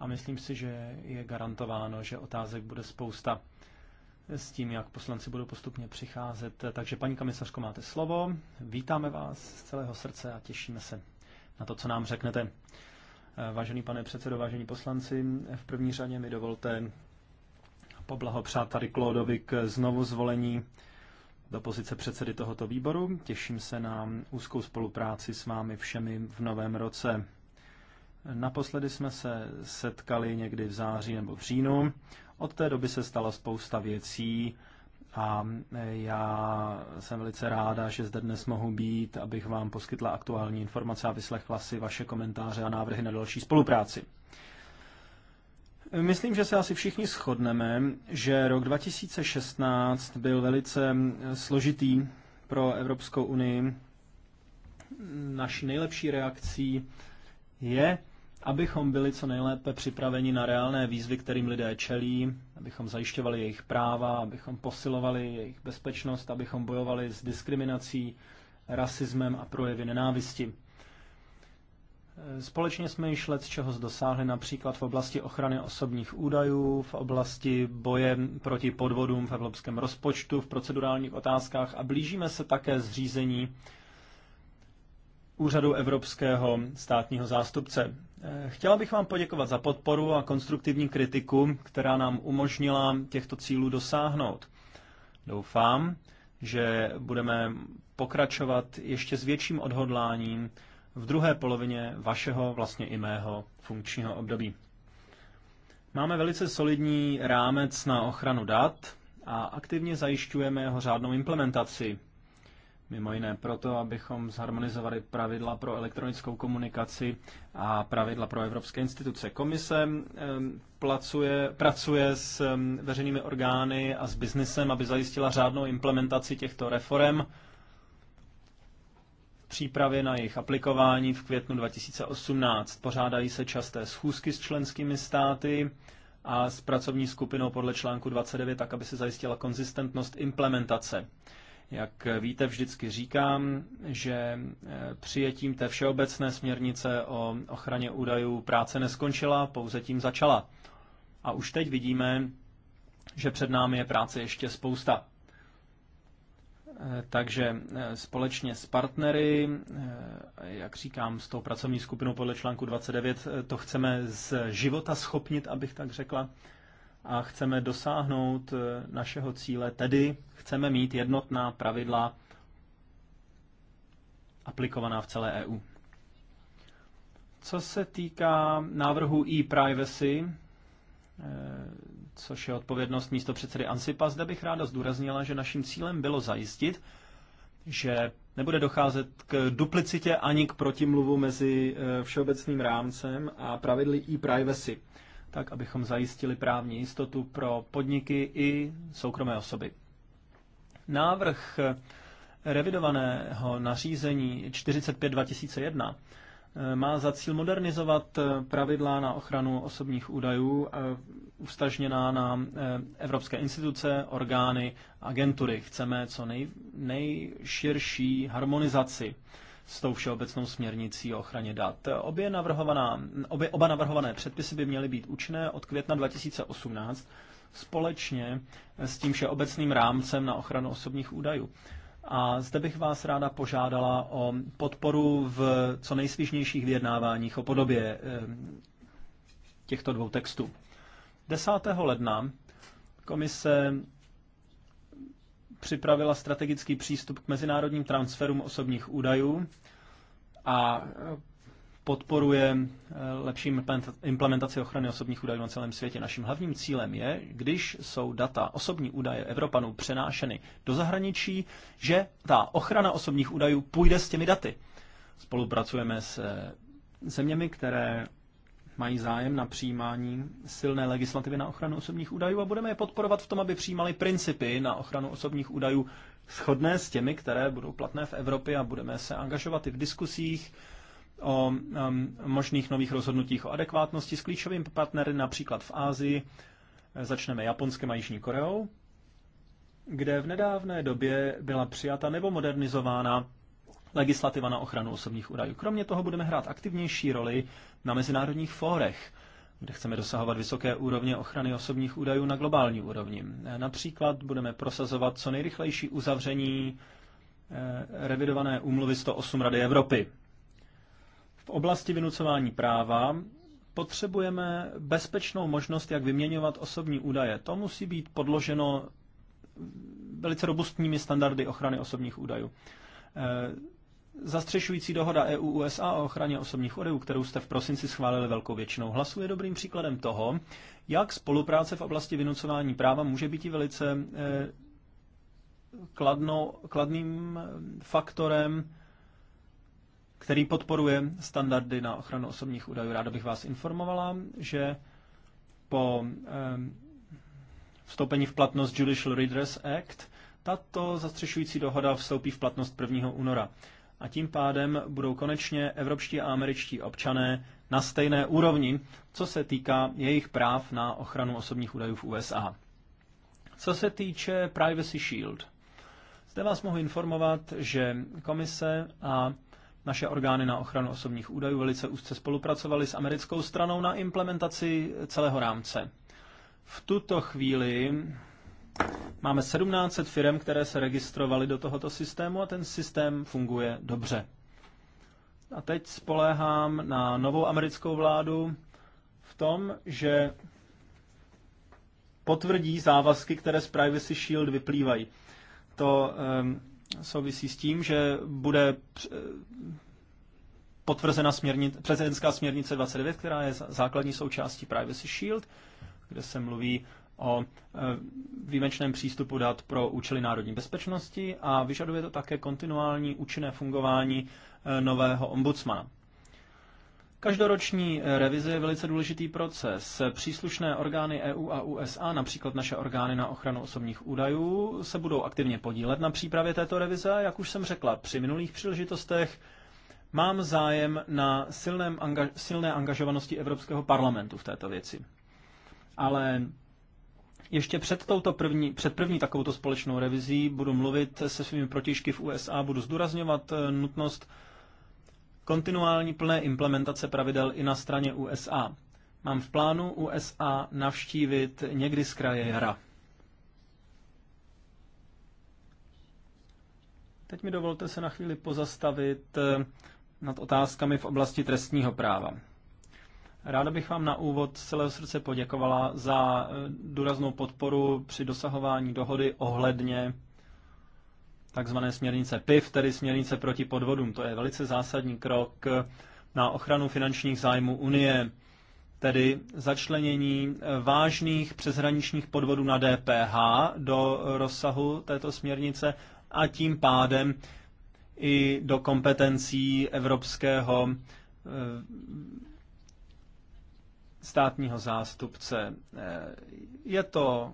a myslím si, že je garantováno, že otázek bude spousta s tím, jak poslanci budou postupně přicházet. Takže paní komisařko, máte slovo. Vítáme vás z celého srdce a těšíme se na to, co nám řeknete. Vážený pane předsedo, vážení poslanci, v první řadě mi dovolte poblahopřát tady Klódovi k znovu zvolení do pozice předsedy tohoto výboru. Těším se na úzkou spolupráci s vámi všemi v novém roce. Naposledy jsme se setkali někdy v září nebo v říjnu. Od té doby se stala spousta věcí, a e, já jsem velice ráda, že zde dnes mohu být, abych vám poskytla aktuální informace a vyslechla si vaše komentáře a návrhy na další spolupráci. Myslím, že se asi všichni shodneme, že rok 2016 byl velice složitý pro Evropskou unii. Naší nejlepší reakcí je, abychom byli co nejlépe připraveni na reálné výzvy, kterým lidé čelí, abychom zajišťovali jejich práva, abychom posilovali jejich bezpečnost, abychom bojovali s diskriminací, rasismem a projevy nenávisti. Společně jsme již let čeho dosáhli například v oblasti ochrany osobních údajů, v oblasti boje proti podvodům v evropském rozpočtu, v procedurálních otázkách a blížíme se také zřízení úřadu Evropského státního zástupce. Eh, chtěla bych vám poděkovat za podporu a konstruktivní kritiku, která nám umožnila těchto cílů dosáhnout. Doufám, že budeme pokračovat ještě s větším odhodláním v druhé polovině vašeho, vlastně i mého funkčního období. Máme velice solidní rámec na ochranu dat a aktivně zajišťujeme jeho řádnou implementaci. Mimo jiné proto, abychom zharmonizovali pravidla pro elektronickou komunikaci a pravidla pro evropské instituce. Komise placuje, pracuje s veřejnými orgány a s biznesem, aby zajistila řádnou implementaci těchto reform přípravě na jejich aplikování v květnu 2018. Pořádají se časté schůzky s členskými státy a s pracovní skupinou podle článku 29, tak aby se zajistila konzistentnost implementace. Jak víte, vždycky říkám, že eh, přijetím té všeobecné směrnice o ochraně údajů práce neskončila, pouze tím začala. A už teď vidíme, že před námi je práce ještě spousta. Eh, takže eh, společně s partnery, jak říkám, s tou pracovní skupinou podle článku 29, to chceme z života schopnit, abych tak řekla a chceme dosáhnout eh, našeho cíle, tedy chceme mít jednotná pravidla aplikovaná v celé EU. Co se týká návrhu e-privacy, eh, což je odpovědnost místo předsedy Ansipa, zde bych ráda zdůraznila, že naším cílem bylo zajistit, že nebude docházet k duplicitě ani k protimluvu mezi eh, všeobecným rámcem a pravidly e-privacy tak abychom zajistili právní jistotu pro podniky i soukromé osoby. Návrh revidovaného nařízení 45 2001 eh, má za cíl modernizovat eh, pravidla na ochranu osobních údajů eh, ustažněná na evropské instituce, orgány, agentury. Chceme co nej, nejširší harmonizaci s tou všeobecnou směrnicí o ochraně dat. Obě navrhovaná, obě, oba navrhované předpisy by měly být účinné od května 2018 společně s tím všeobecným rámcem na ochranu osobních údajů. A zde bych vás ráda požádala o podporu v co nejsvižnějších vyjednáváních o podobě eh, těchto dvou textů. 10. ledna komise připravila strategický přístup k mezinárodním transferům osobních údajů a podporuje eh, lepší implementaci ochrany osobních údajů na celém světě. Naším hlavním cílem je, když jsou data, osobní údaje Evropanů přenášeny do zahraničí, že ta ochrana osobních údajů půjde s těmi daty. Spolupracujeme s zeměmi, které mají zájem na přijímání silné legislativy na ochranu osobních údajů a budeme je podporovat v tom, aby přijímali principy na ochranu osobních údajů shodné s těmi, které budou platné v Evropě a budeme se angažovat i v diskusích o um, možných nových rozhodnutích o adekvátnosti s klíčovými partnery, například v Ázii. Začneme Japonskem a Jižní Koreou, kde v nedávné době byla přijata nebo modernizována legislativa na ochranu osobních údajů. Kromě toho budeme hrát aktivnější roli na mezinárodních fórech, kde chceme dosahovat vysoké úrovně ochrany osobních údajů na globální úrovni. Například budeme prosazovat co nejrychlejší uzavření eh, revidované úmluvy 108 Rady Evropy. V oblasti vynucování práva potřebujeme bezpečnou možnost, jak vyměňovat osobní údaje. To musí být podloženo velice robustními standardy ochrany osobních údajů. Eh, Zastřešující dohoda EU-USA o ochraně osobních údajů, kterou jste v prosinci schválili velkou většinou hlasů, je dobrým příkladem toho, jak spolupráce v oblasti vynucování práva může být i velice eh, kladno, kladným eh, faktorem, který podporuje standardy na ochranu osobních údajů. Ráda bych vás informovala, že po eh, vstoupení v platnost Judicial Redress Act tato zastřešující dohoda vstoupí v platnost 1. února a tím pádem budou konečně evropští a američtí občané na stejné úrovni, co se týká jejich práv na ochranu osobních údajů v USA. Co se týče Privacy Shield, zde vás mohu informovat, že komise a naše orgány na ochranu osobních údajů velice úzce spolupracovaly s americkou stranou na implementaci celého rámce. V tuto chvíli Máme 1700 firm, které se registrovaly do tohoto systému a ten systém funguje dobře. A teď spoléhám na novou americkou vládu v tom, že potvrdí závazky, které z Privacy Shield vyplývají. To um, souvisí s tím, že bude eh, potvrzena směrnice, prezidentská směrnice 29, která je základní součástí Privacy Shield, kde se mluví o e, výjimečném přístupu dat pro účely národní bezpečnosti a vyžaduje to také kontinuální účinné fungování e, nového ombudsmana. Každoroční e, revize je velice důležitý proces. Příslušné orgány EU a USA, například naše orgány na ochranu osobních údajů, se budou aktivně podílet na přípravě této revize jak už jsem řekla při minulých příležitostech, mám zájem na silném silné angažovanosti Evropského parlamentu v této věci. Ale ještě před, touto první, před první takovouto společnou revizí budu mluvit se svými protižky v USA, budu zdůrazňovat eh, nutnost kontinuální plné implementace pravidel i na straně USA. Mám v plánu USA navštívit někdy z kraje jara. Teď mi dovolte se na chvíli pozastavit eh, nad otázkami v oblasti trestního práva. Ráda bych vám na úvod z celého srdce poděkovala za e, důraznou podporu při dosahování dohody ohledně takzvané směrnice PIV, tedy směrnice proti podvodům. To je velice zásadní krok na ochranu finančních zájmů Unie, tedy začlenění vážných přeshraničních podvodů na DPH do rozsahu této směrnice a tím pádem i do kompetencí Evropského e, státního zástupce. Eh, je to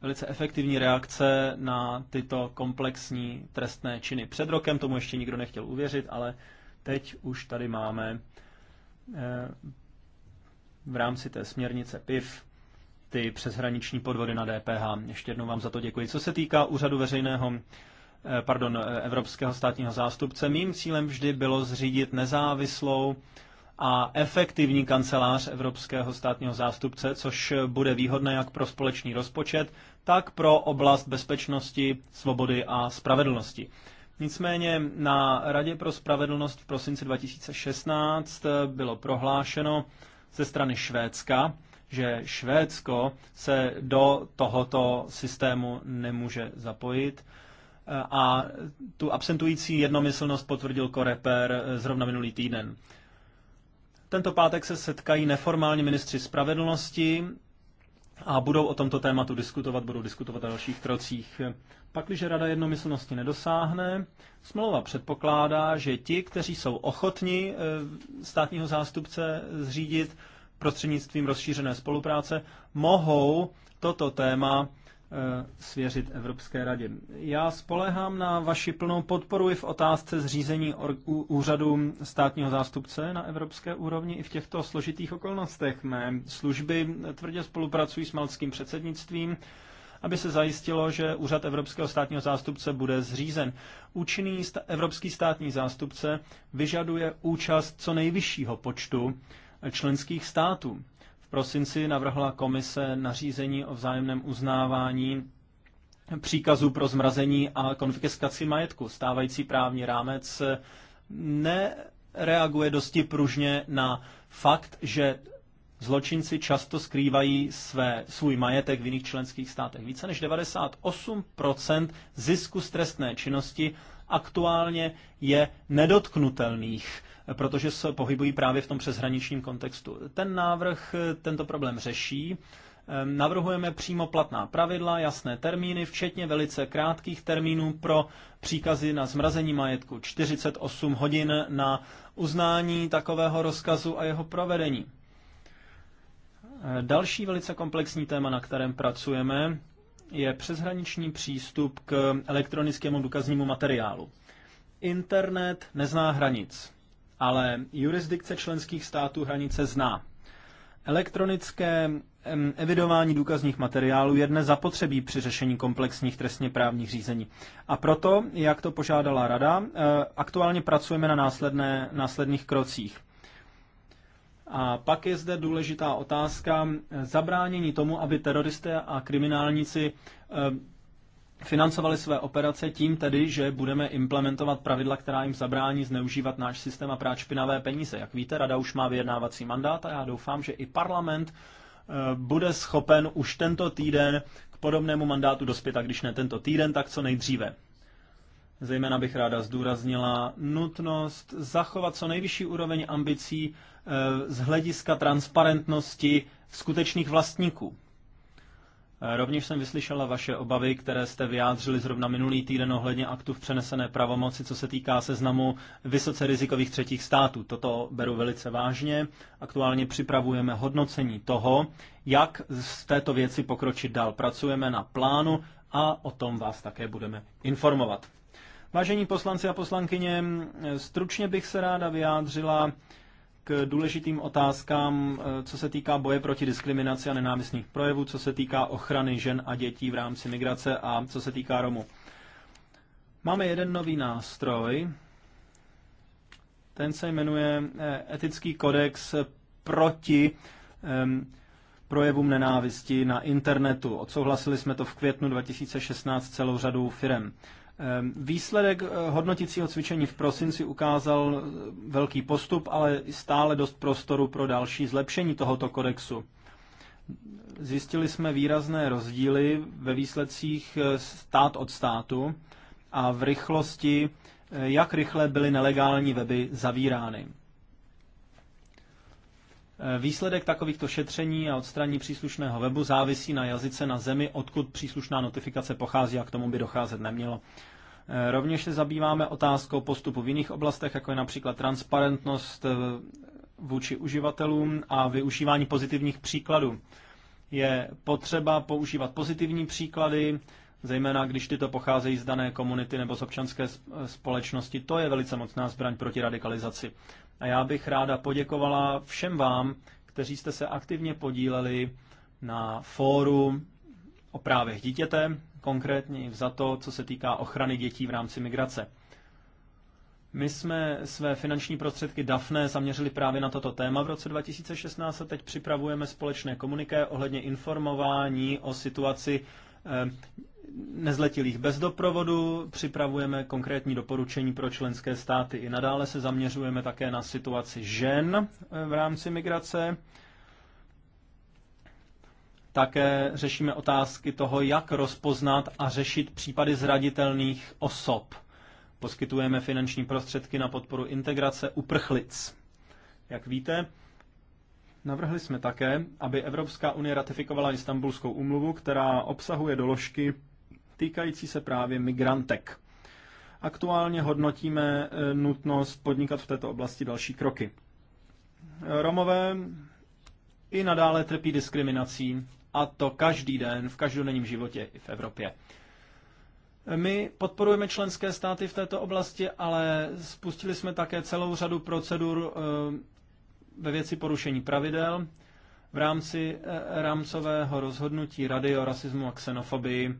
velice efektivní reakce na tyto komplexní trestné činy. Před rokem tomu ještě nikdo nechtěl uvěřit, ale teď už tady máme eh, v rámci té směrnice PIV ty přeshraniční podvody na DPH. Ještě jednou vám za to děkuji. Co se týká úřadu veřejného, eh, pardon, evropského státního zástupce, mým cílem vždy bylo zřídit nezávislou a efektivní kancelář Evropského státního zástupce, což bude výhodné jak pro společný rozpočet, tak pro oblast bezpečnosti, svobody a spravedlnosti. Nicméně na Radě pro spravedlnost v prosinci 2016 bylo prohlášeno ze strany Švédska, že Švédsko se do tohoto systému nemůže zapojit. A tu absentující jednomyslnost potvrdil Koreper zrovna minulý týden. Tento pátek se setkají neformálně ministři spravedlnosti a budou o tomto tématu diskutovat, budou diskutovat o dalších krocích. Pakliže rada jednomyslnosti nedosáhne, smlouva předpokládá, že ti, kteří jsou ochotni eh, státního zástupce zřídit prostřednictvím rozšířené spolupráce, mohou toto téma Eh, svěřit Evropské radě. Já spolehám na vaši plnou podporu i v otázce zřízení úřadu státního zástupce na evropské úrovni i v těchto složitých okolnostech. Mé služby tvrdě spolupracují s malckým předsednictvím, aby se zajistilo, že úřad evropského státního zástupce bude zřízen. Účinný st- evropský státní zástupce vyžaduje účast co nejvyššího počtu členských států prosinci navrhla komise nařízení o vzájemném uznávání příkazů pro zmrazení a konfiskaci majetku. Stávající právní rámec nereaguje dosti pružně na fakt, že zločinci často skrývají své, svůj majetek v jiných členských státech. Více než 98% zisku z trestné činnosti aktuálně je nedotknutelných protože se pohybují právě v tom přeshraničním kontextu. Ten návrh tento problém řeší. Ehm, navrhujeme přímo platná pravidla, jasné termíny, včetně velice krátkých termínů pro příkazy na zmrazení majetku 48 hodin na uznání takového rozkazu a jeho provedení. Ehm, další velice komplexní téma, na kterém pracujeme, je přeshraniční přístup k elektronickému důkaznímu materiálu. Internet nezná hranic ale jurisdikce členských států hranice zná. Elektronické evidování důkazních materiálů je dnes zapotřebí při řešení komplexních trestně právních řízení. A proto, jak to požádala Rada, eh, aktuálně pracujeme na následné, následných krocích. A pak je zde důležitá otázka eh, zabránění tomu, aby teroristé a kriminálníci eh, financovali své operace tím tedy, že budeme implementovat pravidla, která jim zabrání zneužívat náš systém a prát špinavé peníze. Jak víte, Rada už má vyjednávací mandát a já doufám, že i parlament eh, bude schopen už tento týden k podobnému mandátu dospět, a když ne tento týden, tak co nejdříve. Zejména bych ráda zdůraznila nutnost zachovat co nejvyšší úroveň ambicí eh, z hlediska transparentnosti skutečných vlastníků. Eh, rovněž jsem vyslyšela vaše obavy, které jste vyjádřili zrovna minulý týden ohledně aktu v přenesené pravomoci, co se týká seznamu vysoce rizikových třetích států. Toto beru velice vážně. Aktuálně připravujeme hodnocení toho, jak z této věci pokročit dál. Pracujeme na plánu a o tom vás také budeme informovat. Vážení poslanci a poslankyně, eh, stručně bych se ráda vyjádřila k důležitým otázkám, eh, co se týká boje proti diskriminaci a nenávistných projevů, co se týká ochrany žen a dětí v rámci migrace a co se týká Romů. Máme jeden nový nástroj, ten se jmenuje eh, Etický kodex proti um, projevům nenávisti na internetu. Odsouhlasili jsme to v květnu 2016 celou řadou firem. Ehm, výsledek eh, hodnotícího cvičení v prosinci ukázal eh, velký postup, ale stále dost prostoru pro další zlepšení tohoto kodexu. Zjistili jsme výrazné rozdíly ve výsledcích eh, stát od státu a v rychlosti, jak rychle byly nelegální weby zavírány. Výsledek takovýchto šetření a odstranění příslušného webu závisí na jazyce na zemi, odkud příslušná notifikace pochází a k tomu by docházet nemělo. Eh, rovněž se zabýváme otázkou postupu v jiných oblastech, jako je například transparentnost eh, vůči uživatelům a využívání pozitivních příkladů. Je potřeba používat pozitivní příklady, zejména když tyto pocházejí z dané komunity nebo z občanské společnosti. To je velice mocná zbraň proti radikalizaci. A já bych ráda poděkovala všem vám, kteří jste se aktivně podíleli na fóru o právech dítěte, konkrétně za to, co se týká ochrany dětí v rámci migrace. My jsme své finanční prostředky DAFNE zaměřili právě na toto téma v roce 2016 a teď připravujeme společné komuniké ohledně informování o situaci eh, nezletilých bez doprovodu, připravujeme konkrétní doporučení pro členské státy. I nadále se zaměřujeme také na situaci žen eh, v rámci migrace. Také řešíme otázky toho, jak rozpoznat a řešit případy zraditelných osob. Poskytujeme finanční prostředky na podporu integrace uprchlic. Jak víte, Navrhli jsme také, aby Evropská unie ratifikovala Istanbulskou úmluvu, která obsahuje doložky týkající se právě migrantek. Aktuálně hodnotíme e, nutnost podnikat v této oblasti další kroky. Romové i nadále trpí diskriminací, a to každý den, v každodenním životě i v Evropě. My podporujeme členské státy v této oblasti, ale spustili jsme také celou řadu procedur e, ve věci porušení pravidel v rámci e, rámcového rozhodnutí Rady o rasismu a xenofobii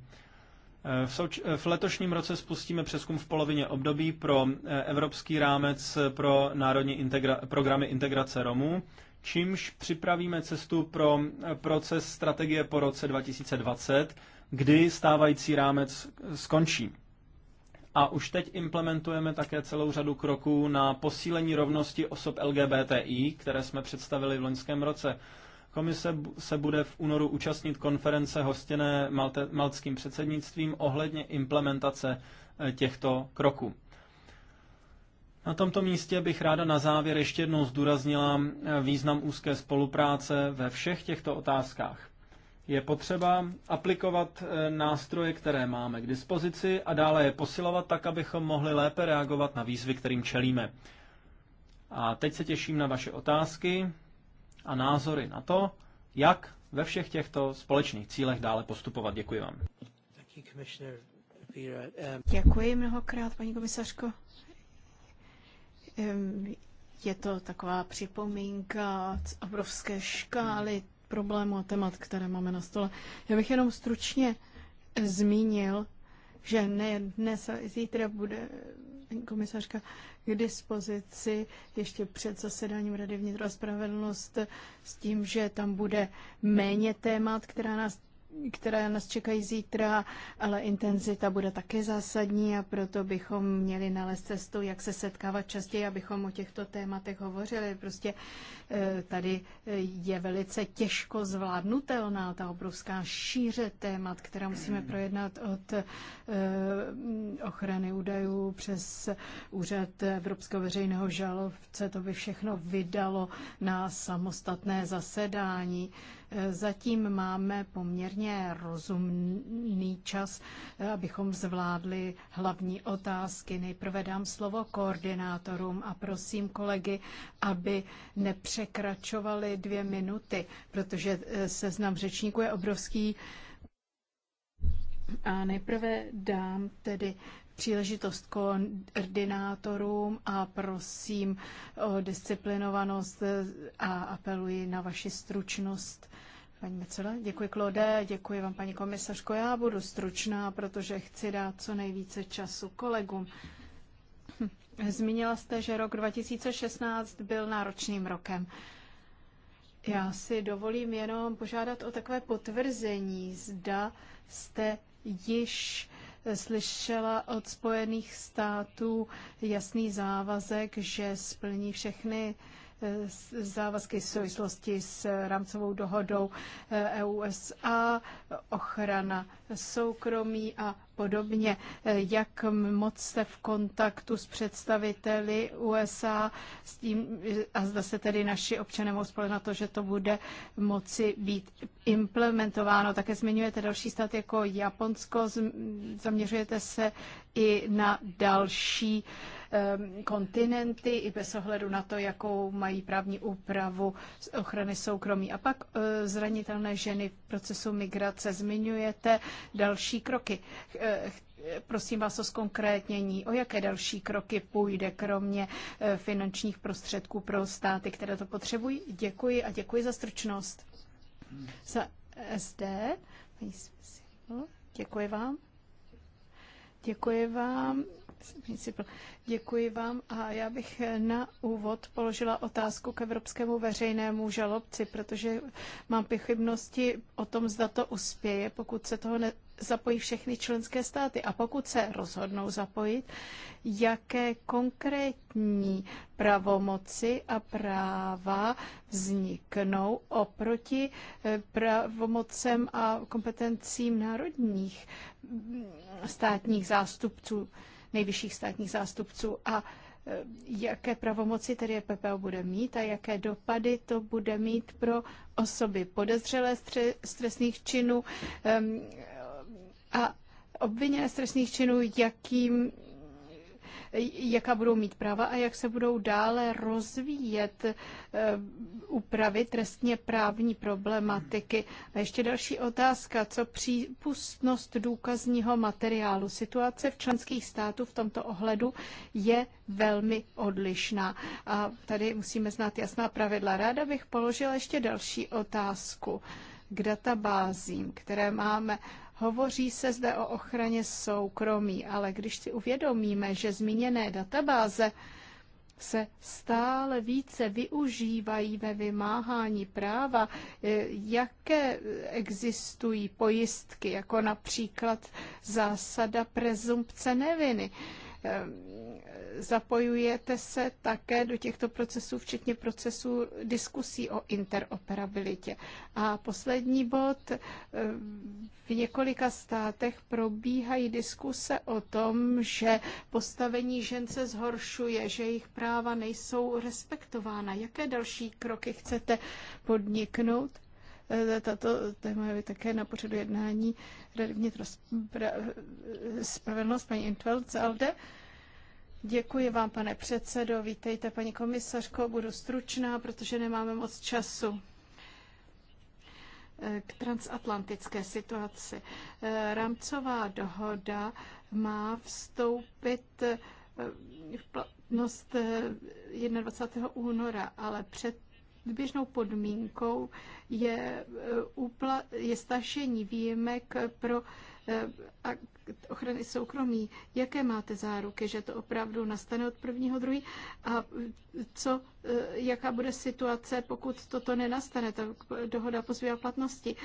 v, souč- v letošním roce spustíme přeskum v polovině období pro eh, evropský rámec eh, pro národní integra- programy integrace Romů, čímž připravíme cestu pro eh, proces strategie po roce 2020, kdy stávající rámec skončí. A už teď implementujeme také celou řadu kroků na posílení rovnosti osob LGBTI, které jsme představili v loňském roce. Komise se bude v únoru účastnit konference hostěné malte, maltským předsednictvím ohledně implementace eh, těchto kroků. Na tomto místě bych ráda na závěr ještě jednou zdůraznila eh, význam úzké spolupráce ve všech těchto otázkách. Je potřeba aplikovat eh, nástroje, které máme k dispozici a dále je posilovat tak, abychom mohli lépe reagovat na výzvy, kterým čelíme. A teď se těším na vaše otázky a názory na to, jak ve všech těchto společných cílech dále postupovat. Děkuji vám. Um, Děkuji mnohokrát, paní komisařko. Je to taková připomínka z obrovské škály problémů a témat, které máme na stole. Já bych jenom stručně zmínil že ne dnes, ale zítra bude komisařka k dispozici ještě před zasedáním Rady vnitro a spravedlnost s tím, že tam bude méně témat, která nás které nás čekají zítra, ale intenzita bude také zásadní a proto bychom měli nalézt cestu, jak se setkávat častěji, abychom o těchto tématech hovořili. Prostě eh, tady eh, je velice těžko zvládnutelná ta obrovská šíře témat, která musíme projednat od eh, ochrany údajů přes úřad Evropského veřejného žalovce. To by všechno vydalo na samostatné zasedání. Zatím máme poměrně rozumný čas, abychom zvládli hlavní otázky. Nejprve dám slovo koordinátorům a prosím kolegy, aby nepřekračovali dvě minuty, protože eh, seznam řečníků je obrovský. A nejprve dám tedy příležitost koordinátorům a prosím o disciplinovanost a apeluji na vaši stručnost. Paní Mecela, děkuji Klode, děkuji vám paní komisařko. Já budu stručná, protože chci dát co nejvíce času kolegům. Hm, zmínila jste, že rok 2016 byl náročným rokem. Já si dovolím jenom požádat o takové potvrzení, zda jste již slyšela od Spojených států jasný závazek, že splní všechny eh, závazky v souvislosti s rámcovou dohodou EU-USA, eh, e ochrana soukromí a podobně. Jak moc jste v kontaktu s představiteli USA s tím, a zda se tedy naši občané mohou spolehnout na to, že to bude moci být implementováno. Také zmiňujete další stát jako Japonsko, zaměřujete se i na další uh, Ehm, kontinenty i bez ohledu na to, jakou mají právní úpravu ochrany soukromí. A pak eh, zranitelné ženy v procesu migrace zmiňujete další kroky. Eh, prosím vás o zkonkrétnění, o jaké další kroky půjde, kromě eh, finančních prostředků pro státy, které to potřebují. Děkuji a děkuji za stručnost. Za SD. Děkuji vám. Děkuji vám. Děkuji vám a já bych na úvod položila otázku k evropskému veřejnému žalobci, protože mám pochybnosti o tom, zda to uspěje, pokud se toho ne zapojí všechny členské státy. A pokud se rozhodnou zapojit, jaké konkrétní pravomoci a práva vzniknou oproti eh, pravomocem a kompetencím národních mm, státních zástupců nejvyšších státních zástupců a e, jaké pravomoci tedy e PPO bude mít a jaké dopady to bude mít pro osoby podezřelé z trestných činů a obviněné z trestných činů, jakým jaká budou mít práva a jak se budou dále rozvíjet úpravy eh, trestně právní problematiky. A ještě další otázka, co přípustnost důkazního materiálu. Situace v členských států v tomto ohledu je velmi odlišná. A tady musíme znát jasná pravidla. Ráda bych položila ještě další otázku k databázím, které máme Hovoří se zde o ochraně soukromí, ale když si uvědomíme, že zmíněné databáze se stále více využívají ve vymáhání práva, eh, jaké existují pojistky, jako například zásada prezumpce neviny. Ehm, zapojujete se také do těchto procesů, včetně procesů diskusí o interoperabilitě. A poslední bod. Ehm, v několika státech probíhají diskuse o tom, že postavení žen se zhoršuje, že jejich práva nejsou respektována. Jaké další kroky chcete podniknout? Eh, tato téma je také na pořadu jednání Rady vnitro spravedlnost paní Intveld Zalde. Děkuji vám, pane předsedo. Vítejte, paní komisařko. Budu stručná, protože nemáme moc času eh, k transatlantické situaci. Eh, rámcová dohoda má vstoupit v platnost 21. února, ale před Běžnou podmínkou je, eh, upla- je stašení výjimek pro eh, ochrany soukromí. Jaké máte záruky, že to opravdu nastane od prvního druhý? A co, eh, jaká bude situace, pokud toto nenastane, ta dohoda pozvěla platnosti?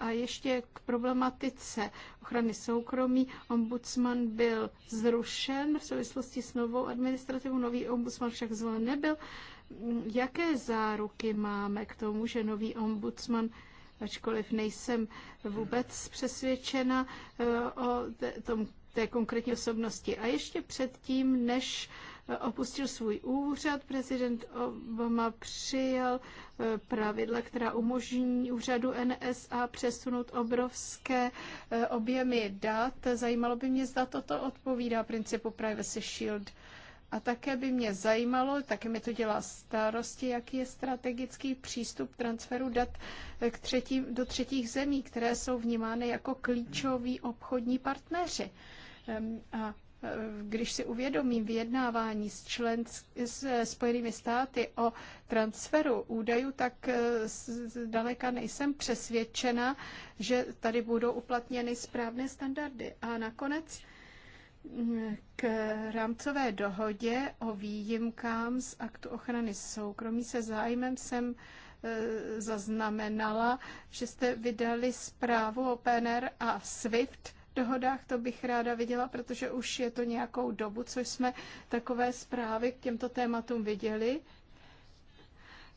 A ještě k problematice ochrany soukromí. Ombudsman byl zrušen v souvislosti s novou administrativou, nový ombudsman však zvolen nebyl. Jaké záruky máme k tomu, že nový ombudsman, ačkoliv nejsem vůbec přesvědčena eh, o tom, té konkrétní osobnosti. A ještě předtím, než eh, opustil svůj úřad, prezident Obama přijal eh, pravidla, která umožní úřadu NSA přesunout obrovské objemy dat. Zajímalo by mě, zda toto odpovídá principu Privacy Shield a také by mě zajímalo, také mi to dělá starosti, jaký je strategický přístup transferu dat k třetím, do třetích zemí, které jsou vnímány jako klíčoví obchodní partneři. A e, když si uvědomím vyjednávání s, člen, s Spojenými státy o transferu údajů, tak e, daleka nejsem přesvědčena, že tady budou uplatněny správné standardy. A nakonec k rámcové dohodě o výjimkám z aktu ochrany soukromí se zájmem jsem e, zaznamenala, že jste vydali zprávu o PNR a SWIFT dohodách, to bych ráda viděla, protože už je to nějakou dobu, co jsme takové zprávy k těmto tématům viděli.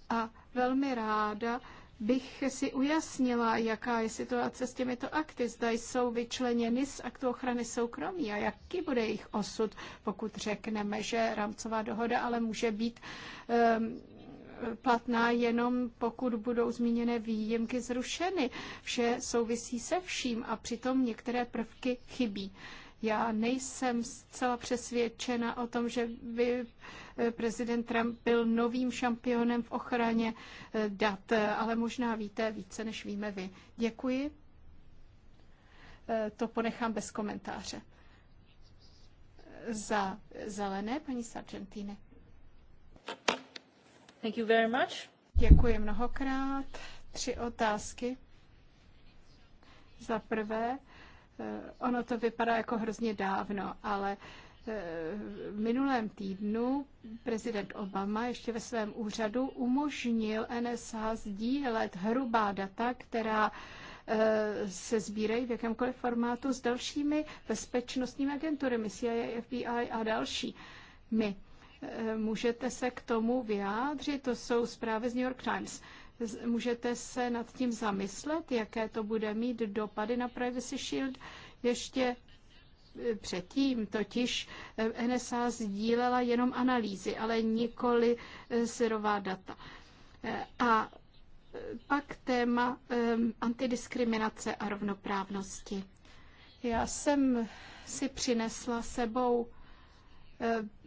A velmi ráda bych si ujasnila, jaká je situace s těmito akty. Zda jsou vyčleněny z aktu ochrany soukromí a jaký bude jejich osud, pokud řekneme, že rámcová dohoda ale může být um, platná jenom pokud budou zmíněné výjimky zrušeny. Vše souvisí se vším a přitom některé prvky chybí. Já nejsem zcela přesvědčena o tom, že by eh, prezident Trump byl novým šampionem v ochraně eh, dat, eh, ale možná víte více, než víme vy. Děkuji. To ponechám bez komentáře. Za zelené, paní Sargentine. Thank you very much. Děkuji mnohokrát. Tři otázky. Za prvé, Eh, ono to vypadá jako hrozně dávno, ale eh, v minulém týdnu prezident Obama ještě ve svém úřadu umožnil NSA sdílet hrubá data, která eh, se sbírají v jakémkoliv formátu s dalšími bezpečnostními agentury, CIA, FBI a další. My. Můžete se k tomu vyjádřit? To jsou zprávy z New York Times. Můžete se nad tím zamyslet, jaké to bude mít dopady na Privacy Shield? Ještě e, předtím totiž e, NSA sdílela jenom analýzy, ale nikoli e, syrová data. A pak téma antidiskriminace a rovnoprávnosti. Já jsem si přinesla sebou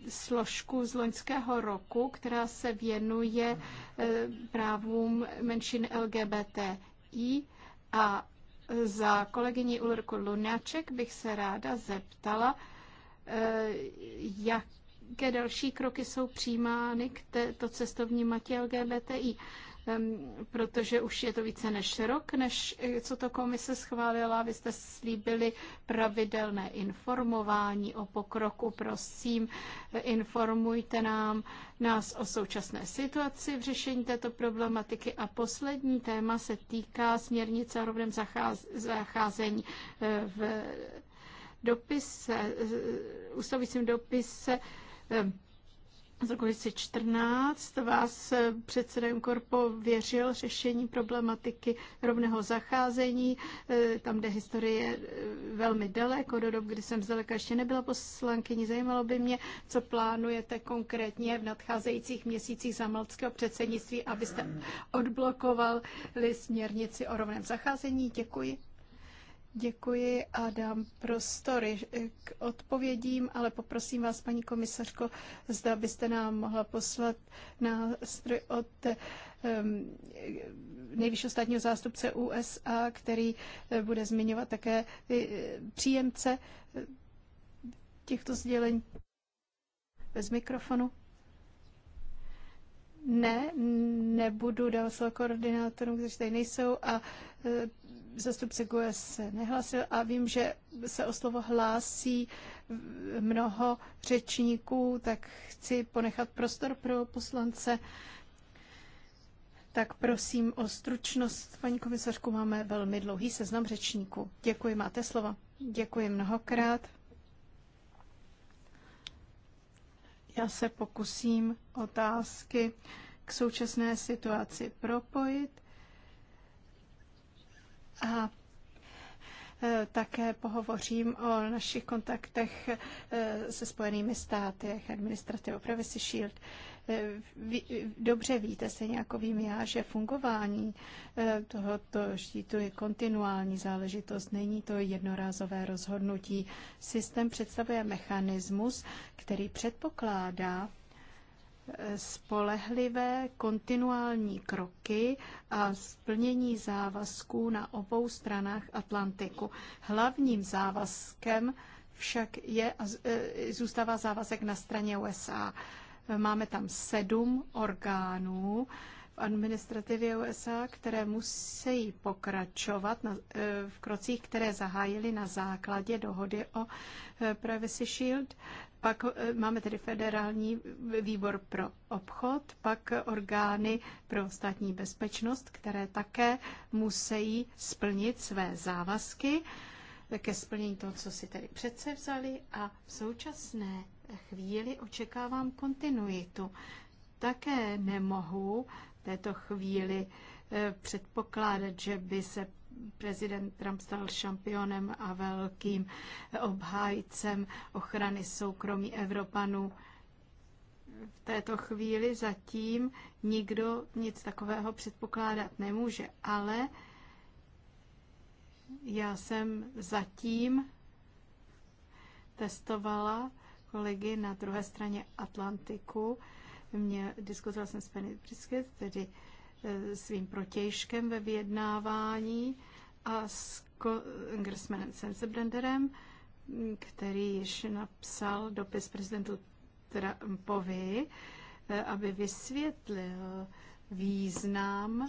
složku z loňského roku, která se věnuje eh, právům menšin LGBTI a za kolegyni Ulrku Lunáček bych se ráda zeptala, eh, jaké další kroky jsou přijímány k této cestovní matě LGBTI protože už je to více než rok, než eh, co to komise schválila. Vy jste slíbili pravidelné informování o pokroku. Prosím, eh, informujte nám nás o současné situaci v řešení této problematiky. A poslední téma se týká směrnice o rovném zacházení eh, v dopise, ustavujícím dopise z roku 2014 vás eh, předseda Korpo věřil řešení problematiky rovného zacházení. Eh, tam, kde historie je eh, velmi daleko, do dob, kdy jsem zdaleka ještě nebyla poslankyní, zajímalo by mě, co plánujete konkrétně v nadcházejících měsících za malckého předsednictví, abyste odblokovali směrnici o rovném zacházení. Děkuji. Děkuji a dám prostory k odpovědím, ale poprosím vás, paní komisařko, zda byste nám mohla poslat nástroj od um, nejvyššího státního zástupce USA, který eh, bude zmiňovat také eh, příjemce eh, těchto sdělení bez mikrofonu. Ne, nebudu dál slovo koordinátorům, kteří tady nejsou a zastupce GUE se nehlasil a vím, že se o slovo hlásí mnoho řečníků, tak chci ponechat prostor pro poslance. Tak prosím o stručnost. Paní komisařku, máme velmi dlouhý seznam řečníků. Děkuji, máte slovo. Děkuji mnohokrát. Já se pokusím otázky k současné situaci propojit a e, také pohovořím o našich kontaktech e, se Spojenými státy, administrativou Privacy Shield. E, vy, dobře víte, se jako vím já, že fungování tohoto štítu je kontinuální záležitost, není to jednorázové rozhodnutí. Systém představuje mechanismus, který předpokládá spolehlivé kontinuální kroky a splnění závazků na obou stranách Atlantiku. Hlavním závazkem však je, e, zůstává závazek na straně USA. Máme tam sedm orgánů v administrativě USA, které musí pokračovat na, e, v krocích, které zahájily na základě dohody o e, Privacy Shield. Pak eh, máme tedy federální výbor pro obchod, pak orgány pro státní bezpečnost, které také musí splnit své závazky ke splnění toho, co si tedy přece vzali a v současné chvíli očekávám kontinuitu. Také nemohu v této chvíli eh, předpokládat, že by se prezident Trump stal šampionem a velkým obhájcem ochrany soukromí Evropanů. V této chvíli zatím nikdo nic takového předpokládat nemůže, ale já jsem zatím testovala kolegy na druhé straně Atlantiku. Mě, diskutovala jsem s Penny Brisket, tedy Eh, svým protějškem ve vyjednávání a s kongresmenem Sensebrenderem, který již napsal dopis prezidentu Trumpovi, eh, aby vysvětlil význam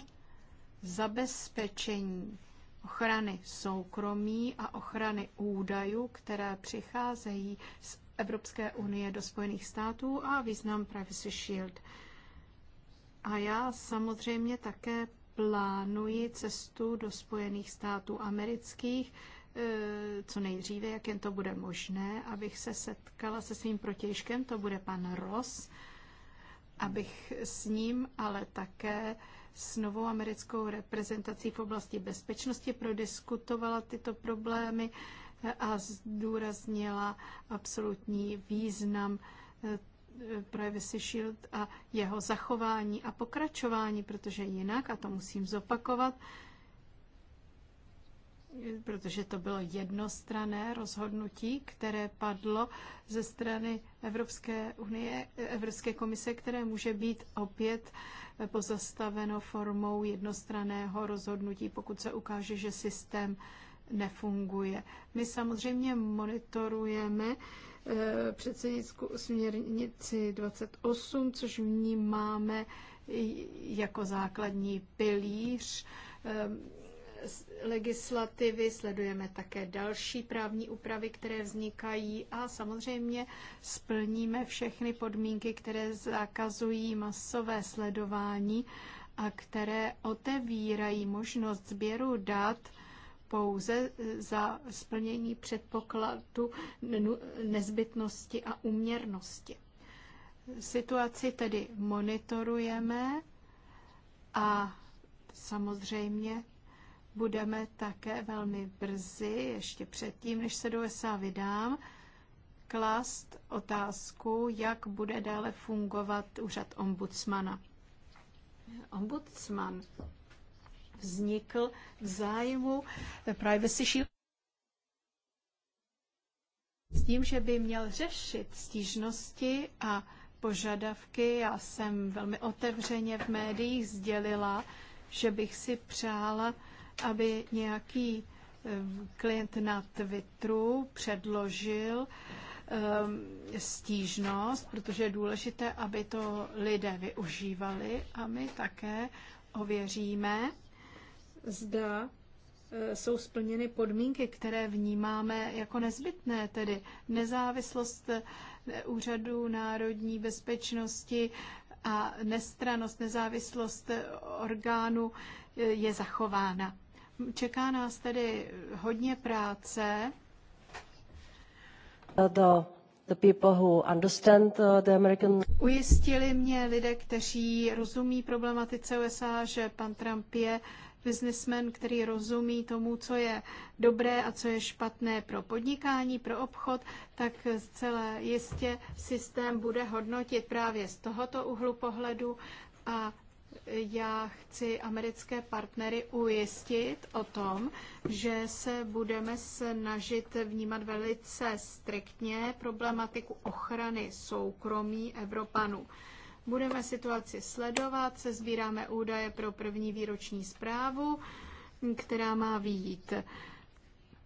zabezpečení ochrany soukromí a ochrany údajů, které přicházejí z Evropské unie do Spojených států a význam Privacy Shield. A já samozřejmě také plánuji cestu do Spojených států amerických, eh, co nejdříve, jak jen to bude možné, abych se setkala se svým protějškem, to bude pan Ross, abych s ním, ale také s novou americkou reprezentací v oblasti bezpečnosti prodiskutovala tyto problémy eh, a zdůraznila absolutní význam eh, Privacy Shield a jeho zachování a pokračování, protože jinak, a to musím zopakovat, protože to bylo jednostrané rozhodnutí, které padlo ze strany Evropské unie, Evropské komise, které může být opět pozastaveno formou jednostraného rozhodnutí, pokud se ukáže, že systém nefunguje. My samozřejmě monitorujeme předsednickou směrnici 28, což v ní máme jako základní pilíř ehm, legislativy, sledujeme také další právní úpravy, které vznikají a samozřejmě splníme všechny podmínky, které zakazují masové sledování a které otevírají možnost sběru dat pouze e, za splnění předpokladu nezbytnosti a uměrnosti. Situaci tedy monitorujeme a samozřejmě budeme také velmi brzy, ještě předtím, než se do USA vydám, klást otázku, jak bude dále fungovat úřad ombudsmana. Ombudsman vznikl v zájmu eh, Privacy Shield s tím, že by měl řešit stížnosti a požadavky. Já jsem velmi otevřeně v médiích sdělila, že bych si přála, aby nějaký eh, klient na Twitteru předložil ehm, stížnost, protože je důležité, aby to lidé využívali a my také ověříme, zda e, jsou splněny podmínky, které vnímáme jako nezbytné, tedy nezávislost e, úřadu národní bezpečnosti a nestranost, nezávislost e, orgánu je zachována. Čeká nás tedy hodně práce. Do The people who understand uh, the American... Ujistili mě lidé, kteří rozumí problematice USA, že pan Trump je uh, biznismen, který rozumí tomu, co je dobré a co je špatné pro podnikání, pro obchod, tak zcela jistě systém bude hodnotit právě z tohoto úhlu pohledu a já chci americké partnery ujistit o tom, že se budeme snažit vnímat velice striktně problematiku ochrany soukromí Evropanů. Budeme situaci sledovat, se sbíráme údaje pro první výroční zprávu, která má výjít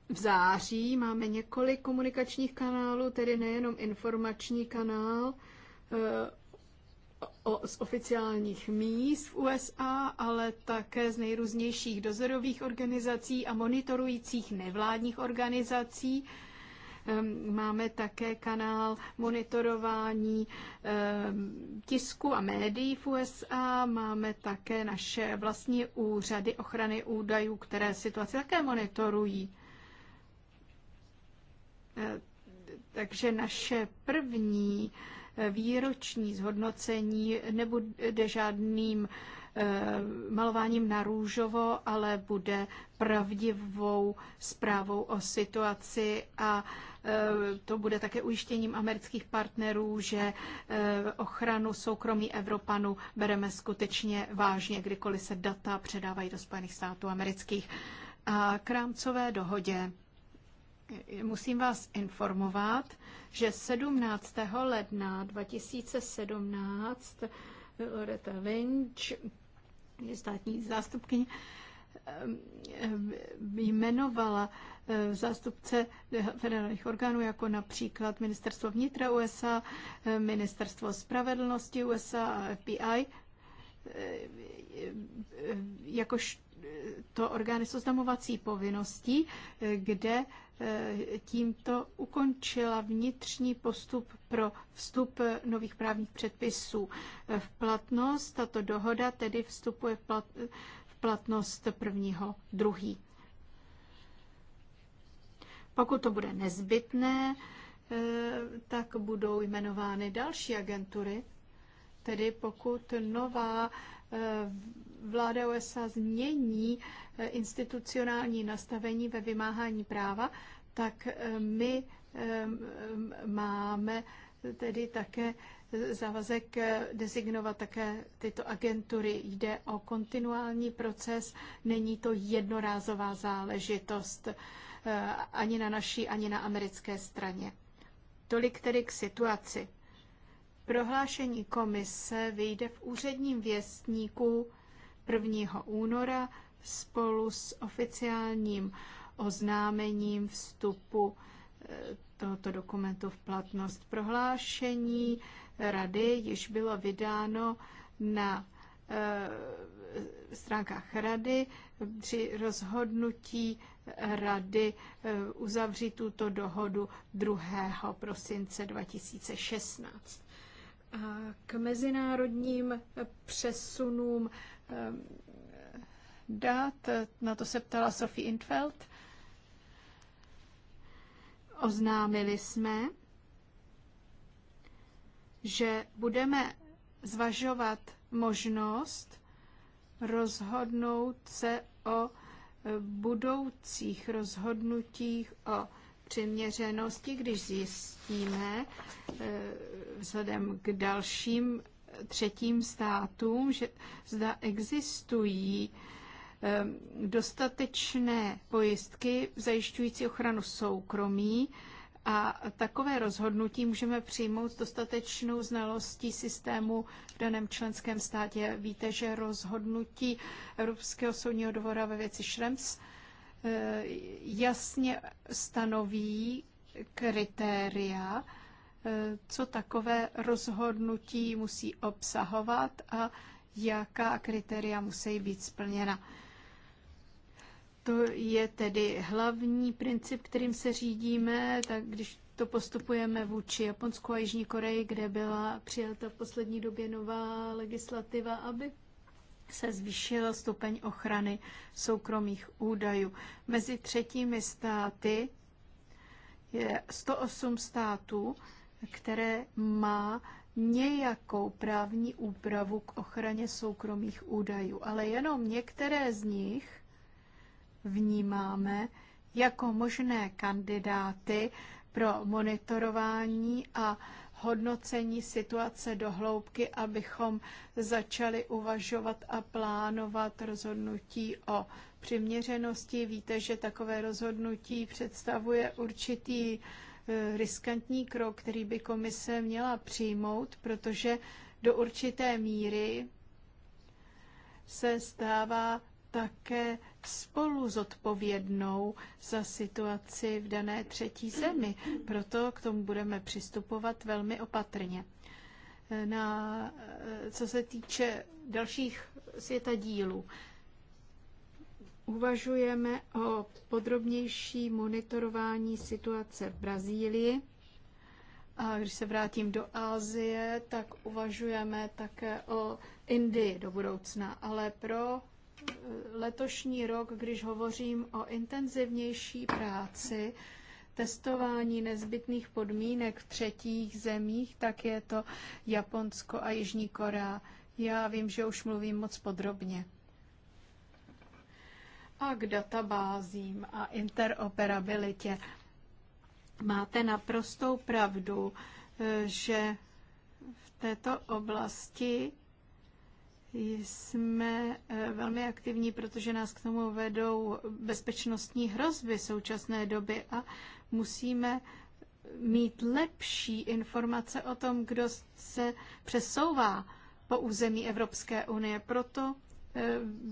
v září. Máme několik komunikačních kanálů, tedy nejenom informační kanál, eh, z oficiálních míst v USA, ale také z nejrůznějších dozorových organizací a monitorujících nevládních organizací, Máme také kanál monitorování tisku a médií v USA. Máme také naše vlastní úřady ochrany údajů, které situaci také monitorují. E, takže naše první e, výroční zhodnocení nebude žádným uh, Eh, malováním na růžovo, ale bude pravdivou zprávou o situaci a eh, to bude také ujištěním amerických partnerů, že eh, ochranu soukromí Evropanů bereme skutečně vážně, kdykoliv se data předávají do Spojených států amerických. A k rámcové dohodě musím vás informovat, že 17. ledna 2017 Loreta Lynch státní zástupkyně ehm, ehm, jmenovala ehm, zástupce federálních orgánů, jako například Ministerstvo vnitra USA, Ministerstvo spravedlnosti USA a FBI, jakož to orgány s oznamovací povinností, kde eh, tímto ukončila vnitřní postup pro vstup nových právních předpisů v platnost. Tato dohoda tedy vstupuje v platnost prvního druhý. Pokud to bude nezbytné, eh, tak budou jmenovány další agentury, tedy pokud nová eh, vláda USA změní eh, institucionální nastavení ve vymáhání práva, tak eh, my eh, máme tedy také závazek designovat také tyto agentury. Jde o kontinuální proces, není to jednorázová záležitost ani na naší, ani na americké straně. Tolik tedy k situaci. Prohlášení komise vyjde v úředním věstníku 1. února spolu s oficiálním oznámením vstupu eh, tohoto dokumentu v platnost. Prohlášení rady již bylo vydáno na eh, stránkách rady. Při rozhodnutí rady eh, uzavřít tuto dohodu 2. prosince 2016 k mezinárodním přesunům ehm, dat, na to se ptala Sophie Infeld, Oznámili jsme, že budeme zvažovat možnost rozhodnout se o eh, budoucích rozhodnutích o přiměřenosti, když zjistíme eh, vzhledem k dalším třetím státům, že zda existují eh, dostatečné pojistky zajišťující ochranu soukromí a takové rozhodnutí můžeme přijmout s dostatečnou znalostí systému v daném členském státě. Víte, že rozhodnutí Evropského soudního dvora ve věci Šrems Eh, jasně stanoví kritéria, eh, co takové rozhodnutí musí obsahovat a jaká kritéria musí být splněna. To je tedy hlavní princip, kterým se řídíme, tak když to postupujeme vůči Japonsku a Jižní Koreji, kde byla přijata v poslední době nová legislativa, aby se zvýšil stupeň ochrany soukromých údajů. Mezi třetími státy je 108 států, které má nějakou právní úpravu k ochraně soukromých údajů, ale jenom některé z nich vnímáme jako možné kandidáty pro monitorování a hodnocení situace do hloubky, abychom začali uvažovat a plánovat rozhodnutí o přiměřenosti. Víte, že takové rozhodnutí představuje určitý eh, riskantní krok, který by komise měla přijmout, protože do určité míry se stává také spolu zodpovědnou za situaci v dané třetí zemi. Proto k tomu budeme přistupovat velmi opatrně. Na, co se týče dalších světa dílů, uvažujeme o podrobnější monitorování situace v Brazílii. A když se vrátím do Ázie, tak uvažujeme také o Indii do budoucna. Ale pro letošní rok, když hovořím o intenzivnější práci, testování nezbytných podmínek v třetích zemích, tak je to Japonsko a Jižní Korea. Já vím, že už mluvím moc podrobně. A k databázím a interoperabilitě. Máte naprostou pravdu, že v této oblasti jsme eh, velmi aktivní, protože nás k tomu vedou bezpečnostní hrozby současné doby a musíme mít lepší informace o tom, kdo se přesouvá po území Evropské unie. Proto eh,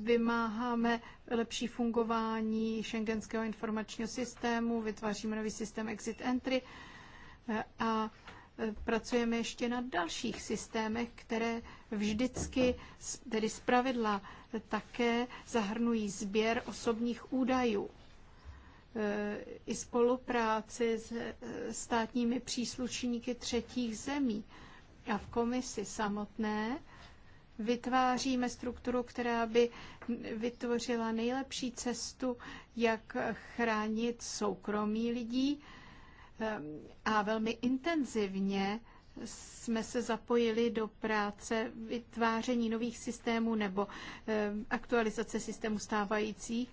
vymáháme lepší fungování šengenského informačního systému, vytváříme nový systém exit-entry eh, a pracujeme ještě na dalších systémech, které vždycky, tedy pravidla, také zahrnují sběr osobních údajů e, i spolupráci s e, státními příslušníky třetích zemí. A v komisi samotné vytváříme strukturu, která by vytvořila nejlepší cestu, jak chránit soukromí lidí, a velmi intenzivně jsme se zapojili do práce vytváření nových systémů nebo eh, aktualizace systémů stávajících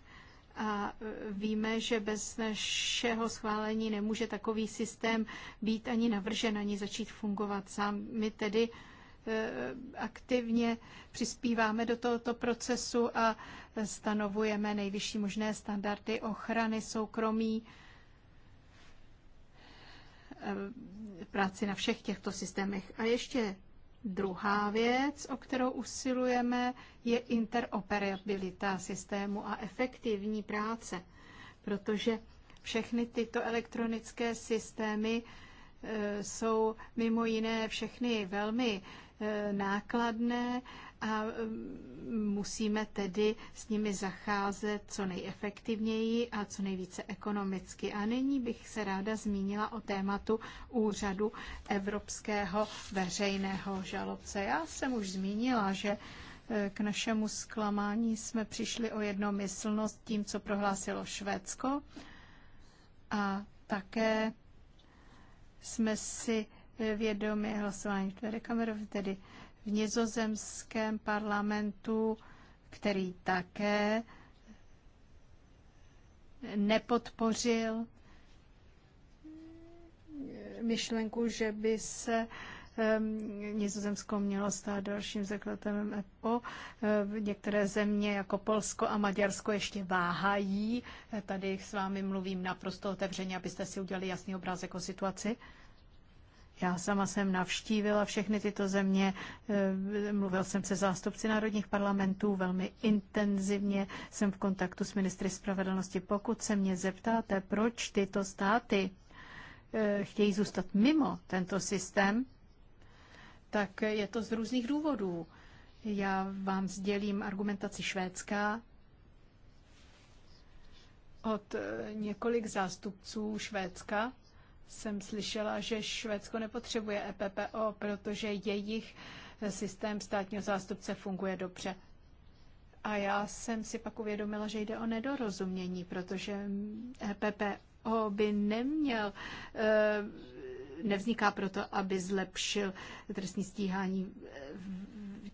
a eh, víme, že bez našeho schválení nemůže takový systém být ani navržen, ani začít fungovat sám. My tedy eh, aktivně přispíváme do tohoto procesu a stanovujeme nejvyšší možné standardy ochrany soukromí Eh, práci na všech těchto systémech. A ještě druhá věc, o kterou usilujeme, je interoperabilita systému a efektivní práce, protože všechny tyto elektronické systémy eh, jsou mimo jiné všechny velmi eh, nákladné a mm, musíme tedy s nimi zacházet co nejefektivněji a co nejvíce ekonomicky. A nyní bych se ráda zmínila o tématu úřadu Evropského veřejného žalobce. Já jsem už zmínila, že e, k našemu zklamání jsme přišli o jednomyslnost tím, co prohlásilo Švédsko a také jsme si e, vědomi hlasování v Kamerov, tedy v nizozemském parlamentu, který také nepodpořil myšlenku, že by se ehm, Nizozemsko mělo stát dalším zakladatelem EPO. Ehm, některé země jako Polsko a Maďarsko ještě váhají. Tady s vámi mluvím naprosto otevřeně, abyste si udělali jasný obrázek o situaci. Já sama jsem navštívila všechny tyto země, eh, mluvil jsem se zástupci národních parlamentů, velmi intenzivně jsem v kontaktu s ministry spravedlnosti. Pokud se mě zeptáte, proč tyto státy eh, chtějí zůstat mimo tento systém, tak je to z různých důvodů. Já vám sdělím argumentaci švédská od eh, několik zástupců Švédska, jsem slyšela, že Švédsko nepotřebuje EPPO, protože jejich systém státního zástupce funguje dobře. A já jsem si pak uvědomila, že jde o nedorozumění, protože EPPO by neměl, eh, nevzniká proto, aby zlepšil trestní stíhání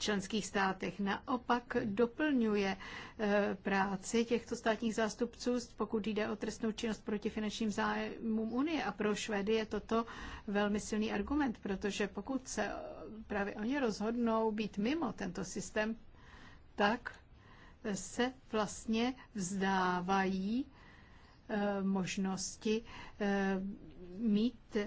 členských státech. Naopak doplňuje eh, práci těchto státních zástupců, pokud jde o trestnou činnost proti finančním zájmům Unie. A pro Švédy je toto velmi silný argument, protože pokud se právě oni rozhodnou být mimo tento systém, tak se vlastně vzdávají eh, možnosti eh, mít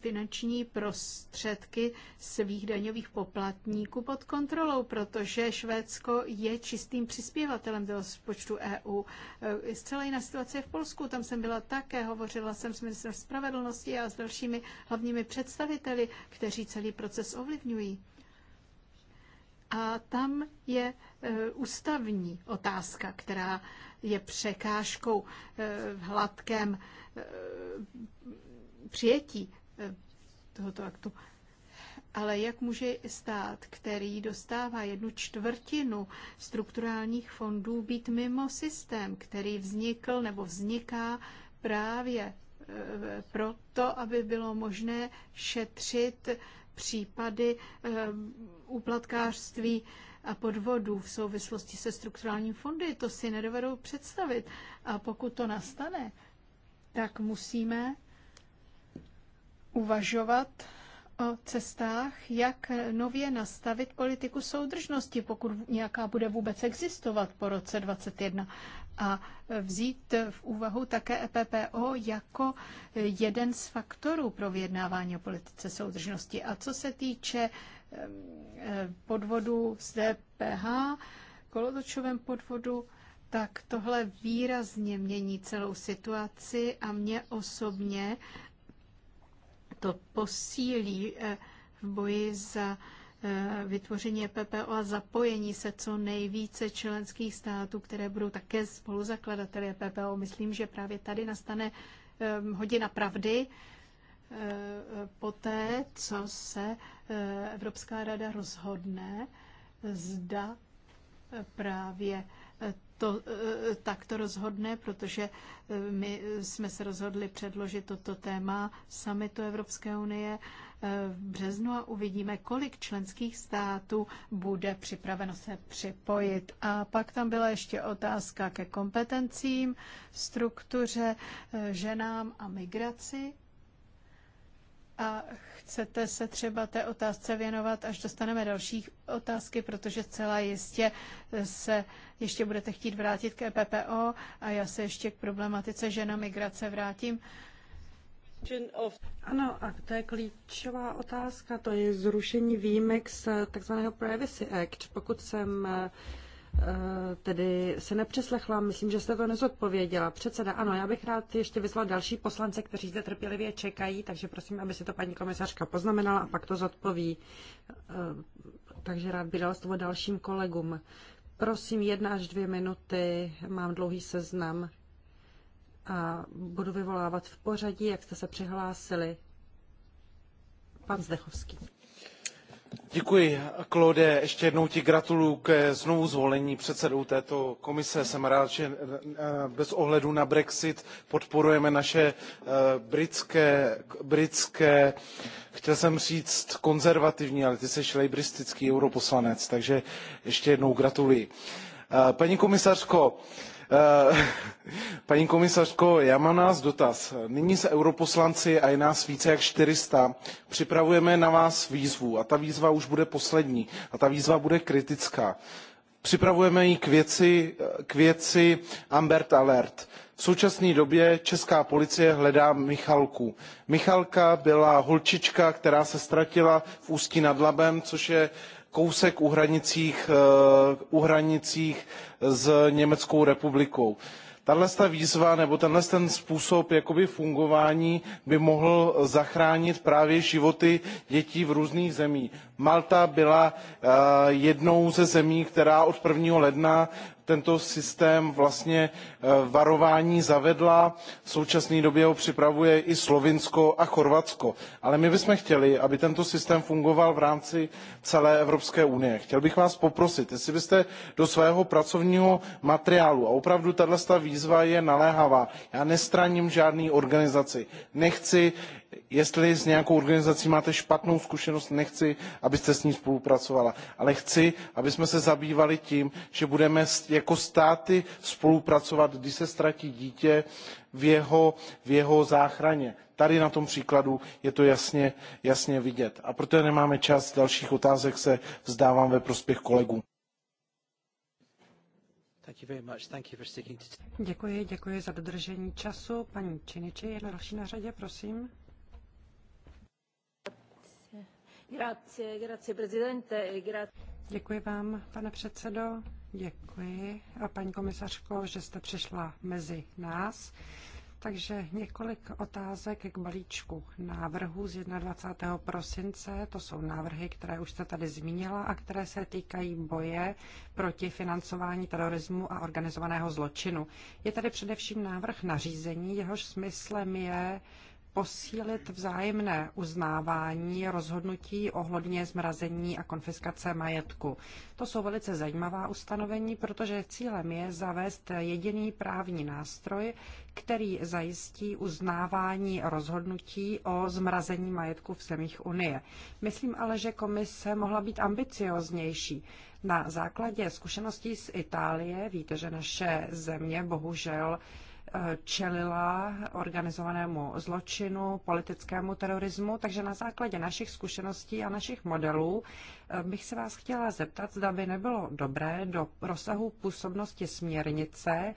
finanční prostředky svých daňových poplatníků pod kontrolou, protože Švédsko je čistým přispěvatelem do rozpočtu EU. E, zcela jiná situace je v Polsku, tam jsem byla také, hovořila jsem s ministrem spravedlnosti a s dalšími hlavními představiteli, kteří celý proces ovlivňují. A tam je e, ústavní otázka, která je překážkou e, v hladkém e, přijetí tohoto aktu. Ale jak může stát, který dostává jednu čtvrtinu strukturálních fondů, být mimo systém, který vznikl nebo vzniká právě proto, aby bylo možné šetřit případy úplatkářství a podvodů v souvislosti se strukturálním fondy. To si nedovedou představit. A pokud to nastane, tak musíme uvažovat o cestách, jak nově nastavit politiku soudržnosti, pokud nějaká bude vůbec existovat po roce 2021 a vzít v úvahu také EPPO jako jeden z faktorů pro vyjednávání o politice soudržnosti. A co se týče podvodu z DPH, kolotočovém podvodu, tak tohle výrazně mění celou situaci a mě osobně to posílí eh, v boji za eh, vytvoření e PPO a zapojení se co nejvíce členských států, které budou také spoluzakladateli e PPO. Myslím, že právě tady nastane eh, hodina pravdy poté, co se Evropská rada rozhodne, zda právě to eh, takto rozhodne, protože eh, my jsme se rozhodli předložit toto téma samitu Evropské unie eh, v březnu a uvidíme, kolik členských států bude připraveno se připojit. A pak tam byla ještě otázka ke kompetencím, struktuře, ženám a migraci a chcete se třeba té otázce věnovat, až dostaneme další otázky, protože celá jistě se ještě budete chtít vrátit k EPPO a já se ještě k problematice žena migrace vrátím. Ano, a to je klíčová otázka, to je zrušení výjimek z takzvaného Privacy Act. Pokud jsem Eh, tedy se nepřeslechla, myslím, že jste to nezodpověděla. Předseda, ano, já bych rád ještě vyzval další poslance, kteří zde trpělivě čekají, takže prosím, aby si to paní komisařka poznamenala a pak to zodpoví. Eh, takže rád bych dal slovo dalším kolegům. Prosím, jedna až dvě minuty, mám dlouhý seznam a budu vyvolávat v pořadí, jak jste se přihlásili. Pan Zdechovský. Děkuji, Claude. Ještě jednou ti gratuluju ke znovu zvolení předsedou této komise. Jsem rád, že eh, bez ohledu na Brexit podporujeme naše eh, britské, britské chtěl jsem říct konzervativní, ale ty jsi lejbristický europoslanec, takže ještě jednou gratuluji. Eh, paní komisařko, Eh, paní komisařko, já mám nás dotaz. Nyní se europoslanci a je nás více jak 400. Připravujeme na vás výzvu a ta výzva už bude poslední a ta výzva bude kritická. Připravujeme ji k věci, eh, k věci Ambert Alert. V současné době česká policie hledá Michalku. Michalka byla holčička, která se ztratila v Ústí nad Labem, což je kousek u, hranicích, eh, u hranicích s Německou republikou tahle výzva nebo tenhle ten způsob jakoby fungování by mohl zachránit právě životy dětí v různých zemích. Malta byla eh, jednou ze zemí, která od 1. ledna tento systém vlastně eh, varování zavedla. V současné době ho připravuje i Slovinsko a Chorvatsko. Ale my bychom chtěli, aby tento systém fungoval v rámci celé Evropské unie. Chtěl bych vás poprosit, jestli byste do svého pracovního materiálu, a opravdu tato výzva je naléhavá, já nestraním žádné organizaci, nechci jestli s nějakou organizací máte špatnou zkušenost, nechci, abyste s ní spolupracovala, ale chci, aby jsme se zabývali tím, že budeme jako státy spolupracovat, když se ztratí dítě v jeho, v jeho záchraně. Tady na tom příkladu je to jasně, jasně vidět. A protože nemáme čas dalších otázek, se vzdávám ve prospěch kolegů. Děkuji, děkuji za dodržení času. Paní Činiči je další na řadě, prosím. E Děkuji vám, pane předsedo. Děkuji, a paní komisařko, že jste přišla mezi nás. Takže několik otázek k balíčku návrhu z 21. prosince. To jsou návrhy, které už jste tady zmínila a které se týkají boje proti financování terorismu a organizovaného zločinu. Je tady především návrh nařízení, jehož smyslem je posílit vzájemné uznávání rozhodnutí ohledně zmrazení a konfiskace majetku. To jsou velice zajímavá ustanovení, protože cílem je zavést jediný právní nástroj, který zajistí uznávání rozhodnutí o zmrazení majetku v zemích Unie. Myslím ale, že komise mohla být ambicioznější. Na základě zkušeností z Itálie víte, že naše země bohužel čelila organizovanému zločinu, politickému terorismu, takže na základě našich zkušeností a našich modelů eh, bych se vás chtěla zeptat, zda by nebylo dobré do rozsahu působnosti směrnice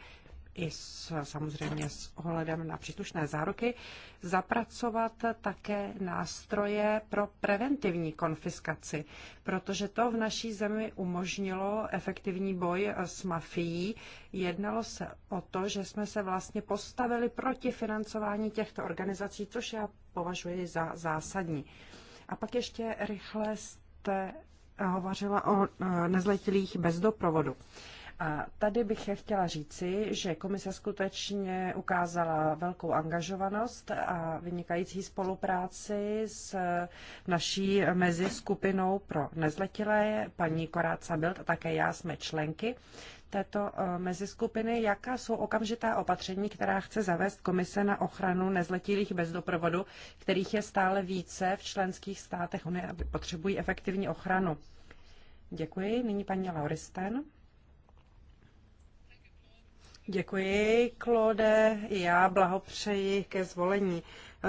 i s, samozřejmě s ohledem na příslušné záruky zapracovat také nástroje pro preventivní konfiskaci, protože to v naší zemi umožnilo efektivní boj s mafií. Jednalo se o to, že jsme se vlastně postavili proti financování těchto organizací, což já považuji za zásadní. A pak ještě rychle jste hovořila o e, nezletilých bez doprovodu. A tady bych chtěla říci, že komise skutečně ukázala velkou angažovanost a vynikající spolupráci s naší mezi skupinou pro nezletilé. Paní Koráca Bild a také já jsme členky této eh, meziskupiny. Jaká jsou okamžitá opatření, která chce zavést komise na ochranu nezletilých bez doprovodu, kterých je stále více v členských státech? Oni potřebují efektivní ochranu. Děkuji. Nyní paní Lauristen. Děkuji, Klode. Já blahopřeji ke zvolení.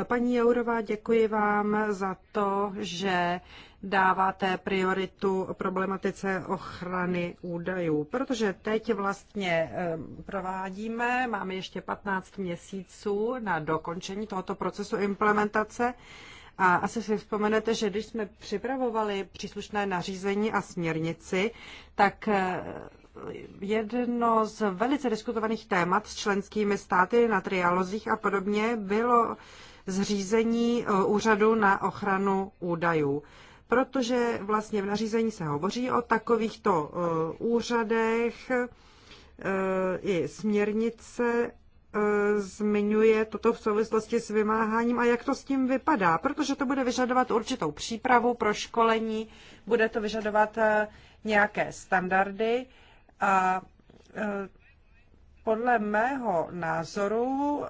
Paní Jourová, děkuji vám za to, že dáváte prioritu problematice ochrany údajů, protože teď vlastně provádíme, máme ještě 15 měsíců na dokončení tohoto procesu implementace. A asi si vzpomenete, že když jsme připravovali příslušné nařízení a směrnici, tak jedno z velice diskutovaných témat s členskými státy na trialozích a podobně bylo zřízení eh, úřadu na ochranu údajů. Protože vlastně v nařízení se hovoří o takovýchto eh, úřadech, eh, i směrnice zmiňuje toto v souvislosti s vymáháním a jak to s tím vypadá, protože to bude vyžadovat určitou přípravu pro školení, bude to vyžadovat nějaké standardy a e, podle mého názoru e,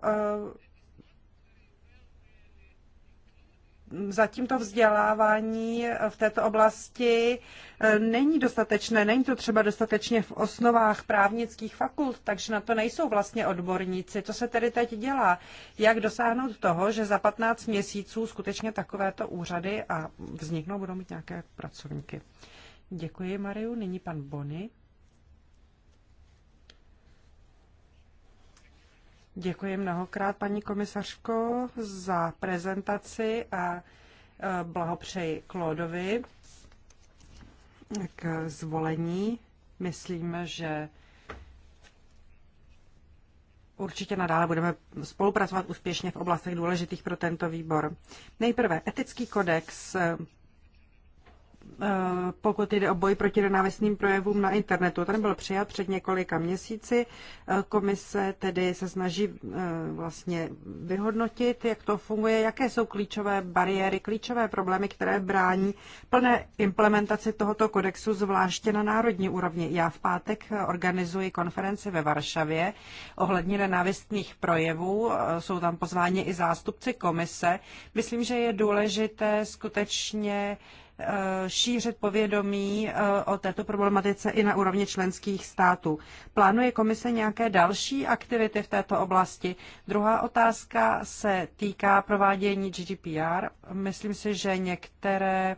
zatím to vzdělávání v této oblasti e, není dostatečné, není to třeba dostatečně v osnovách právnických fakult, takže na to nejsou vlastně odborníci. Co se tedy teď dělá? Jak dosáhnout toho, že za 15 měsíců skutečně takovéto úřady a vzniknou budou mít nějaké pracovníky? Děkuji, Mariu. Nyní pan Bony. Děkuji mnohokrát, paní komisařko, za prezentaci a e, blahopřeji Klódovi k zvolení. Myslím, že určitě nadále budeme spolupracovat úspěšně v oblastech důležitých pro tento výbor. Nejprve etický kodex. Eh, pokud jde o boj proti nenávistným projevům na internetu. Ten byl přijat před několika měsíci. Eh, komise tedy se snaží eh, vlastně vyhodnotit, jak to funguje, jaké jsou klíčové bariéry, klíčové problémy, které brání plné implementaci tohoto kodexu, zvláště na národní úrovni. Já v pátek organizuji konferenci ve Varšavě ohledně nenávistných projevů. Jsou tam pozváni i zástupci komise. Myslím, že je důležité skutečně Eh, šířit povědomí eh, o této problematice i na úrovni členských států. Plánuje komise nějaké další aktivity v této oblasti? Druhá otázka se týká provádění GDPR. Myslím si, že některé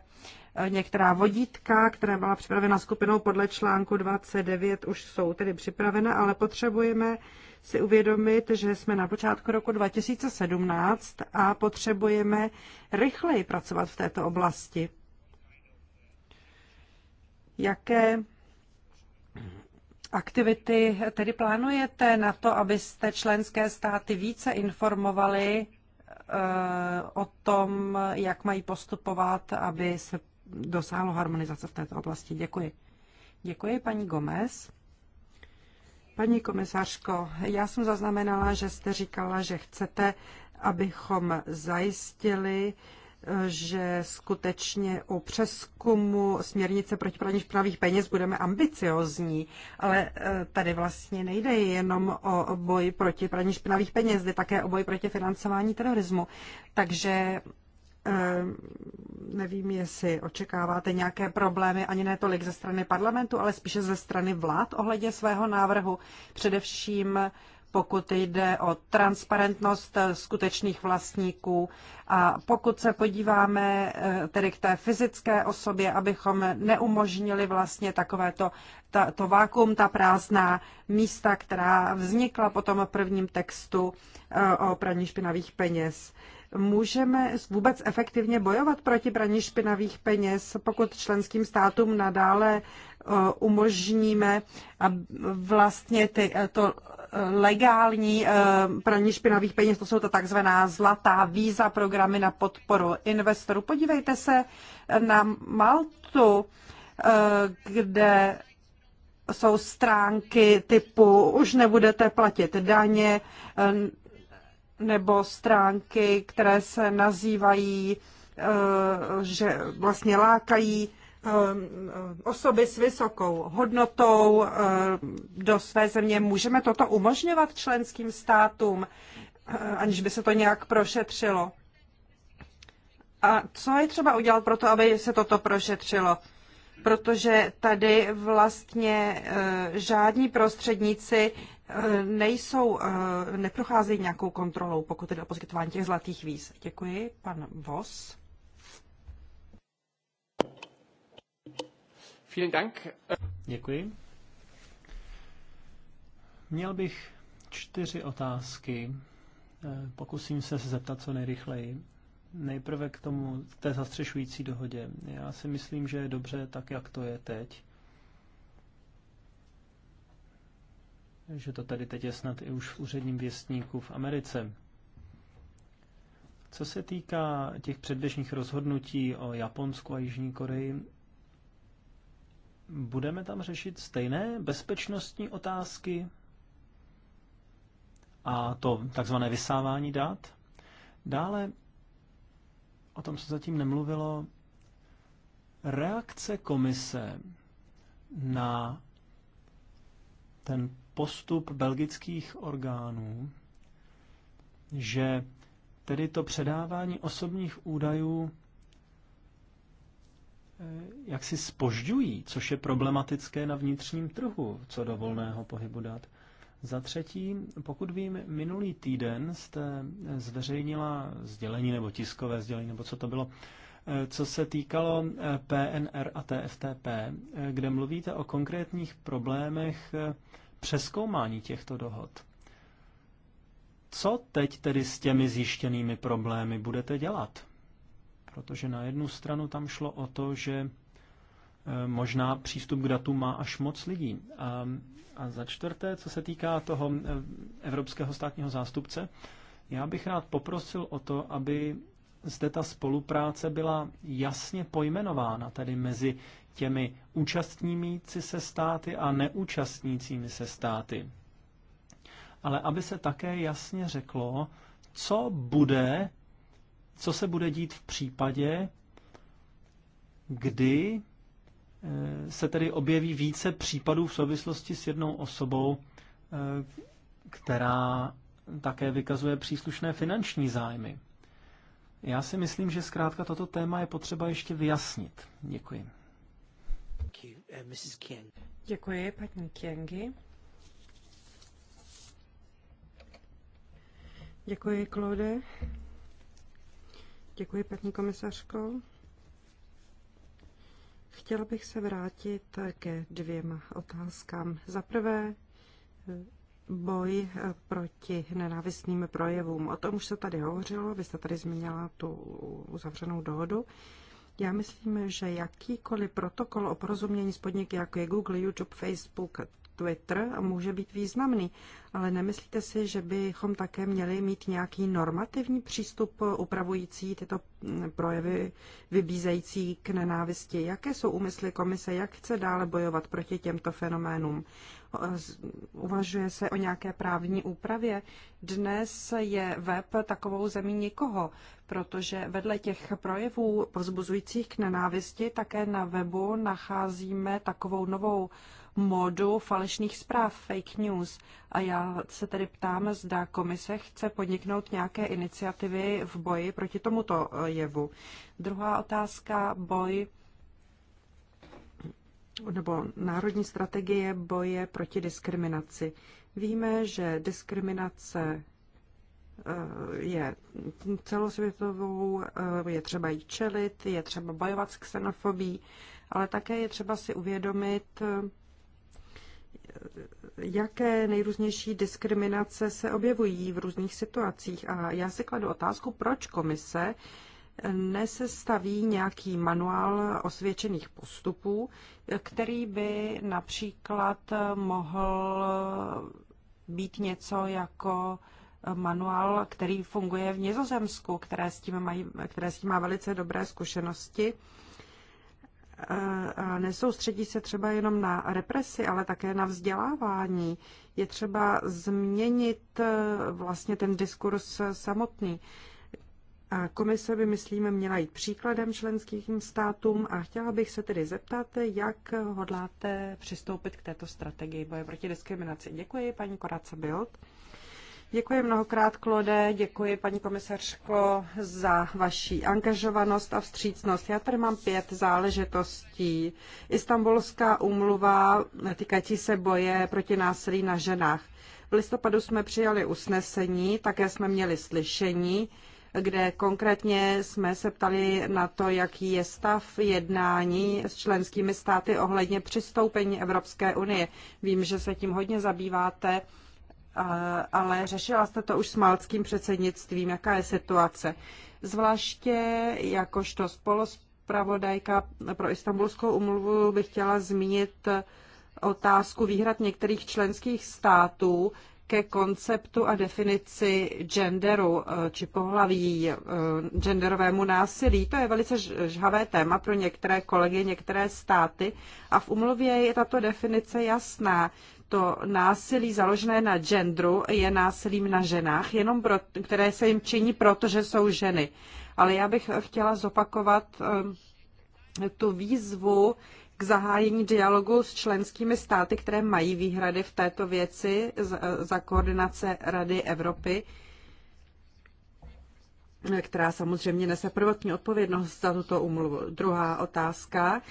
eh, některá vodítka, která byla připravena skupinou podle článku 29, už jsou tedy připravena, ale potřebujeme si uvědomit, že jsme na počátku roku 2017 a potřebujeme rychleji pracovat v této oblasti. Jaké aktivity tedy plánujete na to, abyste členské státy více informovali eh, o tom, jak mají postupovat, aby se dosáhlo harmonizace v této oblasti? Děkuji. Děkuji, paní Gomez. Paní komisařko, já jsem zaznamenala, že jste říkala, že chcete, abychom zajistili, že skutečně u přeskumu směrnice proti praní špinavých peněz budeme ambiciozní, ale eh, tady vlastně nejde jenom o boj proti praní špinavých peněz, jde také o boj proti financování terorismu. Takže eh, nevím, jestli očekáváte nějaké problémy ani ne tolik ze strany parlamentu, ale spíše ze strany vlád ohledně svého návrhu. Především pokud jde o transparentnost skutečných vlastníků. A pokud se podíváme eh, tedy k té fyzické osobě, abychom neumožnili vlastně takovéto ta, to vákum, ta prázdná místa, která vznikla po tom prvním textu eh, o praní špinavých peněz. Můžeme vůbec efektivně bojovat proti praní špinavých peněz, pokud členským státům nadále Eh, umožníme a vlastně ty, eh, to eh, legální praní špinavých peněz, to jsou to takzvaná zlatá víza programy na podporu investorů. Podívejte se na Maltu, kde jsou stránky typu už nebudete platit daně, nebo stránky, které se nazývají, že vlastně lákají Eh, osoby s vysokou hodnotou eh, do své země. Můžeme toto umožňovat členským státům, eh, aniž by se to nějak prošetřilo? A co je třeba udělat pro to, aby se toto prošetřilo? Protože tady vlastně žádní prostředníci nejsou, neprocházejí nějakou kontrolou, pokud jde o poskytování těch zlatých víz. Děkuji, pan Vos. Vielen Dank. Děkuji. Měl bych čtyři otázky. Eh, pokusím se zeptat co nejrychleji. Nejprve k tomu, k té zastřešující dohodě. Já si myslím, že je dobře tak, jak to je teď. Že to tady teď je snad i už v úředním věstníku v Americe. Co se týká těch předběžných rozhodnutí o Japonsku a Jižní Koreji, Budeme tam řešit stejné bezpečnostní otázky a to takzvané vysávání dat. Dále, o tom se zatím nemluvilo, reakce komise na ten postup belgických orgánů, že tedy to předávání osobních údajů Eh, jak si spožďují, což je problematické na vnitřním trhu, co do volného pohybu dat. Za třetí, pokud vím, minulý týden jste zveřejnila sdělení nebo tiskové sdělení, nebo co to bylo, eh, co se týkalo eh, PNR a TFTP, kde mluvíte o konkrétních problémech přeskoumání těchto dohod. Co teď tedy s těmi zjištěnými problémy budete dělat? Protože na jednu stranu tam šlo o to, že eh, možná přístup k datu má až moc lidí. A, a za čtvrté, co se týká toho eh, evropského státního zástupce, já bych rád poprosil o to, aby zde ta spolupráce byla jasně pojmenována, tedy mezi těmi účastními se státy a neúčastnícími se státy. Ale aby se také jasně řeklo, co bude co se bude dít v případě, kdy eh, se tedy objeví více případů v souvislosti s jednou osobou, eh, která také vykazuje příslušné finanční zájmy. Já si myslím, že zkrátka toto téma je potřeba ještě vyjasnit. Děkuji. Uh, Děkuji, paní Kiengi. Děkuji, Claude. Děkuji, paní komisařko. Chtěla bych se vrátit ke dvěma otázkám. Za prvé, boj proti nenávistným projevům. O tom už se tady hovořilo, vy jste tady zmínila tu uzavřenou dohodu. Já myslím, že jakýkoliv protokol o porozumění s podniky, jako je Google, YouTube, Facebook, Twitter může být významný, ale nemyslíte si, že bychom také měli mít nějaký normativní přístup upravující tyto mm, projevy vybízející k nenávisti? Jaké jsou úmysly komise? Jak chce dále bojovat proti těmto fenoménům? Uvažuje se o nějaké právní úpravě? Dnes je web takovou zemí nikoho, protože vedle těch projevů pozbuzujících k nenávisti také na webu nacházíme takovou novou modu falešných zpráv, fake news. A já se tedy ptám, zda komise chce podniknout nějaké iniciativy v boji proti tomuto eh, jevu. Druhá otázka, boj nebo národní strategie boje proti diskriminaci. Víme, že diskriminace eh, je celosvětovou, eh, je třeba jí čelit, je třeba bojovat s xenofobí, ale také je třeba si uvědomit, jaké nejrůznější diskriminace se objevují v různých situacích. A já si kladu otázku, proč komise nesestaví nějaký manuál osvědčených postupů, který by například mohl být něco jako manuál, který funguje v Nizozemsku, které s tím, mají, které s tím má velice dobré zkušenosti a nesoustředí se třeba jenom na represi, ale také na vzdělávání. Je třeba změnit e, vlastně ten diskurs samotný. A komise by, myslíme, měla jít příkladem členským státům a chtěla bych se tedy zeptat, jak hodláte přistoupit k této strategii boje proti diskriminaci. Děkuji, paní Korace Bild. Děkuji mnohokrát, Klode, děkuji paní komisařko za vaši angažovanost a vstřícnost. Já tady mám pět záležitostí. Istanbulská úmluva týkající se boje proti násilí na ženách. V listopadu jsme přijali usnesení, také jsme měli slyšení, kde konkrétně jsme se ptali na to, jaký je stav jednání s členskými státy ohledně přistoupení Evropské unie. Vím, že se tím hodně zabýváte ale řešila jste to už s malckým předsednictvím. Jaká je situace? Zvláště jakožto spolospravodajka pro Istanbulskou umluvu bych chtěla zmínit otázku výhrad některých členských států ke konceptu a definici genderu eh, či pohlaví eh, genderovému násilí. To je velice žhavé téma pro některé kolegy, některé státy a v umluvě je tato definice jasná to násilí založené na genderu je násilím na ženách, jenom pro, které se jim činí, protože jsou ženy. Ale já bych chtěla zopakovat eh, tu výzvu k zahájení dialogu s členskými státy, které mají výhrady v této věci eh, za koordinace Rady Evropy která samozřejmě nese prvotní odpovědnost za tuto umluvu. Druhá otázka,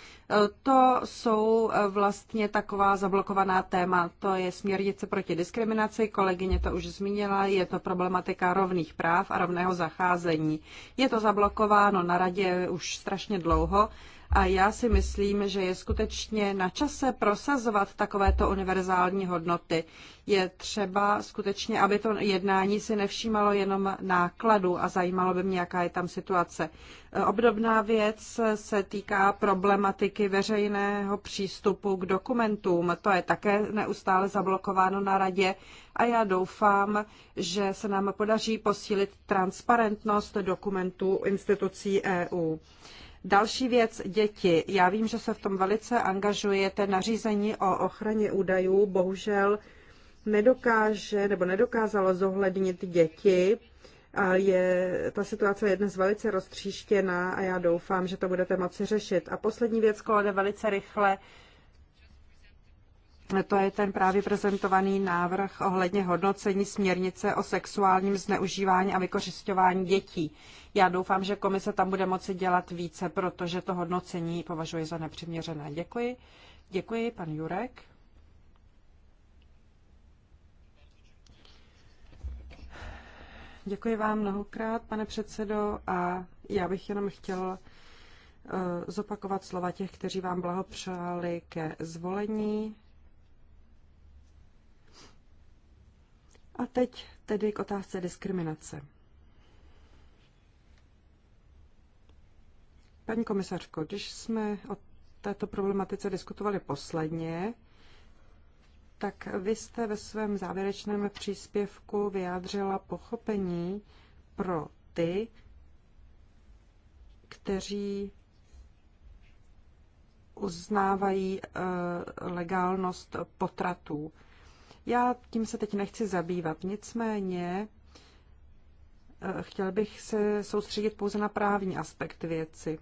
to jsou eh, vlastně taková zablokovaná téma, to je směrnice proti diskriminaci, kolegyně to už zmínila, je to problematika rovných práv a rovného zacházení. Je to zablokováno na radě už strašně dlouho, a já si myslím, že je skutečně na čase prosazovat takovéto univerzální hodnoty. Je třeba skutečně, aby to jednání si nevšímalo jenom nákladu a zajímalo by mě, jaká je tam situace. Obdobná věc se týká problematiky veřejného přístupu k dokumentům. To je také neustále zablokováno na radě a já doufám, že se nám podaří posílit transparentnost dokumentů institucí EU. Další věc, děti. Já vím, že se v tom velice angažujete. Nařízení o ochraně údajů bohužel nedokáže nebo nedokázalo zohlednit děti. A je, ta situace je dnes velice roztříštěná a já doufám, že to budete moci řešit. A poslední věc kolede velice rychle. To je ten právě prezentovaný návrh ohledně hodnocení směrnice o sexuálním zneužívání a vykořišťování dětí. Já doufám, že komise tam bude moci dělat více, protože to hodnocení považuji za nepřiměřené. Děkuji. Děkuji, pan Jurek. Děkuji vám mnohokrát, pane předsedo, a já bych jenom chtěl eh, zopakovat slova těch, kteří vám blahopřáli ke zvolení A teď tedy k otázce diskriminace. Paní komisařko, když jsme o této problematice diskutovali posledně, tak vy jste ve svém závěrečném příspěvku vyjádřila pochopení pro ty, kteří uznávají eh, legálnost potratů. Já tím se teď nechci zabývat, nicméně eh, chtěl bych se soustředit pouze na právní aspekt věci.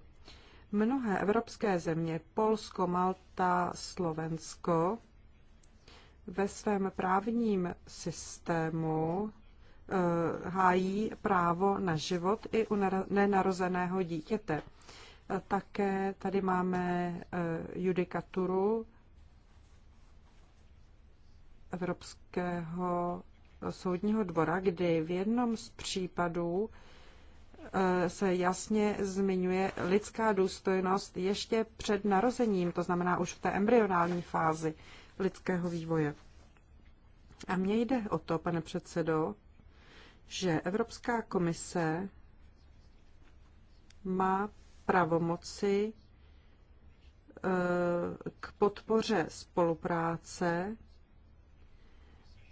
Mnohé evropské země, Polsko, Malta, Slovensko, ve svém právním systému eh, hájí právo na život i u nenarozeného dítěte. Eh, také tady máme judikaturu Evropského soudního dvora, kdy v jednom z případů eh, se jasně zmiňuje lidská důstojnost ještě před narozením, to znamená už v té embryonální fázi lidského vývoje. A mně jde o to, pane předsedo, že Evropská komise má pravomoci eh, k podpoře spolupráce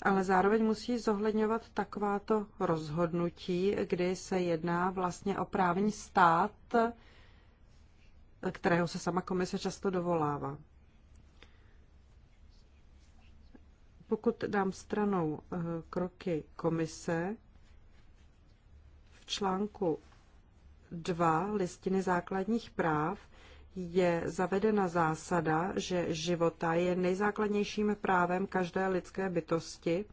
ale zároveň musí zohledňovat takováto rozhodnutí, kdy se jedná vlastně o právní stát, kterého se sama komise často dovolává. Pokud dám stranou eh, kroky komise, v článku 2 listiny základních práv je zavedena zásada, že života je nejzákladnějším právem každé lidské bytosti.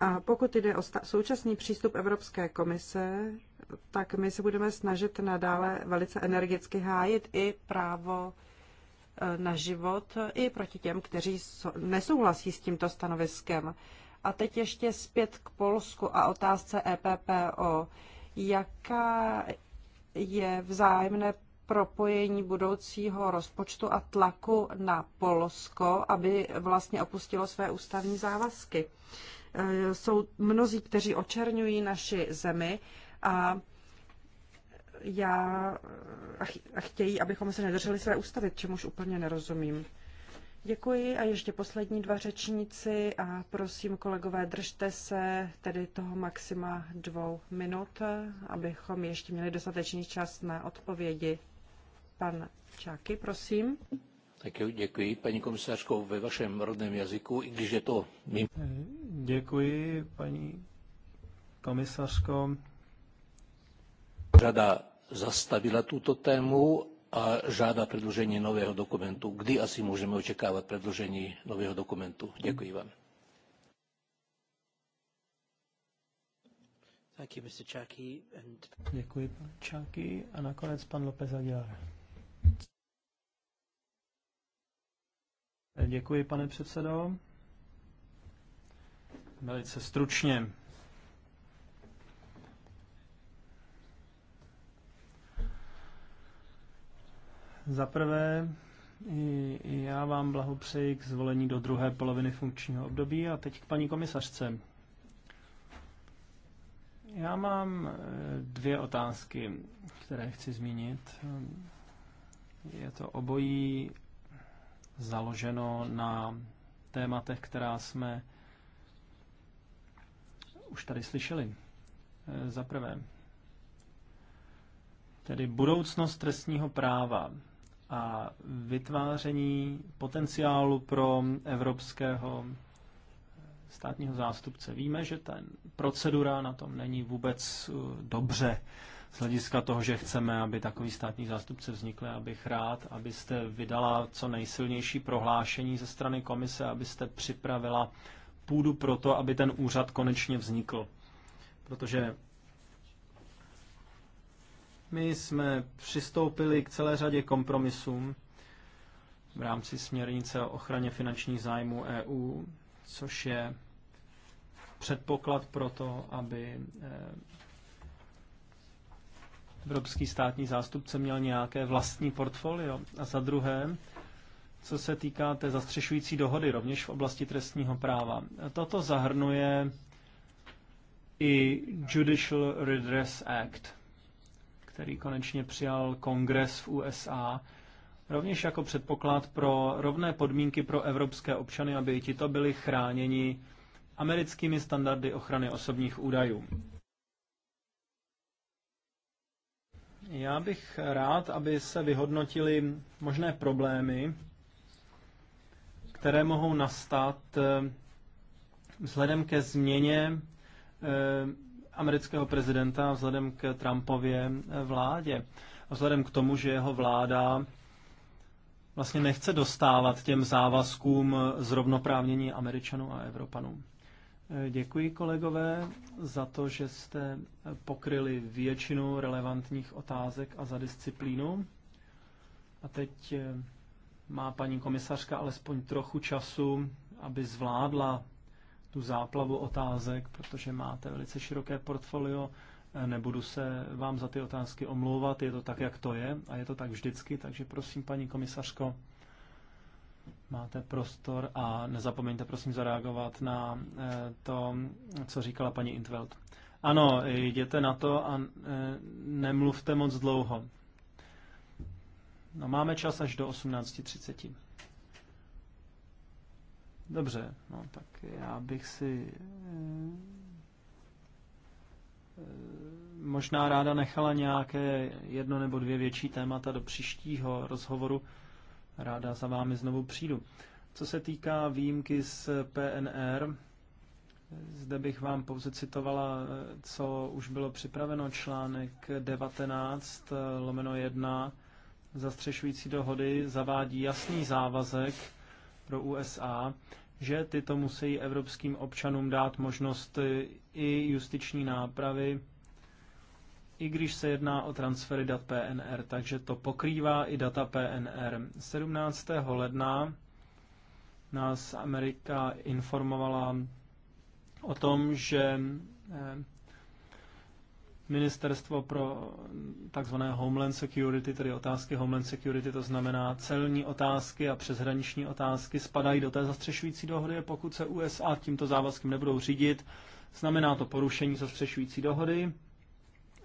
A pokud jde o současný přístup Evropské komise, tak my se budeme snažit nadále velice energicky hájit i právo e, na život, i proti těm, kteří nesouhlasí s tímto stanoviskem. A teď ještě zpět k Polsku a otázce EPPO jaká je vzájemné propojení budoucího rozpočtu a tlaku na Polsko, aby vlastně opustilo své ústavní závazky. Eh, jsou mnozí, kteří očerňují naši zemi a já eh, a chtějí, abychom se nedrželi své ústavy, čemuž úplně nerozumím. Děkuji a ještě poslední dva řečníci a prosím kolegové, držte se tedy toho maxima dvou minut, abychom ještě měli dostatečný čas na odpovědi. Pan Čáky, prosím. Tak jo, děkuji. Paní komisařko, ve vašem rodném jazyku, i když je to mým... Děkuji, paní komisařko. Rada zastavila tuto tému a žádá predlžení nového dokumentu. Kdy asi můžeme očekávat predlžení nového dokumentu? Děkuji vám. Thank you, Mr. Čáky. And... Děkuji, pan Čáky. A nakonec pan López Aguilar. Děkuji, pane předsedo. Velice stručně. Za prvé, já vám blahopřeji k zvolení do druhé poloviny funkčního období a teď k paní komisařce. Já mám e, dvě otázky, které chci zmínit. Je to obojí založeno na tématech, která jsme už tady slyšeli. E, za prvé, tedy budoucnost trestního práva a vytváření potenciálu pro evropského státního zástupce. Víme, že ta procedura na tom není vůbec uh, dobře z hlediska toho, že chceme, aby takový státní zástupce vznikl, abych rád, abyste vydala co nejsilnější prohlášení ze strany komise, abyste připravila půdu pro to, aby ten úřad konečně vznikl. Protože my jsme přistoupili k celé řadě kompromisům v rámci směrnice o ochraně finančních zájmů EU, což je předpoklad pro to, aby eh, evropský státní zástupce měl nějaké vlastní portfolio. A za druhé, co se týká té zastřešující dohody, rovněž v oblasti trestního práva. Toto zahrnuje i Judicial Redress Act který konečně přijal kongres v USA, rovněž jako předpoklad pro rovné podmínky pro evropské občany, aby i tito byli chráněni americkými standardy ochrany osobních údajů. Já bych rád, aby se vyhodnotili možné problémy, které mohou nastat eh, vzhledem ke změně eh, amerického prezidenta vzhledem k Trumpově eh, vládě. vzhledem k tomu, že jeho vláda vlastně nechce dostávat těm závazkům eh, zrovnoprávnění Američanů a Evropanů. Eh, děkuji kolegové za to, že jste pokryli většinu relevantních otázek a za disciplínu. A teď má paní komisařka alespoň trochu času, aby zvládla tu záplavu otázek, protože máte velice široké portfolio. Eh, nebudu se vám za ty otázky omlouvat, je to tak, jak to je a je to tak vždycky, takže prosím, paní komisařko, máte prostor a nezapomeňte prosím zareagovat na eh, to, co říkala paní Intveld. Ano, jděte na to a eh, nemluvte moc dlouho. No, máme čas až do 18.30. Dobře, no tak já bych si eh, eh, možná ráda nechala nějaké jedno nebo dvě větší témata do příštího rozhovoru. Ráda za vámi znovu přijdu. Co se týká výjimky z PNR, zde bych vám pouze citovala, eh, co už bylo připraveno, článek 19 lomeno 1 zastřešující dohody zavádí jasný závazek pro USA, že tyto musí evropským občanům dát možnost i justiční nápravy, i když se jedná o transfery dat PNR, takže to pokrývá i data PNR. 17. ledna nás Amerika informovala o tom, že eh, Ministerstvo pro takzvané Homeland Security, tedy otázky Homeland Security, to znamená celní otázky a přeshraniční otázky, spadají do té zastřešující dohody, pokud se USA tímto závazkem nebudou řídit. Znamená to porušení zastřešující dohody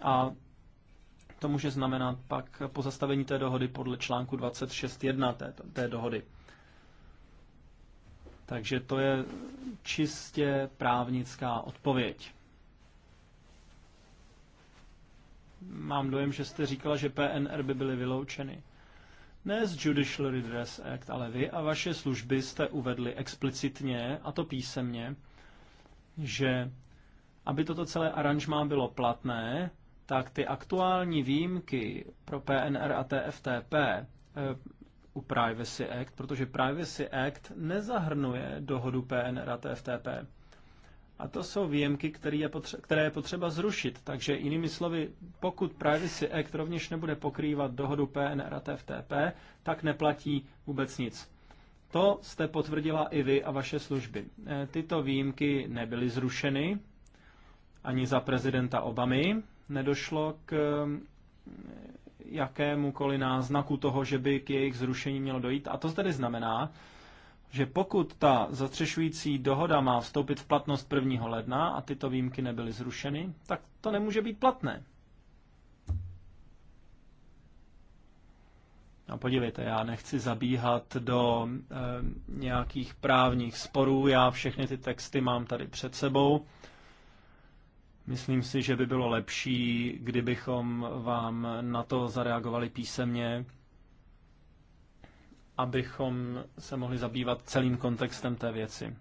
a to může znamenat pak pozastavení té dohody podle článku 26.1 té, té dohody. Takže to je čistě právnická odpověď. Mám dojem, že jste říkala, že PNR by byly vyloučeny. Ne z Judicial Redress Act, ale vy a vaše služby jste uvedli explicitně, a to písemně, že aby toto celé aranžmá bylo platné, tak ty aktuální výjimky pro PNR a TFTP e, eh, u Privacy Act, protože Privacy Act nezahrnuje dohodu PNR a TFTP. A to jsou výjemky, které je, potře- které je potřeba zrušit. Takže jinými slovy, pokud Privacy Act rovněž nebude pokrývat dohodu PNR a TFTP, tak neplatí vůbec nic. To jste potvrdila i vy a vaše služby. Eh, tyto výjimky nebyly zrušeny ani za prezidenta Obamy. Nedošlo k eh, jakémukoliv náznaku toho, že by k jejich zrušení mělo dojít. A to tedy znamená, že pokud ta zastřešující dohoda má vstoupit v platnost 1. ledna a tyto výjimky nebyly zrušeny, tak to nemůže být platné. A podívejte, já nechci zabíhat do e, nějakých právních sporů, já všechny ty texty mám tady před sebou. Myslím si, že by bylo lepší, kdybychom vám na to zareagovali písemně, abychom se mohli zabývat celým kontextem té věci.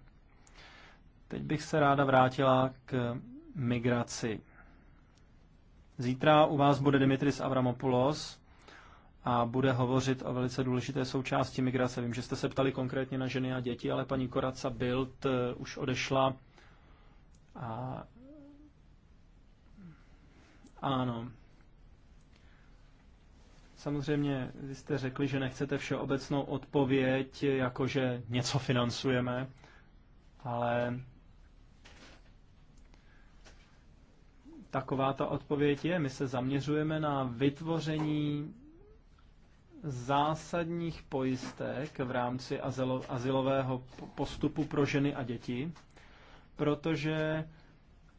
Teď bych se ráda vrátila k migraci. Zítra u vás bude Dimitris Avramopoulos a bude hovořit o velice důležité součásti migrace. Vím, že jste se ptali konkrétně na ženy a děti, ale paní Koraca Bild eh, už odešla. A... Ano, Samozřejmě vy jste řekli, že nechcete všeobecnou odpověď, jakože něco financujeme, ale taková ta odpověď je. My se zaměřujeme na vytvoření zásadních pojistek v rámci azylového postupu pro ženy a děti, protože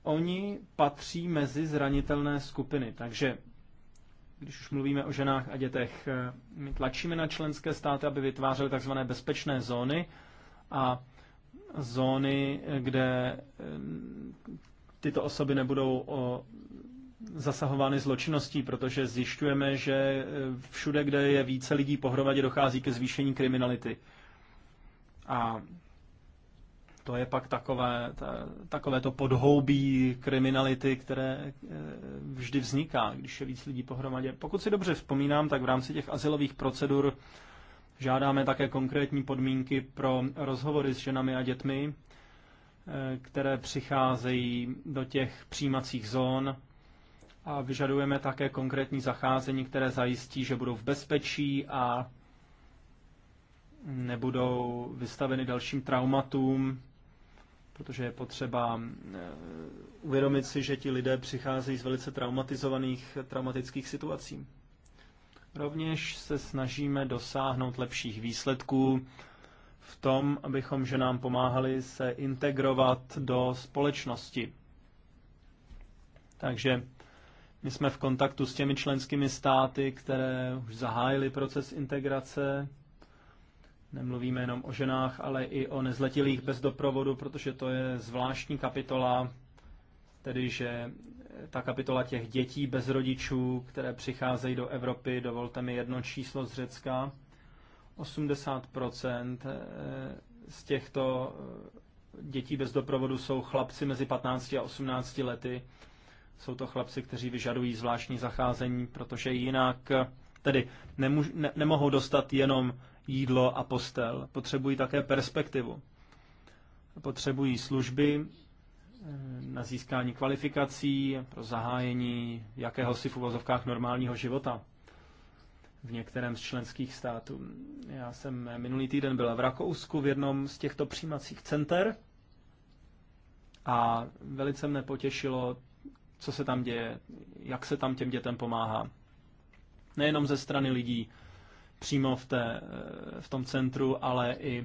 oni patří mezi zranitelné skupiny. Takže když už mluvíme o ženách a dětech, eh, my tlačíme na členské státy, aby vytvářely tzv. bezpečné zóny a zóny, eh, kde eh, tyto osoby nebudou o zasahovány zločinností, protože zjišťujeme, že všude, kde je více lidí pohromadě, dochází ke zvýšení kriminality. A to je pak takové, ta, takové to podhoubí kriminality, které e, vždy vzniká, když je víc lidí pohromadě. Pokud si dobře vzpomínám, tak v rámci těch asilových procedur žádáme také konkrétní podmínky pro rozhovory s ženami a dětmi, e, které přicházejí do těch přijímacích zón a vyžadujeme také konkrétní zacházení, které zajistí, že budou v bezpečí a nebudou vystaveny dalším traumatům protože je potřeba eh, uvědomit si, že ti lidé přicházejí z velice traumatizovaných, traumatických situací. Rovněž se snažíme dosáhnout lepších výsledků v tom, abychom ženám pomáhali se integrovat do společnosti. Takže my jsme v kontaktu s těmi členskými státy, které už zahájily proces integrace, Nemluvíme jenom o ženách, ale i o nezletilých bez doprovodu, protože to je zvláštní kapitola, tedy že ta kapitola těch dětí bez rodičů, které přicházejí do Evropy, dovolte mi jedno číslo z Řecka, 80% eh, z těchto eh, dětí bez doprovodu jsou chlapci mezi 15 a 18 lety. Jsou to chlapci, kteří vyžadují zvláštní zacházení, protože jinak eh, tedy nemohou dostat jenom jídlo a postel. Potřebují také perspektivu. Potřebují služby eh, na získání kvalifikací, pro zahájení jakéhosi v uvozovkách normálního života v některém z členských států. Já jsem minulý týden byla v Rakousku v jednom z těchto přijímacích center a velice mne potěšilo, co se tam děje, jak se tam těm dětem pomáhá. Nejenom ze strany lidí, přímo v, té, eh, v tom centru, ale i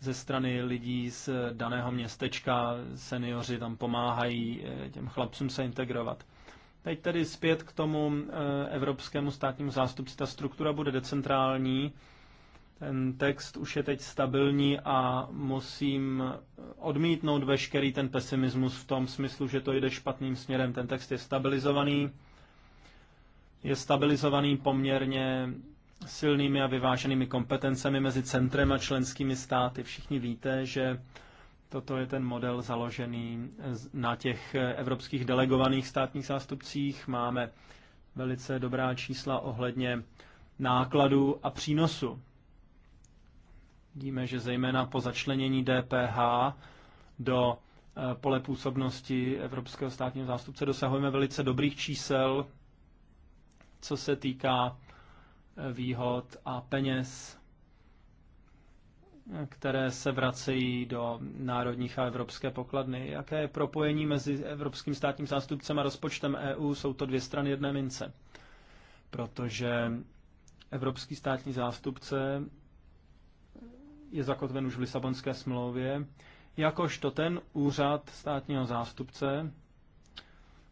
ze strany lidí z daného městečka. Seniori tam pomáhají eh, těm chlapcům se integrovat. Teď tedy zpět k tomu eh, evropskému státnímu zástupci. Ta struktura bude decentrální. Ten text už je teď stabilní a musím odmítnout veškerý ten pesimismus v tom smyslu, že to jde špatným směrem. Ten text je stabilizovaný. Je stabilizovaný poměrně silnými a vyváženými kompetencemi mezi centrem a členskými státy. Všichni víte, že toto je ten model založený na těch evropských delegovaných státních zástupcích. Máme velice dobrá čísla ohledně nákladu a přínosu. Vidíme, že zejména po začlenění DPH do eh, pole působnosti Evropského státního zástupce dosahujeme velice dobrých čísel, co se týká výhod a peněz, které se vracejí do národních a evropské pokladny. Jaké je propojení mezi evropským státním zástupcem a rozpočtem EU? Jsou to dvě strany jedné mince. Protože evropský státní zástupce je zakotven už v Lisabonské smlouvě, jakožto ten úřad státního zástupce,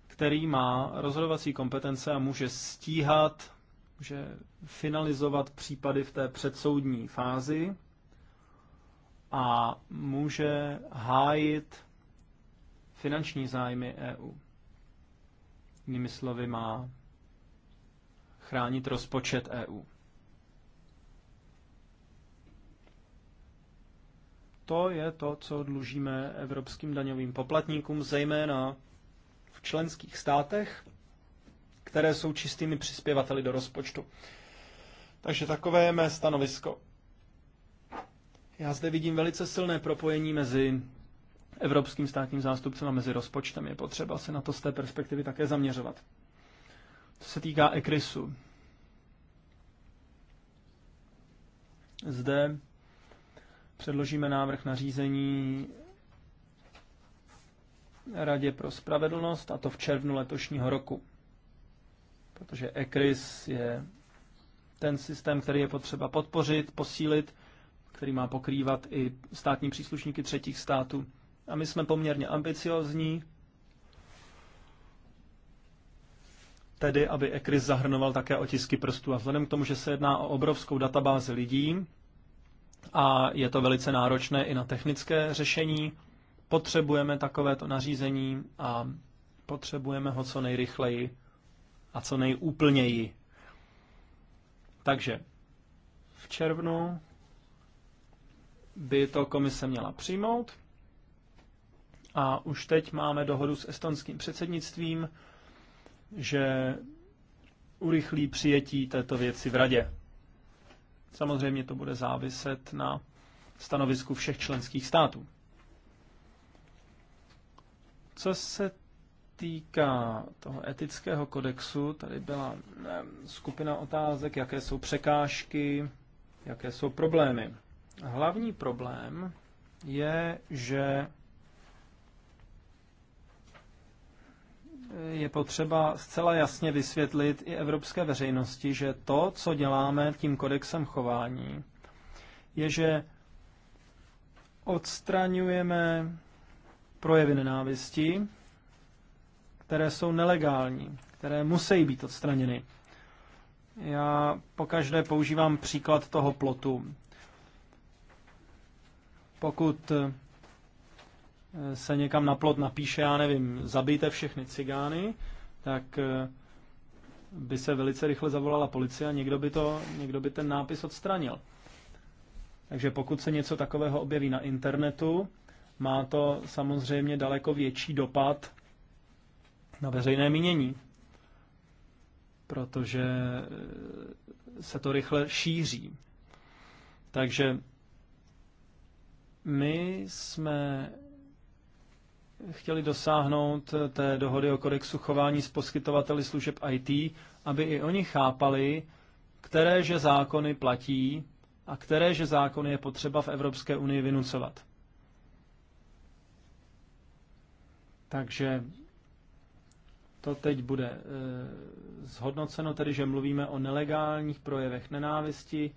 který má rozhodovací kompetence a může stíhat že finalizovat případy v té předsoudní fázi a může hájit finanční zájmy EU. Jinými slovy má chránit rozpočet EU. To je to, co dlužíme evropským daňovým poplatníkům, zejména v členských státech, které jsou čistými přispěvateli do rozpočtu. Takže takové je mé stanovisko. Já zde vidím velice silné propojení mezi evropským státním zástupcem a mezi rozpočtem. Je potřeba se na to z té perspektivy také zaměřovat. Co se týká ekrisu, zde předložíme návrh na řízení Radě pro spravedlnost, a to v červnu letošního roku protože ECRIS je ten systém, který je potřeba podpořit, posílit, který má pokrývat i státní příslušníky třetích států. A my jsme poměrně ambiciozní, tedy aby ECRIS zahrnoval také otisky prstů. A vzhledem k tomu, že se jedná o obrovskou databázi lidí a je to velice náročné i na technické řešení, potřebujeme takovéto nařízení a potřebujeme ho co nejrychleji a co nejúplněji. Takže v červnu by to komise měla přijmout a už teď máme dohodu s estonským předsednictvím, že urychlí přijetí této věci v radě. Samozřejmě to bude záviset na stanovisku všech členských států. Co se týká toho etického kodexu, tady byla skupina otázek, jaké jsou překážky, jaké jsou problémy. Hlavní problém je, že je potřeba zcela jasně vysvětlit i evropské veřejnosti, že to, co děláme tím kodexem chování, je, že odstraňujeme projevy nenávisti, které jsou nelegální, které musí být odstraněny. Já pokaždé používám příklad toho plotu. Pokud eh, se někam na plot napíše, já nevím, zabijte všechny cigány, tak eh, by se velice rychle zavolala policie a někdo by, to, někdo by ten nápis odstranil. Takže pokud se něco takového objeví na internetu, má to samozřejmě daleko větší dopad na veřejné mínění, protože eh, se to rychle šíří. Takže my jsme chtěli dosáhnout eh, té dohody o kodexu chování s poskytovateli služeb IT, aby i oni chápali, které že zákony platí a které že zákony je potřeba v Evropské unii vynucovat. Takže to teď bude e, zhodnoceno, tedy že mluvíme o nelegálních projevech nenávisti.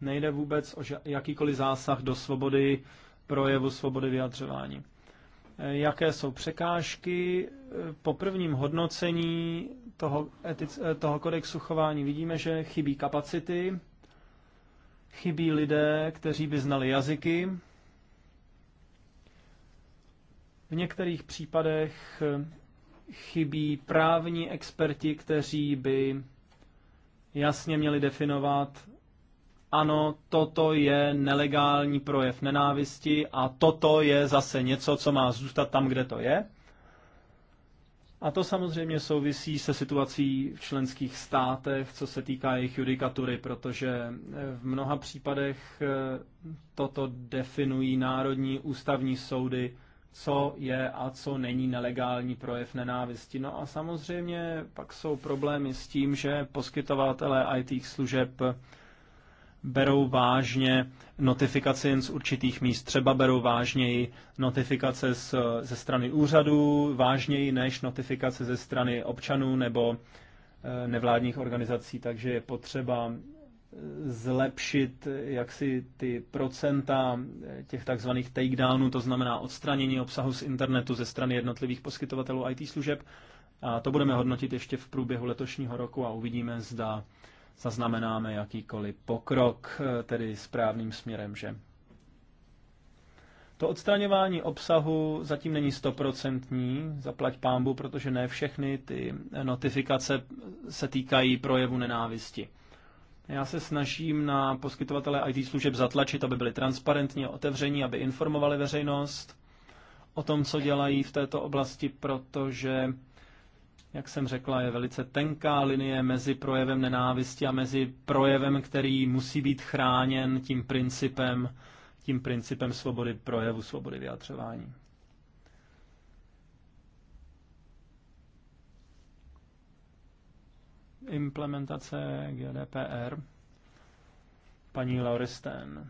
Nejde vůbec o jakýkoliv zásah do svobody projevu, svobody vyjadřování. E, Jaké jsou překážky? E, Po prvním hodnocení toho, etic, e, toho kodexu chování vidíme, že chybí kapacity, chybí lidé, kteří by znali jazyky. V některých případech chybí právní experti, kteří by jasně měli definovat, ano, toto je nelegální projev nenávisti a toto je zase něco, co má zůstat tam, kde to je. A to samozřejmě souvisí se situací v členských státech, co se týká jejich judikatury, protože eh, v mnoha případech eh, toto definují národní ústavní soudy co je a co není nelegální projev nenávisti. No a samozřejmě pak jsou problémy s tím, že poskytovatelé IT služeb berou vážně notifikace jen z určitých míst. Třeba berou vážněji notifikace z, ze strany úřadů, vážněji než notifikace ze strany občanů nebo eh, nevládních organizací, takže je potřeba zlepšit jaksi ty procenta těch takzvaných takedownů, to znamená odstranění obsahu z internetu ze strany jednotlivých poskytovatelů IT služeb. A to budeme hodnotit ještě v průběhu letošního roku a uvidíme, zda zaznamenáme jakýkoliv pokrok, tedy správným směrem, že? To odstraňování obsahu zatím není stoprocentní, zaplať pámbu, protože ne všechny ty notifikace se týkají projevu nenávisti. Já se snažím na poskytovatele IT služeb zatlačit, aby byli transparentní a otevření, aby informovali veřejnost o tom, co dělají v této oblasti, protože, jak jsem řekla, je velice tenká linie mezi projevem nenávisti a mezi projevem, který musí být chráněn tím principem, tím principem svobody projevu, svobody vyjadřování. implementace GDPR, paní Lauristen.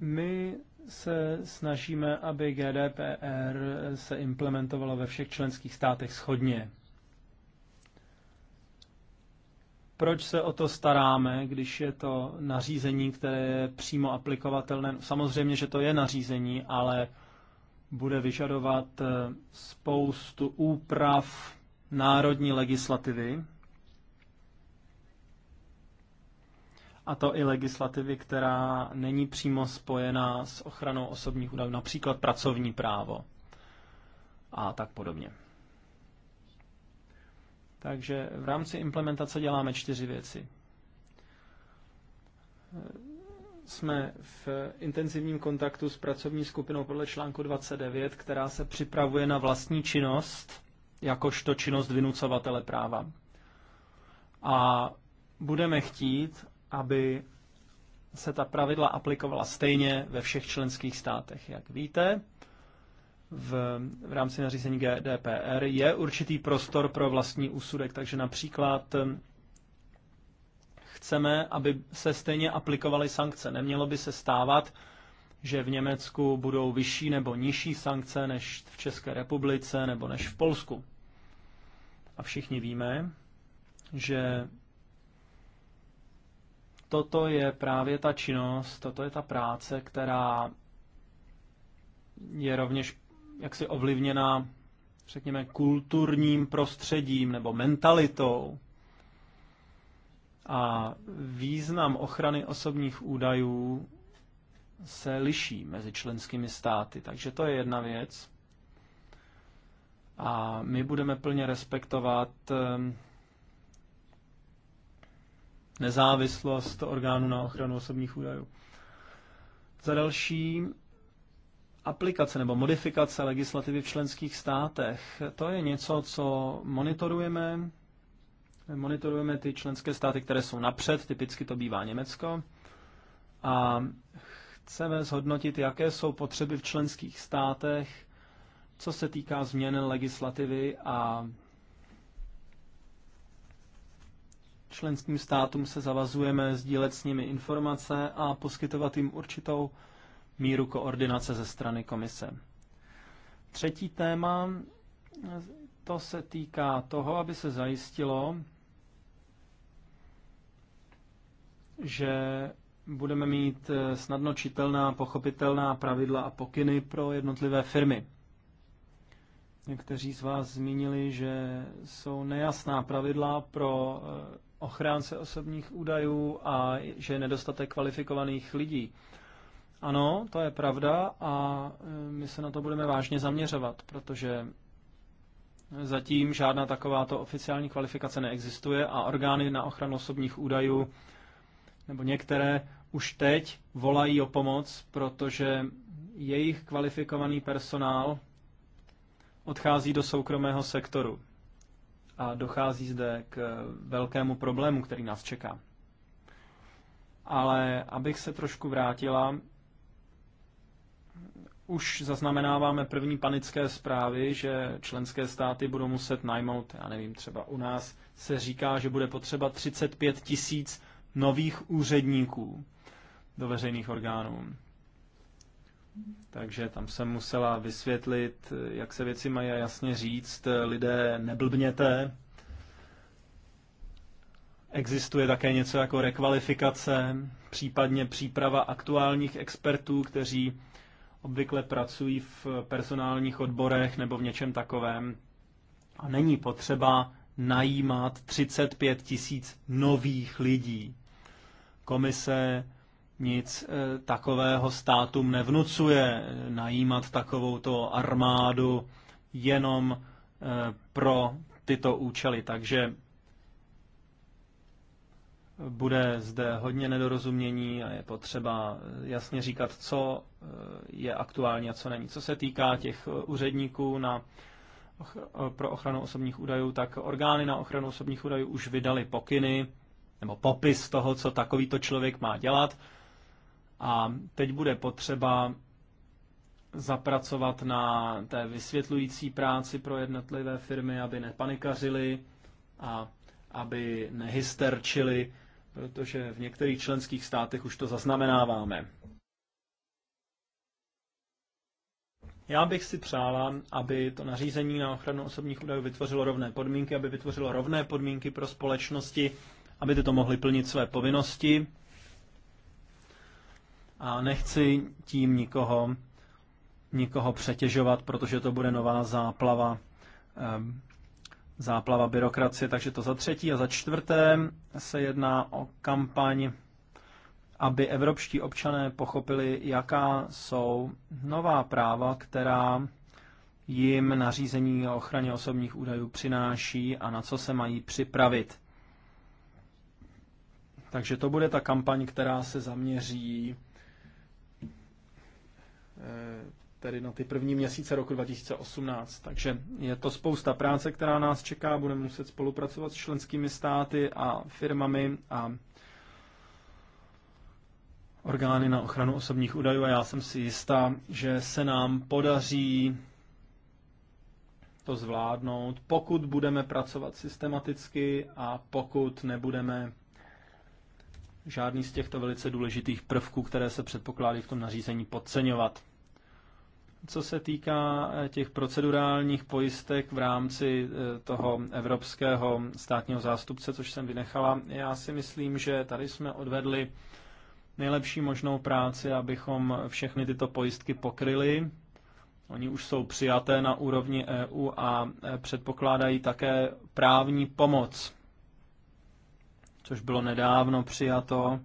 My se snažíme, aby GDPR se implementovalo ve všech členských státech schodně. Proč se o to staráme, když je to nařízení, které je přímo aplikovatelné? Samozřejmě, že to je nařízení, ale bude vyžadovat eh, spoustu úprav národní legislativy, a to i legislativy, která není přímo spojená s ochranou osobních údajů, například pracovní právo a tak podobně. Takže v rámci implementace děláme čtyři věci. Jsme v intenzivním kontaktu s pracovní skupinou podle článku 29, která se připravuje na vlastní činnost, jakožto činnost vynucovatele práva. A budeme chtít, aby se ta pravidla aplikovala stejně ve všech členských státech. Jak víte, v, v rámci nařízení GDPR je určitý prostor pro vlastní úsudek, takže například um, chceme, aby se stejně aplikovaly sankce. Nemělo by se stávat, že v Německu budou vyšší nebo nižší sankce než v České republice nebo než v Polsku. A všichni víme, že toto je právě ta činnost, toto je ta práce, která je rovněž jaksi ovlivněna, řekněme, kulturním prostředím nebo mentalitou. A význam ochrany osobních údajů se liší mezi členskými státy. Takže to je jedna věc. A my budeme plně respektovat ehm, nezávislost orgánu na ochranu osobních údajů. Za další, aplikace nebo modifikace legislativy v členských státech. To je něco, co monitorujeme. Monitorujeme ty členské státy, které jsou napřed, typicky to bývá Německo. A chceme zhodnotit, jaké jsou potřeby v členských státech, co se týká změn legislativy a členským státům se zavazujeme sdílet s nimi informace a poskytovat jim určitou míru koordinace ze strany komise. Třetí téma, to se týká toho, aby se zajistilo, že budeme mít eh, snadno čitelná, pochopitelná pravidla a pokyny pro jednotlivé firmy. Někteří z vás zmínili, že jsou nejasná pravidla pro eh, ochránce osobních údajů a že je nedostatek kvalifikovaných lidí. Ano, to je pravda a e, my se na to budeme vážně zaměřovat, protože zatím žádná takováto oficiální kvalifikace neexistuje a orgány na ochranu osobních údajů nebo některé už teď volají o pomoc, protože jejich kvalifikovaný personál odchází do soukromého sektoru a dochází zde k velkému problému, který nás čeká. Ale abych se trošku vrátila už zaznamenáváme první panické zprávy, že členské státy budou muset najmout, já nevím, třeba u nás se říká, že bude potřeba 35 tisíc nových úředníků do veřejných orgánů. Takže tam jsem musela vysvětlit, jak se věci mají jasně říct, lidé neblbněte. Existuje také něco jako rekvalifikace, případně příprava aktuálních expertů, kteří obvykle pracují v personálních odborech nebo v něčem takovém. A není potřeba najímat 35 tisíc nových lidí. Komise nic eh, takového státům nevnucuje najímat takovouto armádu jenom eh, pro tyto účely. Takže bude zde hodně nedorozumění a je potřeba jasně říkat, co eh, je aktuální a co není. Co se týká těch eh, úředníků na, eh, pro ochranu osobních údajů, tak orgány na ochranu osobních údajů už vydali pokyny nebo popis toho, co takovýto člověk má dělat. A teď bude potřeba zapracovat na té vysvětlující práci pro jednotlivé firmy, aby nepanikařili a aby nehysterčili protože v některých členských státech už to zaznamenáváme. Já bych si přála, aby to nařízení na ochranu osobních údajů vytvořilo rovné podmínky, aby vytvořilo rovné podmínky pro společnosti, aby tyto mohly plnit své povinnosti. A nechci tím nikoho, nikoho přetěžovat, protože to bude nová záplava eh, záplava byrokracie, takže to za třetí a za čtvrté se jedná o kampaň, aby evropští občané pochopili, jaká jsou nová práva, která jim nařízení o ochraně osobních údajů přináší a na co se mají připravit. Takže to bude ta kampaň, která se zaměří eh, tedy na ty první měsíce roku 2018. Takže je to spousta práce, která nás čeká. Budeme muset spolupracovat s členskými státy a firmami a orgány na ochranu osobních údajů a já jsem si jistá, že se nám podaří to zvládnout, pokud budeme pracovat systematicky a pokud nebudeme žádný z těchto velice důležitých prvků, které se předpokládají v tom nařízení, podceňovat. Co se týká eh, těch procedurálních pojistek v rámci eh, toho evropského státního zástupce, což jsem vynechala, já si myslím, že tady jsme odvedli nejlepší možnou práci, abychom všechny tyto pojistky pokryli. Oni už jsou přijaté na úrovni EU a eh, předpokládají také právní pomoc, což bylo nedávno přijato,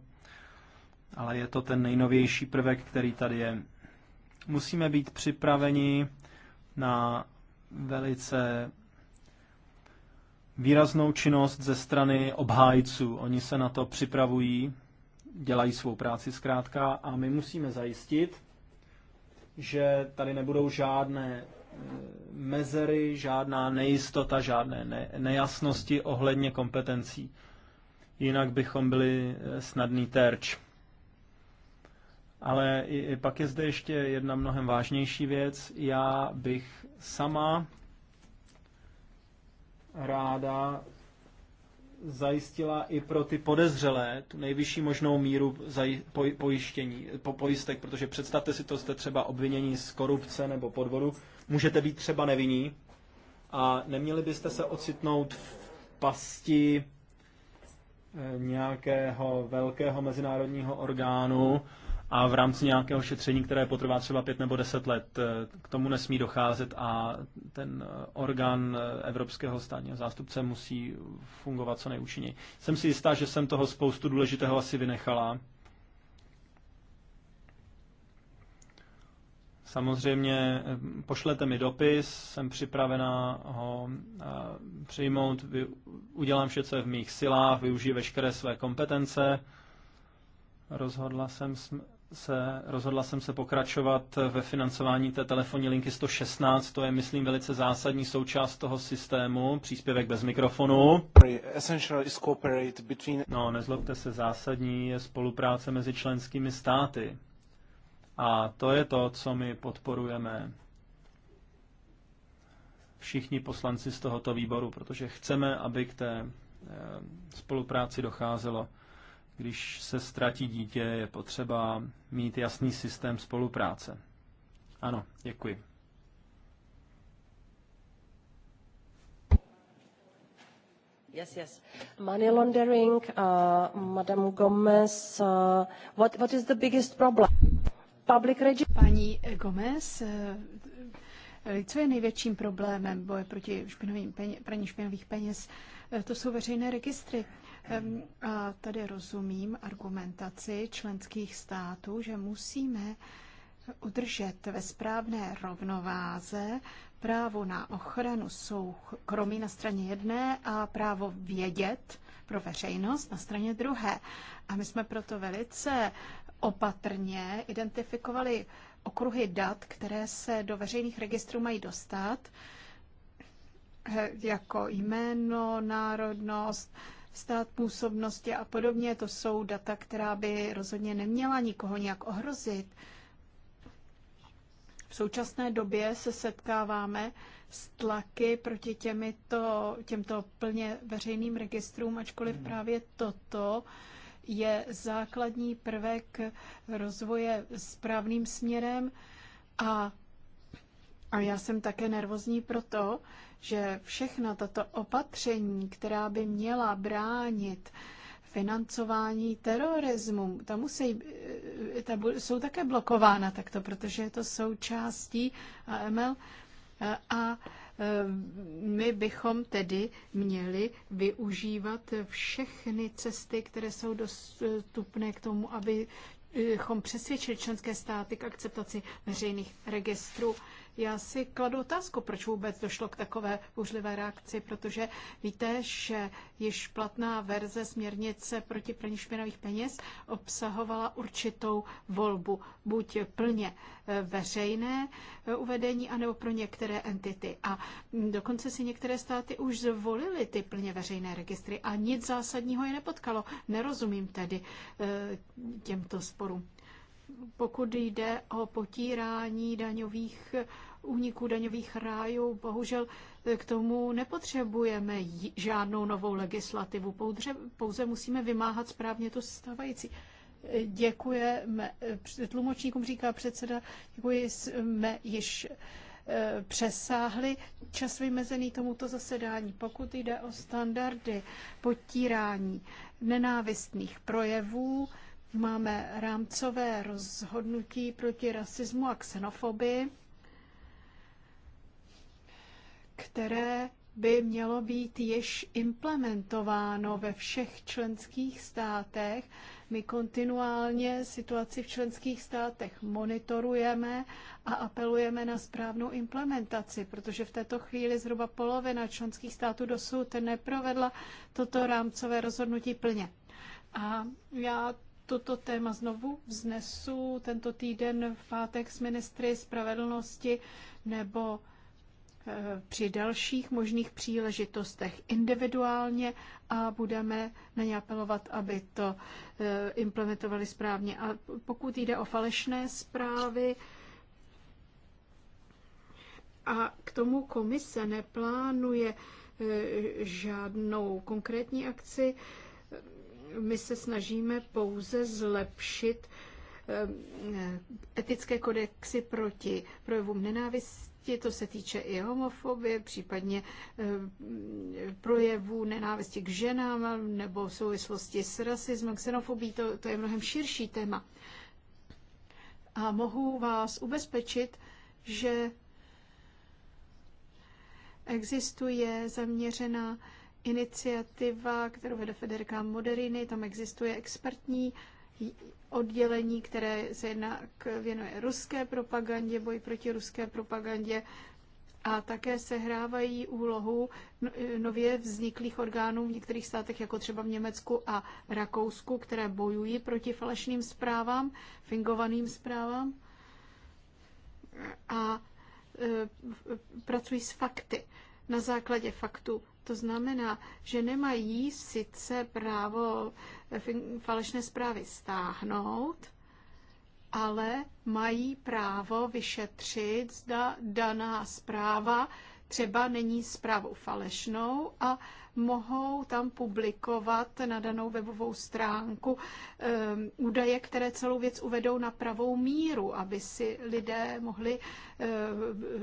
ale je to ten nejnovější prvek, který tady je. Musíme být připraveni na velice výraznou činnost ze strany obhájců. Oni se na to připravují, dělají svou práci zkrátka a my musíme zajistit, že tady nebudou žádné eh, mezery, žádná nejistota, žádné nejasnosti ohledně kompetencí. Jinak bychom byli eh, snadný terč. Ale i, i pak je zde ještě jedna mnohem vážnější věc. Já bych sama ráda zajistila i pro ty podezřelé tu nejvyšší možnou míru zaj, poj, pojištění, po, pojistek, protože představte si to, jste třeba obvinění z korupce nebo podvodu, můžete být třeba nevinní a neměli byste se ocitnout v pasti eh, nějakého velkého mezinárodního orgánu, a v rámci nějakého šetření, které potrvá třeba pět nebo deset let, eh, k tomu nesmí docházet a ten eh, orgán eh, evropského státního zástupce musí fungovat co nejúčinněji. Jsem si jistá, že jsem toho spoustu důležitého asi vynechala. Samozřejmě pošlete mi dopis, jsem připravená ho přijmout, udělám vše, co je v mých silách, využiji veškeré své kompetence. Rozhodla jsem se, rozhodla jsem se pokračovat ve financování té telefonní linky 116. To je, myslím, velice zásadní součást toho systému. Příspěvek bez mikrofonu. No, nezlobte se, zásadní je spolupráce mezi členskými státy. A to je to, co my podporujeme všichni poslanci z tohoto výboru, protože chceme, aby k té eh, spolupráci docházelo. Když se ztratí dítě, je potřeba mít jasný systém spolupráce. Ano, děkuji. Yes, yes. Money laundering, uh, Madam Gomez, uh, what, what is the biggest problem? Public Paní Gomez, uh, co je největším problémem boje proti špinovým peněz, praní špinových uh, peněz? To jsou veřejné registry tady rozumím argumentaci členských států, že musíme udržet ve správné rovnováze právo na ochranu soukromí na straně jedné a právo vědět pro veřejnost na straně druhé. A my jsme proto velice opatrně identifikovali okruhy dat, které se do veřejných registrů mají dostat, eh, jako jméno, národnost, stát působnosti a podobně. To jsou data, která by rozhodně neměla nikoho nějak ohrozit. V současné době se setkáváme s tlaky proti těmito, těmto plně veřejným registrům, ačkoliv hmm. právě toto je základní prvek rozvoje správným směrem a a já jsem také nervózní proto, že všechna tato opatření, která by měla bránit financování terorismu, ta, musí, eh, ta jsou také blokována takto, protože je to součástí AML a eh, eh, my bychom tedy měli využívat všechny cesty, které jsou dostupné k tomu, abychom přesvědčili členské státy k akceptaci veřejných registrů. Já si kladu otázku, proč vůbec došlo k takové bouřlivé reakci, protože víte, že již platná verze směrnice proti praní špinavých peněz obsahovala určitou volbu, buď plně eh, veřejné eh, uvedení, anebo pro některé entity. A dokonce si některé státy už zvolily ty plně veřejné registry a nic zásadního je nepotkalo. Nerozumím tedy eh, těmto sporům pokud jde o potírání daňových úniků daňových rájů, bohužel k tomu nepotřebujeme žádnou novou legislativu, pouze, pouze musíme vymáhat správně to stávající. Děkujeme, eh, tlumočníkům říká předseda, děkuji, jsme již eh, přesáhli čas vymezený tomuto zasedání. Pokud jde o standardy potírání nenávistných projevů, Máme rámcové rozhodnutí proti rasismu a xenofobii, které by mělo být již implementováno ve všech členských státech. My kontinuálně situaci v členských státech monitorujeme a apelujeme na správnou implementaci, protože v této chvíli zhruba polovina členských států dosud neprovedla toto rámcové rozhodnutí plně. A já toto téma znovu vznesu tento týden v pátek s ministry spravedlnosti nebo eh, při dalších možných příležitostech individuálně a budeme na ně apelovat, aby to eh, implementovali správně. A pokud jde o falešné zprávy, a k tomu komise neplánuje eh, žádnou konkrétní akci, my se snažíme pouze zlepšit eh, etické kodexy proti projevům nenávisti, to se týče i homofobie, případně eh, projevů nenávisti k ženám nebo v souvislosti s rasismem, xenofobí, to, to je mnohem širší téma. A mohu vás ubezpečit, že existuje zaměřená iniciativa, kterou vede Federica Moderini, tam existuje expertní oddělení, které se jednak věnuje ruské propagandě, boji proti ruské propagandě a také sehrávají úlohu no, e, nově vzniklých orgánů v některých státech, jako třeba v Německu a Rakousku, které bojují proti falešným zprávám, fingovaným zprávám a e, pracují s fakty. Na základě faktů to znamená, že nemají sice právo eh, falešné zprávy stáhnout, ale mají právo vyšetřit, zda daná zpráva třeba není zprávou falešnou a mohou tam publikovat na danou webovou stránku ehm, údaje, které celou věc uvedou na pravou míru, aby si lidé mohli ehm,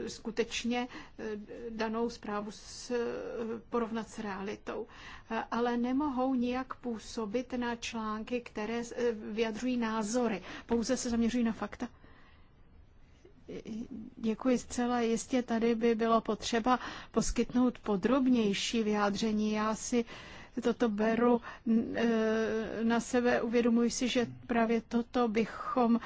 skutečně ehm, danou zprávu eh, porovnat s realitou. Eh, ale nemohou nijak působit na články, které eh, vyjadřují názory, pouze se zaměřují na fakta. Děkuji zcela. Jistě tady by bylo potřeba poskytnout podrobnější vyjádření. Já si toto beru e, na sebe, uvědomuji si, že právě toto bychom e,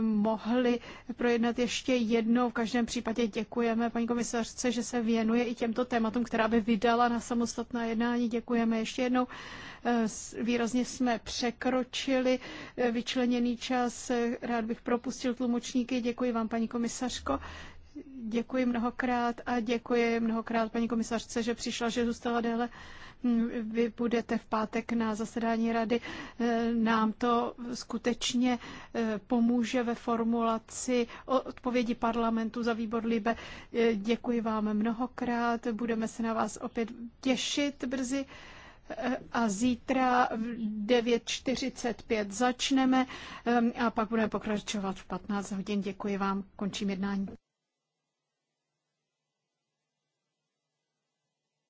mohli projednat ještě jednou. V každém případě děkujeme paní komisařce, že se věnuje i těmto tématům, která by vydala na samostatná jednání. Děkujeme ještě jednou. Eh, výrazně jsme překročili eh, vyčleněný čas. Eh, rád bych propustil tlumočníky. Děkuji vám, paní komisařko. Děkuji mnohokrát a děkuji mnohokrát paní komisařce, že přišla, že zůstala déle. Hm, vy budete v pátek na zasedání rady. Nám to skutečně pomůže ve formulaci odpovědi parlamentu za výbor Libe. Děkuji vám mnohokrát. Budeme se na vás opět těšit brzy a zítra v 9.45 začneme ehm, a pak budeme pokračovat v 15 hodin. Děkuji vám, končím jednání.